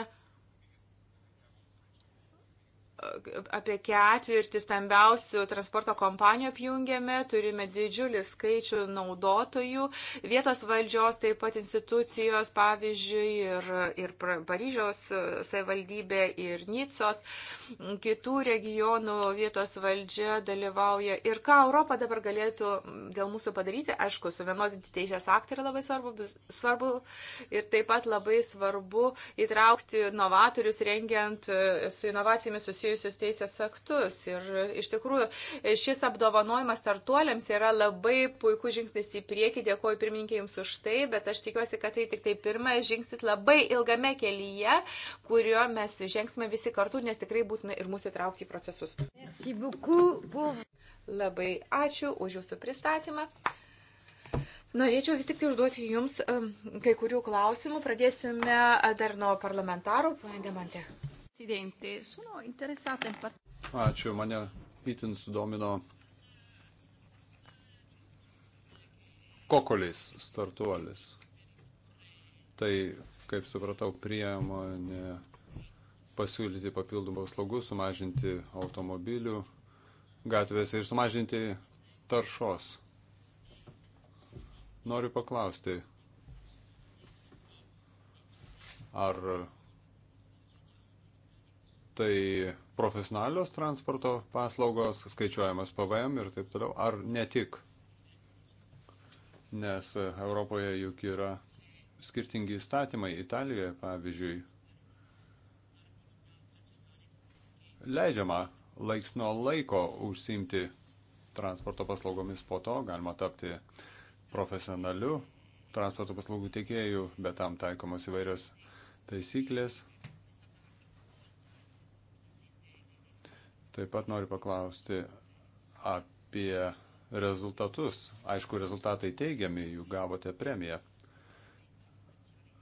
apie ketvirtį stambiausių transporto kompanijų apjungėme, turime didžiulį skaičių naudotojų, vietos valdžios, taip pat institucijos, pavyzdžiui, ir, ir Paryžiaus savivaldybė, ir Nicos, kitų regionų vietos valdžia dalyvauja. Ir ką Europa dabar galėtų dėl mūsų padaryti, aišku, suvienodinti teisės aktą yra labai svarbu, svarbu ir taip pat labai svarbu įtraukti novatorius, rengiant su inovacijomis susijusius susijusius teisės aktus. Ir e, iš tikrųjų e, šis apdovanojimas startuoliams yra labai puikus žingsnis į priekį. Dėkuoju pirmininkė Jums už tai, bet aš tikiuosi, kad tai tik tai pirmas žingsnis labai ilgame kelyje, kurio mes žengsime visi kartu, nes tikrai būtina ir mūsų įtraukti į procesus. Labai ačiū už Jūsų pristatymą. Norėčiau vis tik tai užduoti Jums um, kai kurių klausimų. Pradėsime dar nuo parlamentarų. Pane Demante. Ačiū, mane itin sudomino kokolis startuolis. Tai, kaip supratau, priemonė pasiūlyti papildomų paslaugų, sumažinti automobilių gatvėse ir sumažinti taršos. Noriu paklausti, ar tai profesionalios transporto paslaugos, skaičiuojamas PVM ir taip toliau, ar ne tik? Nes Europoje juk yra skirtingi įstatymai. Italijoje, pavyzdžiui, leidžiama laiks nuo laiko užsimti transporto paslaugomis po to, galima tapti profesionaliu transporto paslaugų tiekėjų, bet tam taikomos įvairios taisyklės. Taip pat noriu paklausti apie rezultatus. Aišku, rezultatai teigiami, jų gavote premiją.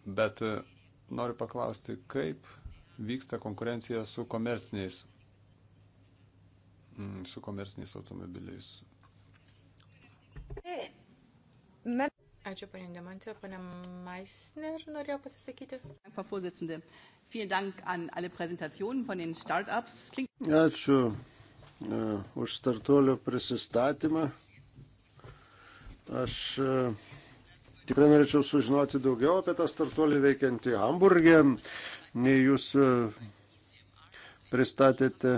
Bet e, noriu paklausti, kaip vyksta konkurencija su komerciniais, mm, su komerciniais automobiliais. Ačiū, panė Demantė, panė Meisner norėjo pasisakyti. Frau Vorsitzende, vielen Dank an alle Präsentationen von den Startups. Ačiū e, už startuolio prisistatymą. Aš e, tikrai norėčiau sužinoti daugiau apie tą startuolį veikiantį Hamburgė, nei jūs e, pristatėte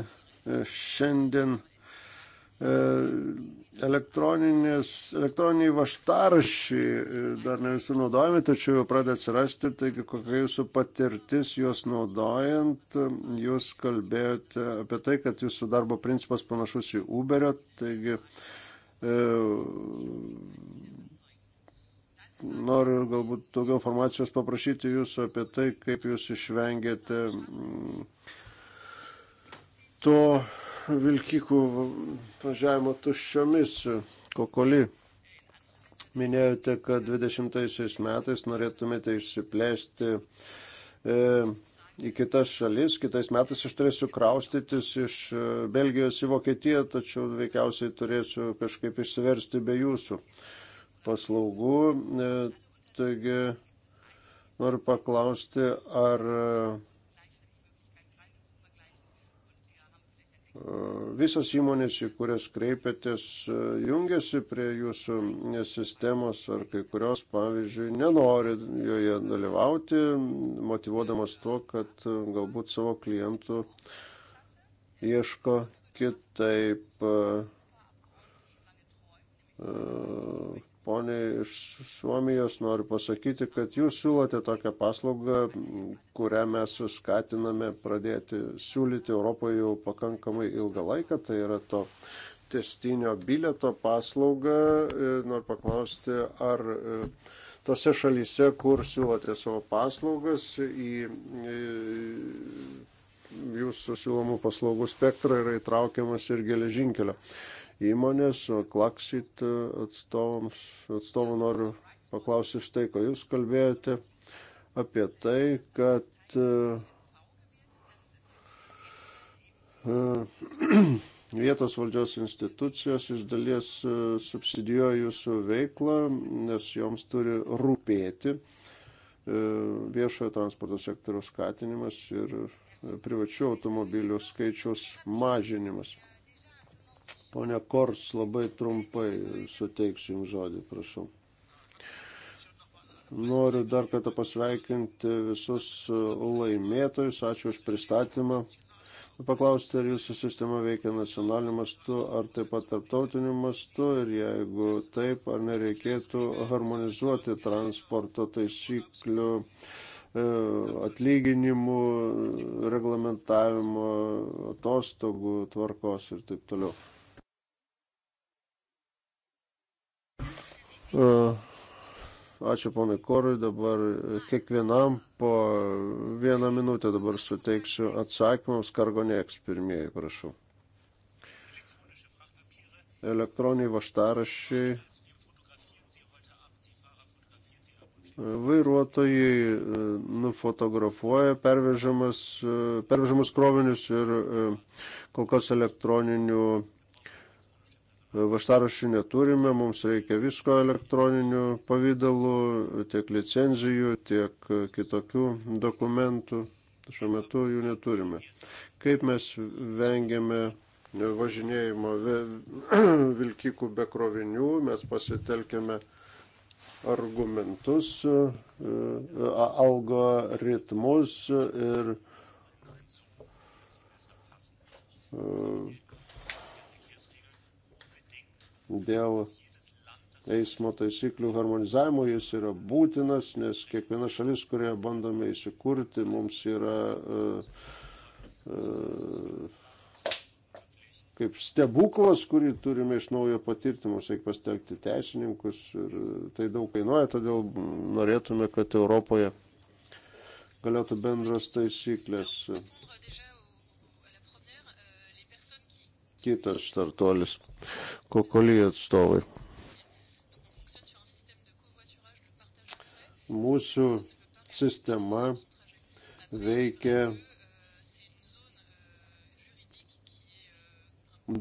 šiandien E, elektroniniai vaštarašiai e, dar ne visų naudojami, tačiau jau pradeda atsirasti, taigi kokia jūsų patirtis juos naudojant, jūs kalbėjote apie tai, kad jūsų darbo principas panašus į Uberio, taigi e, noriu galbūt daugiau informacijos paprašyti jūsų apie tai, kaip jūs išvengėte mm, to vilkikų važiavimo tuščiomis. Kokoli, minėjote, kad 20 metais norėtumėte išsiplėsti e, į kitas šalis. Kitais metais aš turėsiu kraustytis iš e, Belgijos į Vokietiją, tačiau veikiausiai turėsiu kažkaip išsiversti be jūsų paslaugų. E, taigi noriu paklausti, ar e, Visos įmonės, į kurias kreipiatės, jungiasi prie jūsų sistemos ar kai kurios, pavyzdžiui, nenori joje dalyvauti, motivuodamas tuo, kad galbūt savo klientų ieško kitaip Pone iš Suomijos noriu pasakyti, kad jūs siūlote tokią paslaugą, kurią mes skatiname pradėti siūlyti Europoje jau pakankamai ilgą laiką. Tai yra to testinio bileto paslauga. E, noriu paklausti, ar e, tose šalyse, kur siūlote savo paslaugas, į e, jūsų siūlomų paslaugų spektrą yra įtraukiamas ir geležinkelio įmonės, o Klaksit e, atstovams, atstovų noriu paklausyti štai, ko jūs kalbėjote apie tai, kad e, e, *clears throat* vietos valdžios institucijos iš dalies subsidijuoja jūsų veiklą, nes joms turi rūpėti viešojo transporto sektoriaus skatinimas ir privačių automobilių skaičiaus mažinimas. Pone Korts, labai trumpai suteiksiu Jums žodį, prašau. Noriu dar kartą pasveikinti visus laimėtojus. Ačiū už pristatymą. Paklausti, ar jūsų sistema veikia nacionaliniu mastu, ar taip pat tarptautiniu mastu ir jeigu taip, ar nereikėtų harmonizuoti transporto taisyklių, e, atlyginimų, reglamentavimo, atostogų, tvarkos ir taip toliau. E, ačiū ponai Korui, dabar kiekvienam po vieną minutę dabar suteiksiu atsakymams Kargonėks pirmieji, prašau. Elektroniniai vaštarašiai vairuotojai e, nufotografuoja e, pervežamus krovinius ir kol kas elektroninių Vaštarašių neturime, mums reikia visko elektroniniu pavydalu, tiek licenzijų, tiek e, kitokių dokumentų. Šiuo metu jų neturime. Kaip mes vengiame važinėjimo *clears throat* vilkikų be krovinių, mes pasitelkėme argumentus, e, e, algoritmus ir dėl eismo taisyklių harmonizavimo, jis yra būtinas, nes kiekviena šalis, kurioje bandome įsikurti, mums yra e, e, kaip stebuklas, kurį turime iš naujo patirti, mums reikia pastelgti teisininkus ir tai daug kainuoja, todėl norėtume, kad Europoje galėtų bendros taisyklės. Kitas startuolis kokolyje atstovai. Mūsų sistema veikia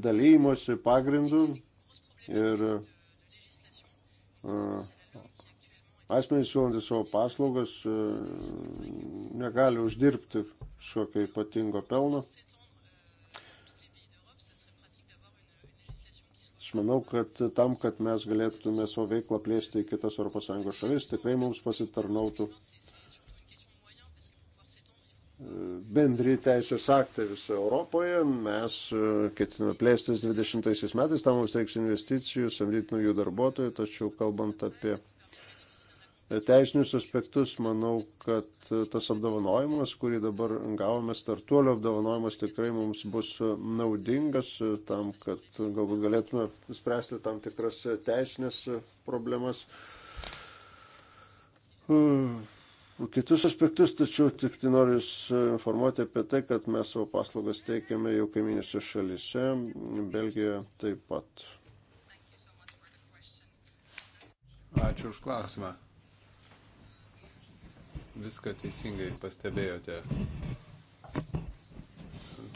dalymosi pagrindų ir asmenys siūlantis savo paslaugas negali uždirbti šokio ypatingo pelno. Aš manau, kad tam, kad mes galėtume savo veiklą plėsti į kitas ES šalis, tikrai mums pasitarnautų bendri teisės aktai visoje Europoje. Mes e, ketiname plėstis 20 metais, tam mums reiks investicijų, samdyti naujų darbuotojų, tačiau kalbant apie teisinius aspektus, manau, kad tas apdovanojimas, kurį dabar gavome, startuolio apdovanojimas tikrai mums bus naudingas tam, kad galbūt galėtume spręsti tam tikras teisinės problemas. Kitus aspektus, tačiau tik tai noriu Jūs informuoti apie tai, kad mes savo paslaugas teikiame jau kaiminėse šalise, Belgijoje taip pat. Ačiū už klausimą viską teisingai pastebėjote.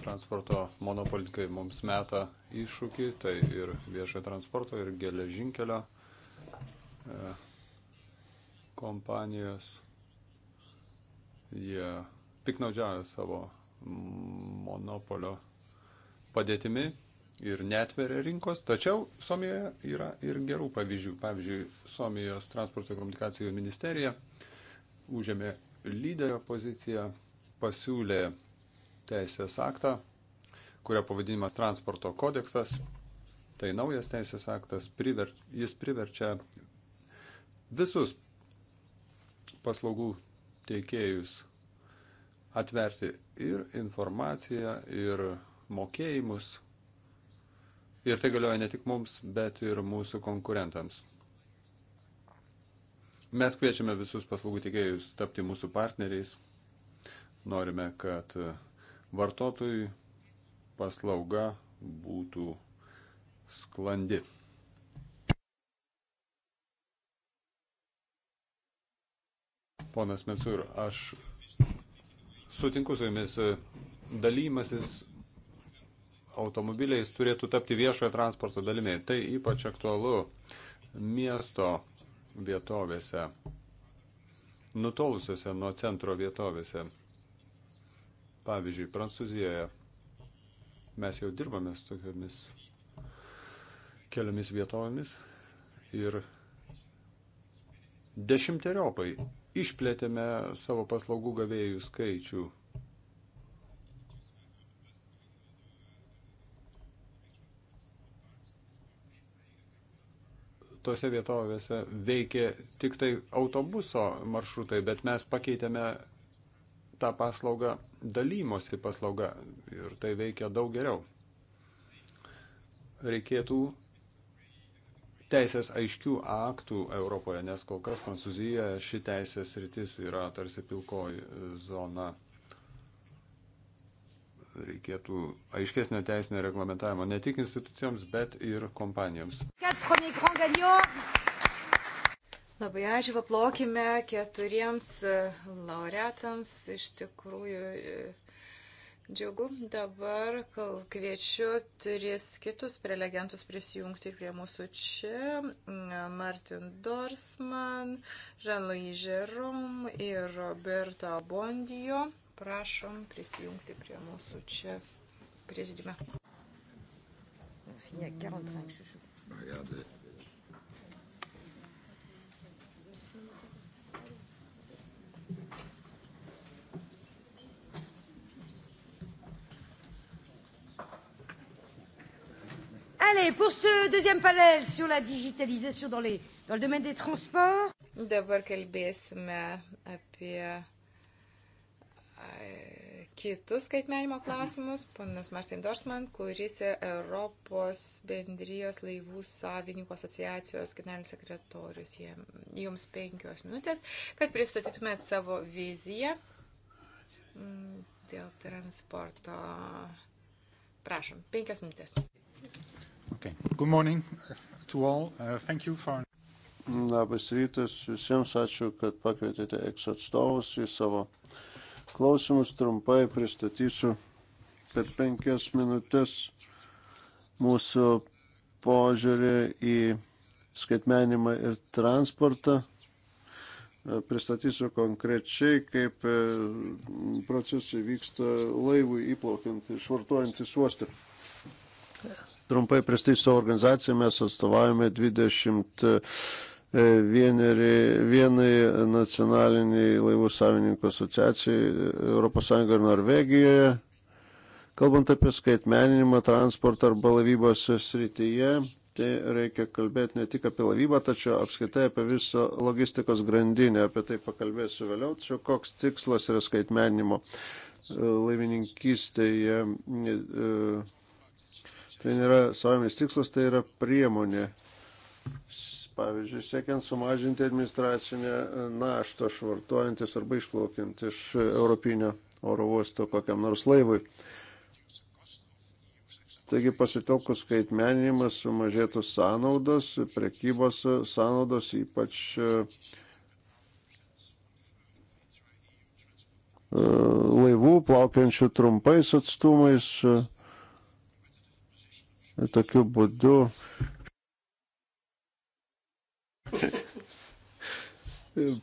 Transporto monopolikai mums meta iššūkį, tai ir viešojo transporto, ir geležinkelio e, kompanijos. Jie piknaudžiauja savo monopolio padėtimi ir netveria rinkos. Tačiau Suomijoje yra ir gerų pavyzdžių. Pavyzdžiui, Suomijos transporto ir komunikacijų ministerija uh, užėmė lyderio poziciją, pasiūlė teisės aktą, kurio pavadinimas transporto kodeksas. Tai naujas teisės aktas, priver, jis priverčia visus paslaugų teikėjus atverti ir informaciją, ir mokėjimus. Ir tai galioja ne tik mums, bet ir mūsų konkurentams. Mes kviečiame visus paslaugų teikėjus tapti mūsų partneriais. Norime, kad vartotojui paslauga būtų sklandi. Ponas Metsur, aš sutinku su jumis, dalymasis automobiliais turėtų tapti viešojo transporto dalimi. Tai ypač aktualu miesto vietovėse, nutolusiuose nuo centro vietovėse. Pavyzdžiui, Prancūzijoje mes jau dirbame su tokiamis keliomis vietovėmis ir dešimteriopai išplėtėme savo paslaugų gavėjų skaičių tose vietovėse veikė tik tai autobuso maršrutai, bet mes pakeitėme tą paslaugą dalymosi paslauga ir tai veikia daug geriau. Reikėtų teisės aiškių aktų Europoje, nes kol kas Prancūzijoje ši teisės rytis yra tarsi pilkoji zona reikėtų aiškesnio teisinio reglamentavimo ne tik institucijoms, bet ir kompanijoms. Labai ačiū, paplokime keturiems e, laureatams. Iš tikrųjų, e, džiugu. Dabar kviečiu tris kitus prelegentus prisijungti prie mūsų čia. E, Martin Dorsman, Jean-Louis Jerome ir Roberto Bondijo prašom prisijungti prie mūsų čia prezidiume. Regardez. Allez, pour ce deuxième panel sur la digitalisation dans, les, dans le domaine des transports. Dabar kalbėsime apie kitus skaitmenimo klausimus, panas Marcin Dorsman, kuris yra Europos bendrijos laivų savininkų asociacijos generalinis sekretorius. Jums penkios minutės, kad pristatytumėt savo viziją mm, dėl transporto. Prašom, penkias minutės. Okay. Good morning to all. Uh, thank you for. Labas rytas visiems, ačiū, kad pakvietėte eks atstovus į savo klausimus. Trumpai pristatysiu per penkias minutės mūsų požiūrį į skaitmenimą ir transportą. E, pristatysiu konkrečiai, kaip e, procesai vyksta laivui įplaukiant ir švartuojant į suostą. Trumpai pristatysiu organizaciją, mes atstovaujame 20 E, vieneri, vienai nacionaliniai laivų savininkų asociacijai ES ir Norvegijoje. Kalbant apie skaitmeninimą transportą arba laivybos srityje, tai reikia kalbėti ne tik apie laivybą, tačiau apskaitai apie visą logistikos grandinę. Apie tai pakalbėsiu vėliau. Tačiau koks tikslas yra skaitmeninimo e, laivininkystėje? E, tai nėra savaiminis tikslas, tai yra priemonė pavyzdžiui, siekiant sumažinti administracinę naštą švartuojantis arba išplaukiant iš Europinio oro uosto kokiam nors laivui. Taigi pasitelkus skaitmeninimas sumažėtų sąnaudos, prekybos sąnaudos, ypač e, laivų plaukiančių trumpais atstumais. Tokiu būdu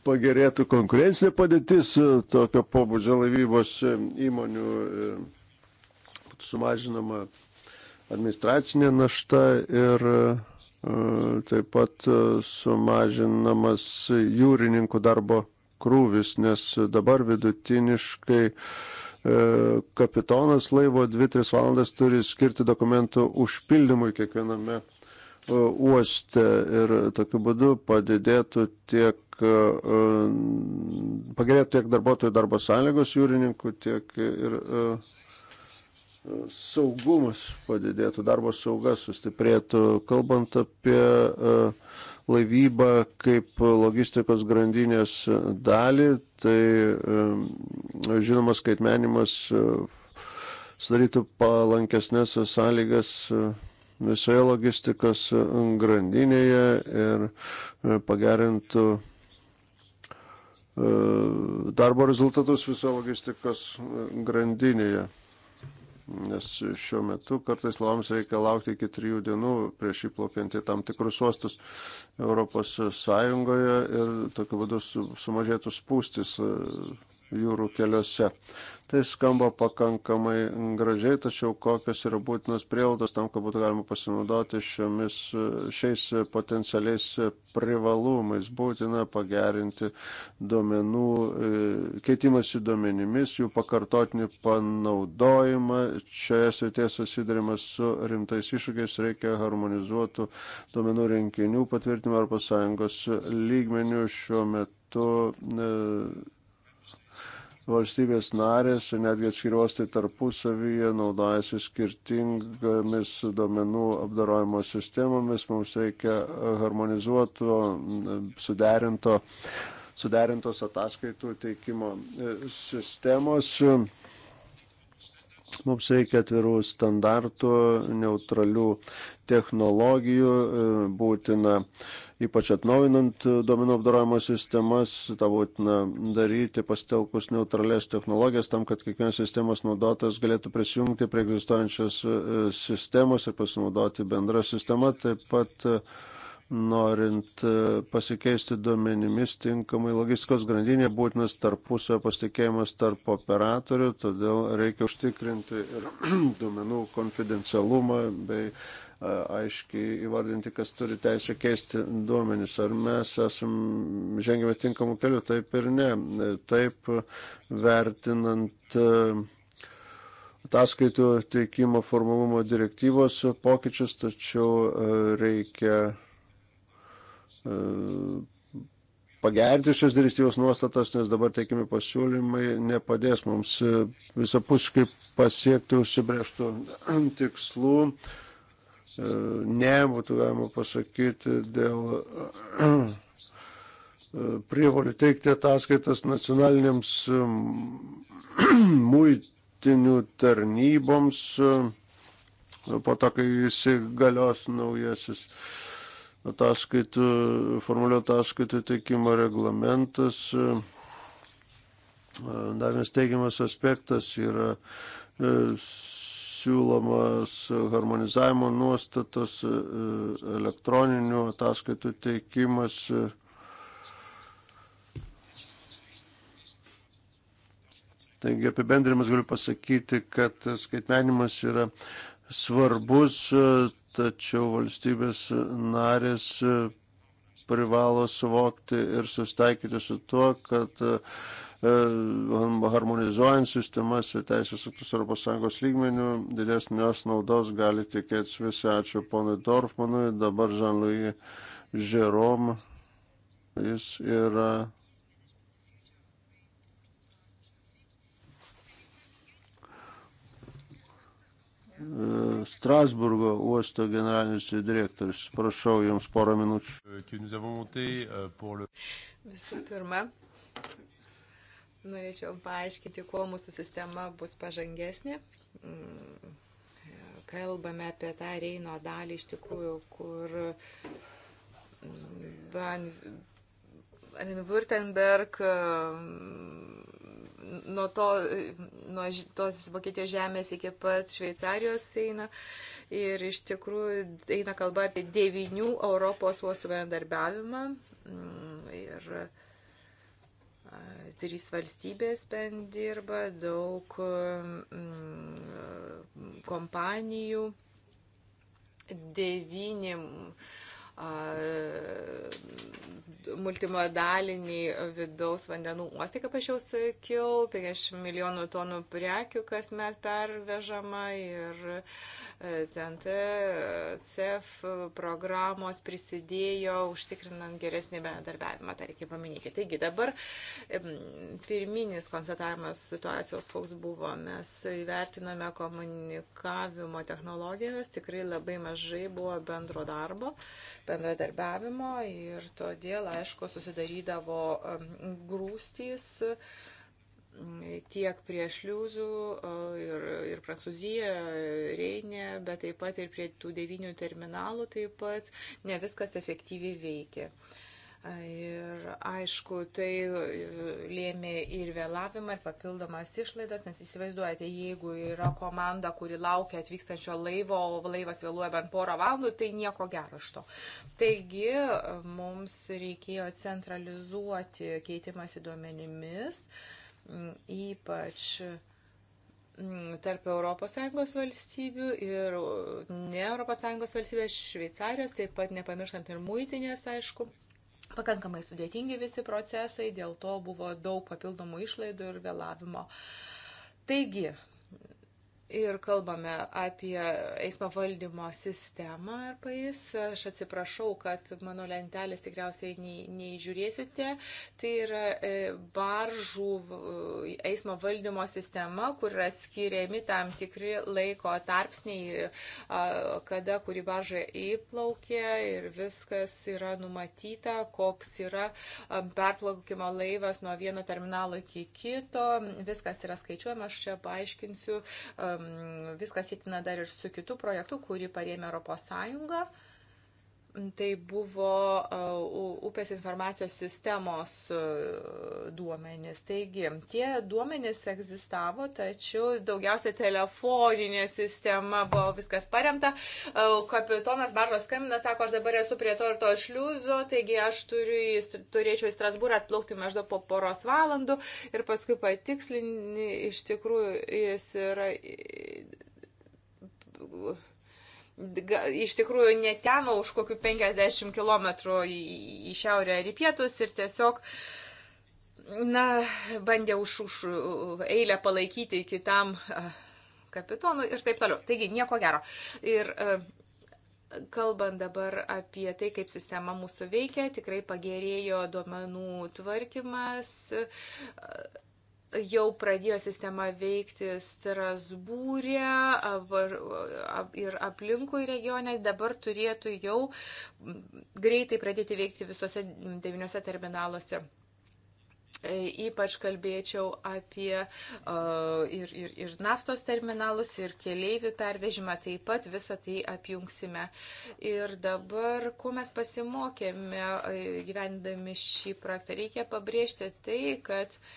pagerėtų konkurencinė padėtis e, tokio pobūdžio laivybos e, įmonių, e, būtų sumažinama administracinė našta ir taip pat sumažinamas jūrininkų darbo krūvis, nes dabar vidutiniškai kapitonas laivo 2-3 valandas turi skirti dokumentų užpildymui kiekviename uoste ir tokiu būdu padidėtų tiek, e, pagerėtų tiek darbuotojų darbo sąlygos jūrininkų, tiek ir e, saugumas padidėtų, darbo sauga sustiprėtų. Kalbant apie e, laivybą kaip logistikos grandinės dalį, tai žinoma skaitmenimas sudarytų palankesnės sąlygas visoje logistikos grandinėje ir e, pagerintų e, darbo rezultatus visoje logistikos e, grandinėje. Nes šiuo metu kartais lavams reikia laukti iki trijų dienų prieš įplaukiant į tam tikrus uostus Europos Sąjungoje ir tokiu būdu sumažėtų spūstis jūrų keliuose. Tai skamba pakankamai gražiai, tačiau kokios yra būtinos prielaidos tam, kad būtų galima pasinaudoti šiomis, šiais potencialiais privalumais. Būtina pagerinti duomenų, e, keitimasi duomenimis, jų pakartotinį panaudojimą. Šioje srityje susidurime su rimtais iššūkiais, reikia harmonizuotų duomenų rinkinių patvirtinimo Europos Sąjungos lygmenių šiuo metu. E, valstybės narės ir netgi atskiruos tai tarpusavyje naudojasi skirtingomis duomenų apdarojimo sistemomis. Mums reikia harmonizuoto, suderinto, suderintos ataskaitų teikimo e, sistemos. Mums reikia atvirų standartų, neutralių technologijų, e, būtina ypač atnaujinant e, duomenų apdarojimo sistemas, tą būtina daryti pastelkus neutralias technologijas tam, kad kiekvienas sistemos naudotojas galėtų prisijungti prie egzistuojančios e, sistemos ir pasinaudoti bendrą sistemą. Taip pat e, norint pasikeisti duomenimis tinkamai logistikos grandinė būtinas tarpusio pasitikėjimas tarp operatorių, todėl reikia užtikrinti ir *clears throat* duomenų konfidencialumą bei aiškiai įvardinti, kas turi teisę keisti duomenys. Ar mes esam žengėme tinkamų kelių, taip ir ne. Taip vertinant ataskaitų teikimo formalumo direktyvos pokyčius, tačiau reikia pagerinti šios direktyvos nuostatas, nes dabar teikiami pasiūlymai nepadės mums visapuškai pasiekti užsibrėžtų tikslų. E, ne būtų galima pasakyti dėl e, prievalių teikti ataskaitas nacionaliniams mm, *clears throat* muitinių tarnyboms e, po to, kai visi galios naujasis ataskaitų, formulio ataskaitų teikimo reglamentas. Dar vienas teigiamas aspektas yra siūlomas harmonizavimo nuostatos, e, elektroninių ataskaitų teikimas. Taigi apibendrimas galiu pasakyti, kad skaitmenimas yra svarbus, tačiau valstybės narės privalo suvokti ir sustaikyti su tuo, kad uh, E, harmonizuojant sistemas ir teisės aktus ES lygmenių, didesnės naudos gali tikėtis visi. Ačiū ponui Dorfmanui, dabar Žanlui Žerom. Jis yra. Strasburgo uosto generalinis direktorius. Prašau Jums porą minučių. Euh, euh, Visų pirma, Norėčiau paaiškinti, kuo mūsų sistema bus pažangesnė. Mm, kalbame apie tą Reino dalį iš tikrųjų, kur mm, Van, Van Württemberg mm, nuo, to, nuo tos Vokietijos žemės iki pat Šveicarijos eina. Ir iš tikrųjų eina kalba apie devinių Europos uostų bendarbiavimą. Ir trys valstybės bent dirba, daug mm, e, kompanijų, devynim multimodaliniai vidaus vandenų uostai, kaip aš jau sakiau, 50 milijonų tonų prekių kasmet pervežama ir e, TNT, CEF programos prisidėjo užtikrinant geresnį bendarbiavimą, tai reikia paminėti. Taigi dabar pirminis konstatavimas situacijos, koks buvo, mes įvertinome komunikavimo technologijas, tikrai labai mažai buvo bendro darbo bendradarbiavimo ir todėl, aišku, susidarydavo grūstys tiek prie šliuzų e, ir, ir Prancūzija, Reinė, bet taip pat ir prie tų devinių terminalų taip pat ne viskas efektyviai veikia. Uh, Ir aišku, tai e, lėmė ir vėlavimą, ir papildomas išlaidas, nes įsivaizduojate, jeigu yra komanda, kuri laukia atvykstančio laivo, o laivas vėluoja bent porą valandų, tai nieko gero iš to. Taigi e, mums reikėjo centralizuoti keitimąsi duomenimis, ypač tarp ES valstybių ir e, ne ES valstybės Šveicarijos, taip pat nepamirštant ir muitinės, aišku pakankamai sudėtingi visi procesai, dėl to buvo daug papildomų išlaidų ir vėlavimo. Taigi, ir kalbame apie eismo valdymo sistemą RPIS. Aš atsiprašau, kad mano lentelės tikriausiai neįžiūrėsite. Tai yra e, baržų e, eismo valdymo sistema, kur yra skiriami tam tikri laiko tarpsniai, e, kada kuri barža įplaukė ir viskas yra numatyta, koks yra perplaukimo laivas nuo vieno terminalo iki kito. Viskas yra skaičiuojama, aš čia paaiškinsiu. Um, viskas įtina dar ir su kitu projektu, kurį parėmė Europos Sąjunga. Uh, tai buvo upės informacijos sistemos duomenys. Taigi, tie duomenys egzistavo, tačiau daugiausia telefoninė sistema buvo viskas paremta. Kapitonas Baržas skambina, sako, aš dabar esu prie to ir to šliuzo, taigi aš turiu, turėčiau į Strasbūrą atplaukti maždaug po poros valandų ir paskui patikslinį, iš tikrųjų jis yra iš tikrųjų netemo už kokių 50 km į, į šiaurę ar į pietus ir tiesiog na, bandė už, už eilę palaikyti kitam kapitonui ir taip toliau. Taigi, nieko gero. Ir kalbant dabar apie tai, kaip sistema mūsų veikia, tikrai pagerėjo duomenų tvarkymas jau pradėjo sistema veikti Strasbūrė ir aplinkui regione, dabar turėtų jau greitai pradėti veikti visose devyniose terminaluose. E, ypač kalbėčiau apie uh, ir, ir, ir naftos terminalus, ir keleivių pervežimą, taip pat visą tai apjungsime. Ir dabar, ko mes pasimokėme e, gyvendami šį projektą, reikia pabrėžti tai, kad uh,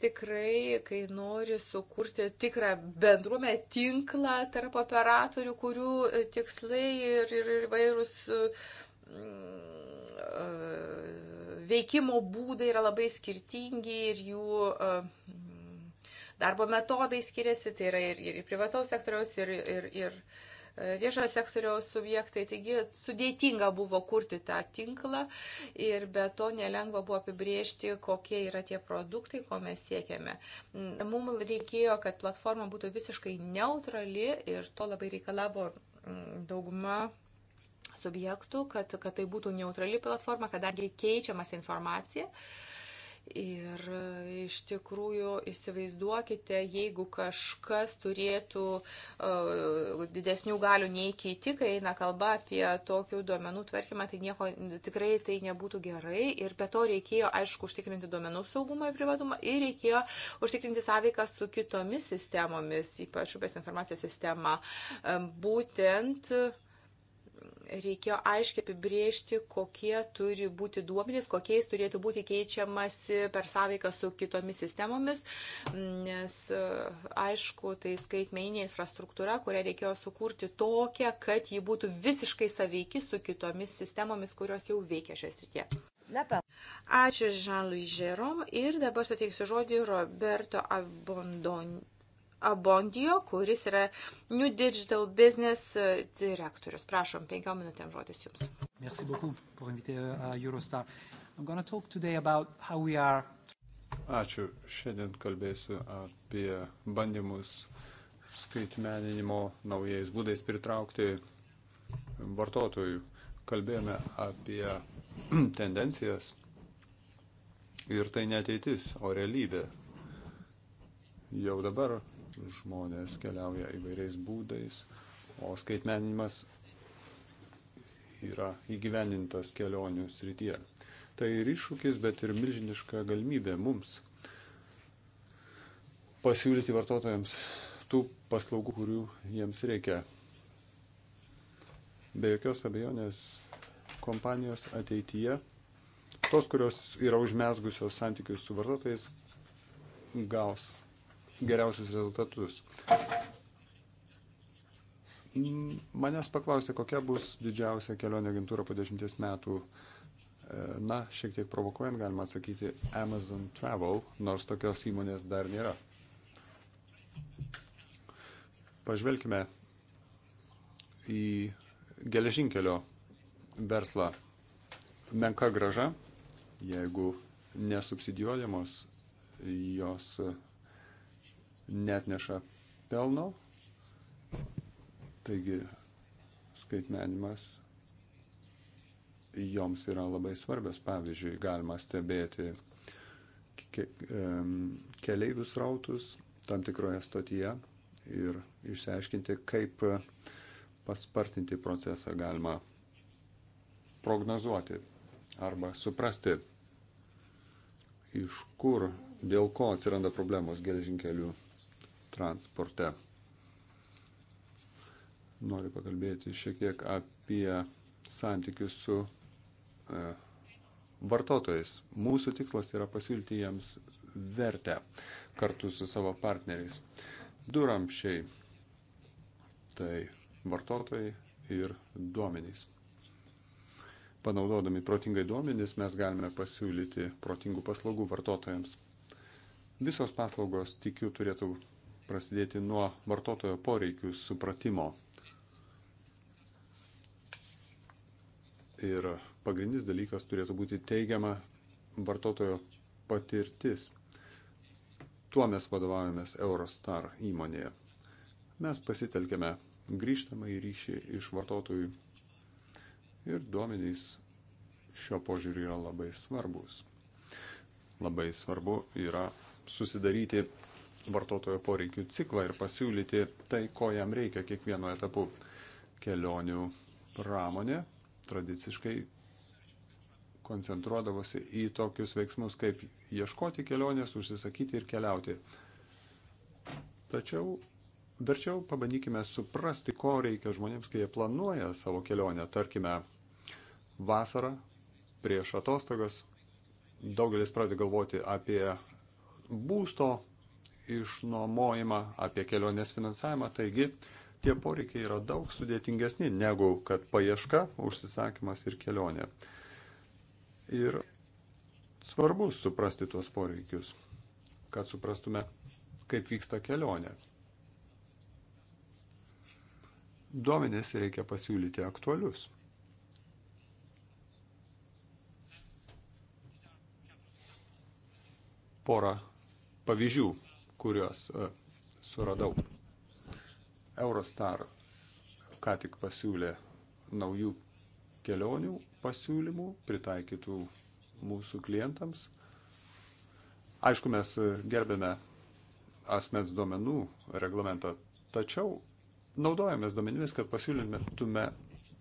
tikrai, kai nori sukurti tikrą bendrumę, tinklą tarp operatorių, kurių e, tikslai ir, ir, ir vairūs e, mm, e, veikimo būdai yra labai skirtingi ir jų darbo metodai skiriasi, tai yra ir, ir privataus sektoriaus, ir, ir, ir viešojo sektoriaus subjektai. Taigi sudėtinga buvo kurti tą tinklą ir be to nelengva buvo apibriežti, kokie yra tie produktai, ko mes siekiame. Mums reikėjo, kad platforma būtų visiškai neutrali ir to labai reikalavo mm, dauguma subjektų, kad, kad tai būtų neutrali platforma, kadangi keičiamas informacija. Uh, Ir e, iš tikrųjų įsivaizduokite, jeigu kažkas turėtų uh, didesnių galių nei kiti, kai eina kalba apie tokių duomenų tvarkymą, tai nieko tikrai tai nebūtų gerai. Ir be to reikėjo, aišku, užtikrinti duomenų saugumą ir privatumą ir reikėjo užtikrinti sąveiką su kitomis sistemomis, ypač upės informacijos sistema. Būtent reikėjo aiškiai apibriežti, kokie turi būti duomenys, kokiais turėtų būti keičiamasi per sąveiką su kitomis sistemomis, nes aišku, tai skaitmeninė infrastruktūra, kurią reikėjo sukurti tokią, kad ji būtų visiškai saveiki su kitomis sistemomis, kurios jau veikia šioje srityje. Ačiū Žanlui Žerom ir dabar suteiksiu žodį Roberto Abondoni. Abondijo, kuris yra New Digital Business e, direktorius. Prašom, penkiom minutėm žodis jums. Merci beaucoup pour inviter uh, Eurostar. I'm going to talk today about how we are Ačiū. Šiandien kalbėsiu apie bandymus skaitmeninimo naujais būdais pritraukti vartotojų. Kalbėjome apie *clears throat* tendencijas ir tai neteitis, o realybė. Jau dabar žmonės keliauja įvairiais būdais, o skaitmeninimas yra įgyvenintas kelionių srityje. Tai ir iššūkis, bet ir milžiniška galimybė mums pasiūlyti vartotojams tų paslaugų, kurių jiems reikia. Be jokios abejonės kompanijos ateityje, tos, kurios yra užmesgusios santykius su vartotojais, gaus geriausius rezultatus. Manęs paklausė, kokia bus didžiausia kelionė agentūra po dešimties metų. E, na, šiek tiek provokuojant galima atsakyti Amazon Travel, nors tokios įmonės dar nėra. Pažvelkime į geležinkelio verslą. Menka graža, jeigu nesubsidijuojamos jos netneša pelno. Taigi skaitmenimas joms yra labai svarbios. Pavyzdžiui, galima stebėti ke, keleivius rautus tam tikroje stotyje ir išsiaiškinti, kaip paspartinti procesą galima prognozuoti arba suprasti, iš kur, dėl ko atsiranda problemos geležinkelių transporte. Noriu pakalbėti šiek tiek apie santykius su e, vartotojais. Mūsų tikslas yra pasiūlyti jiems vertę kartu su savo partneriais. Du ramšiai - tai vartotojai ir duomenys. Panaudodami protingai duomenys mes galime pasiūlyti protingų paslaugų vartotojams. Visos paslaugos, tikiu, turėtų prasidėti nuo vartotojo poreikių supratimo. Ir pagrindinis dalykas turėtų būti teigiama vartotojo patirtis. Tuo mes vadovaujamės Eurostar įmonėje. Mes pasitelkėme grįžtamą į ryšį iš vartotojų ir duomenys šio požiūriu yra labai svarbus. Labai svarbu yra susidaryti vartotojo poreikių ciklą ir pasiūlyti tai, ko jam reikia kiekvieno etapu. Kelionių pramonė tradiciškai koncentruodavosi į tokius veiksmus, kaip ieškoti kelionės, užsisakyti ir keliauti. Tačiau verčiau pabandykime suprasti, ko reikia žmonėms, kai jie planuoja savo kelionę. Tarkime, vasarą prieš atostogas daugelis pradeda galvoti apie būsto išnuomojimą, apie kelionės finansavimą. Taigi tie poreikiai yra daug sudėtingesni negu kad paieška, užsisakymas ir kelionė. Ir svarbu suprasti tuos poreikius, kad suprastume, kaip vyksta kelionė. Duomenės reikia pasiūlyti aktualius. Porą pavyzdžių kuriuos e, suradau. Eurostar ką tik pasiūlė naujų kelionių pasiūlymų pritaikytų mūsų klientams. Aišku, mes gerbėme asmens duomenų reglamentą, tačiau naudojamės duomenimis, kad pasiūlytume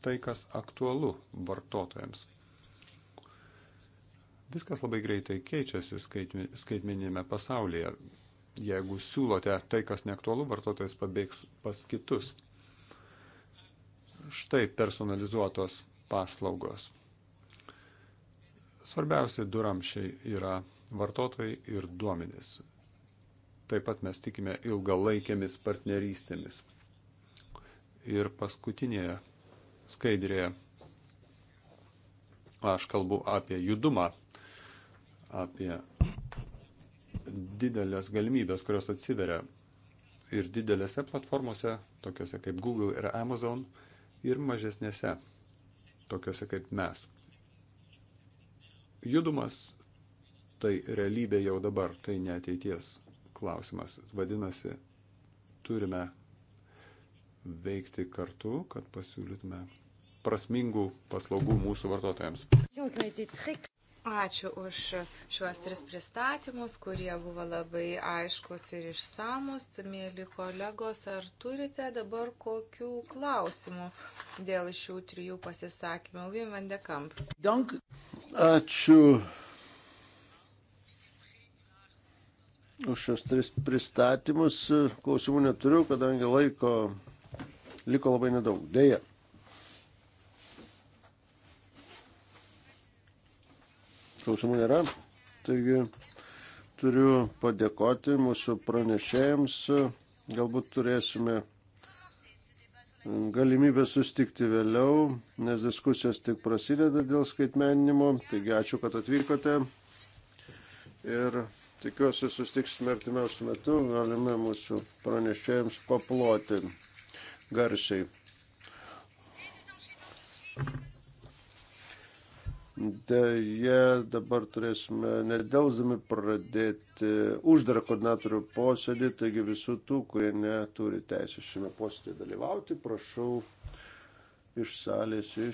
tai, kas aktualu vartotojams. Viskas labai greitai keičiasi skaitminėme pasaulyje. Jeigu siūlote tai, kas neaktualu, vartotojas pabėgs pas kitus. Štai personalizuotos paslaugos. Svarbiausi duramšiai yra vartotojai ir duomenys. Taip pat mes tikime ilgalaikėmis partnerystėmis. Ir paskutinėje skaidrėje aš kalbu apie judumą, apie didelės galimybės, kurios atsiveria ir didelėse platformose, tokiuose kaip Google ir Amazon, ir mažesnėse, tokiuose kaip mes. Judumas tai realybė jau dabar, tai ne ateities klausimas. Vadinasi, turime veikti kartu, kad pasiūlytume prasmingų paslaugų mūsų vartotojams. Ačiū už šiuos tris pristatymus, kurie buvo labai aiškus ir išsamus. Mėly kolegos, ar turite dabar kokių klausimų dėl šių trijų pasisakymų? Vim Vandekamp. Ačiū už šios tris pristatymus. Klausimų neturiu, kadangi laiko liko labai nedaug. Deja. klausimų nėra. Taigi turiu padėkoti mūsų pranešėjams. Galbūt turėsime galimybę sustikti vėliau, nes diskusijos tik prasideda dėl skaitmeninimo. Taigi ačiū, kad atvykote. Ir tikiuosi sustiksime artimiausiu metu. Galime mūsų pranešėjams paploti garsiai. Thank you. Deja, dabar turėsime nedelsdami pradėti uždarą koordinatorių posėdį, taigi visų tų, kurie neturi teisės šiame posėdėje dalyvauti, prašau iš salės iš.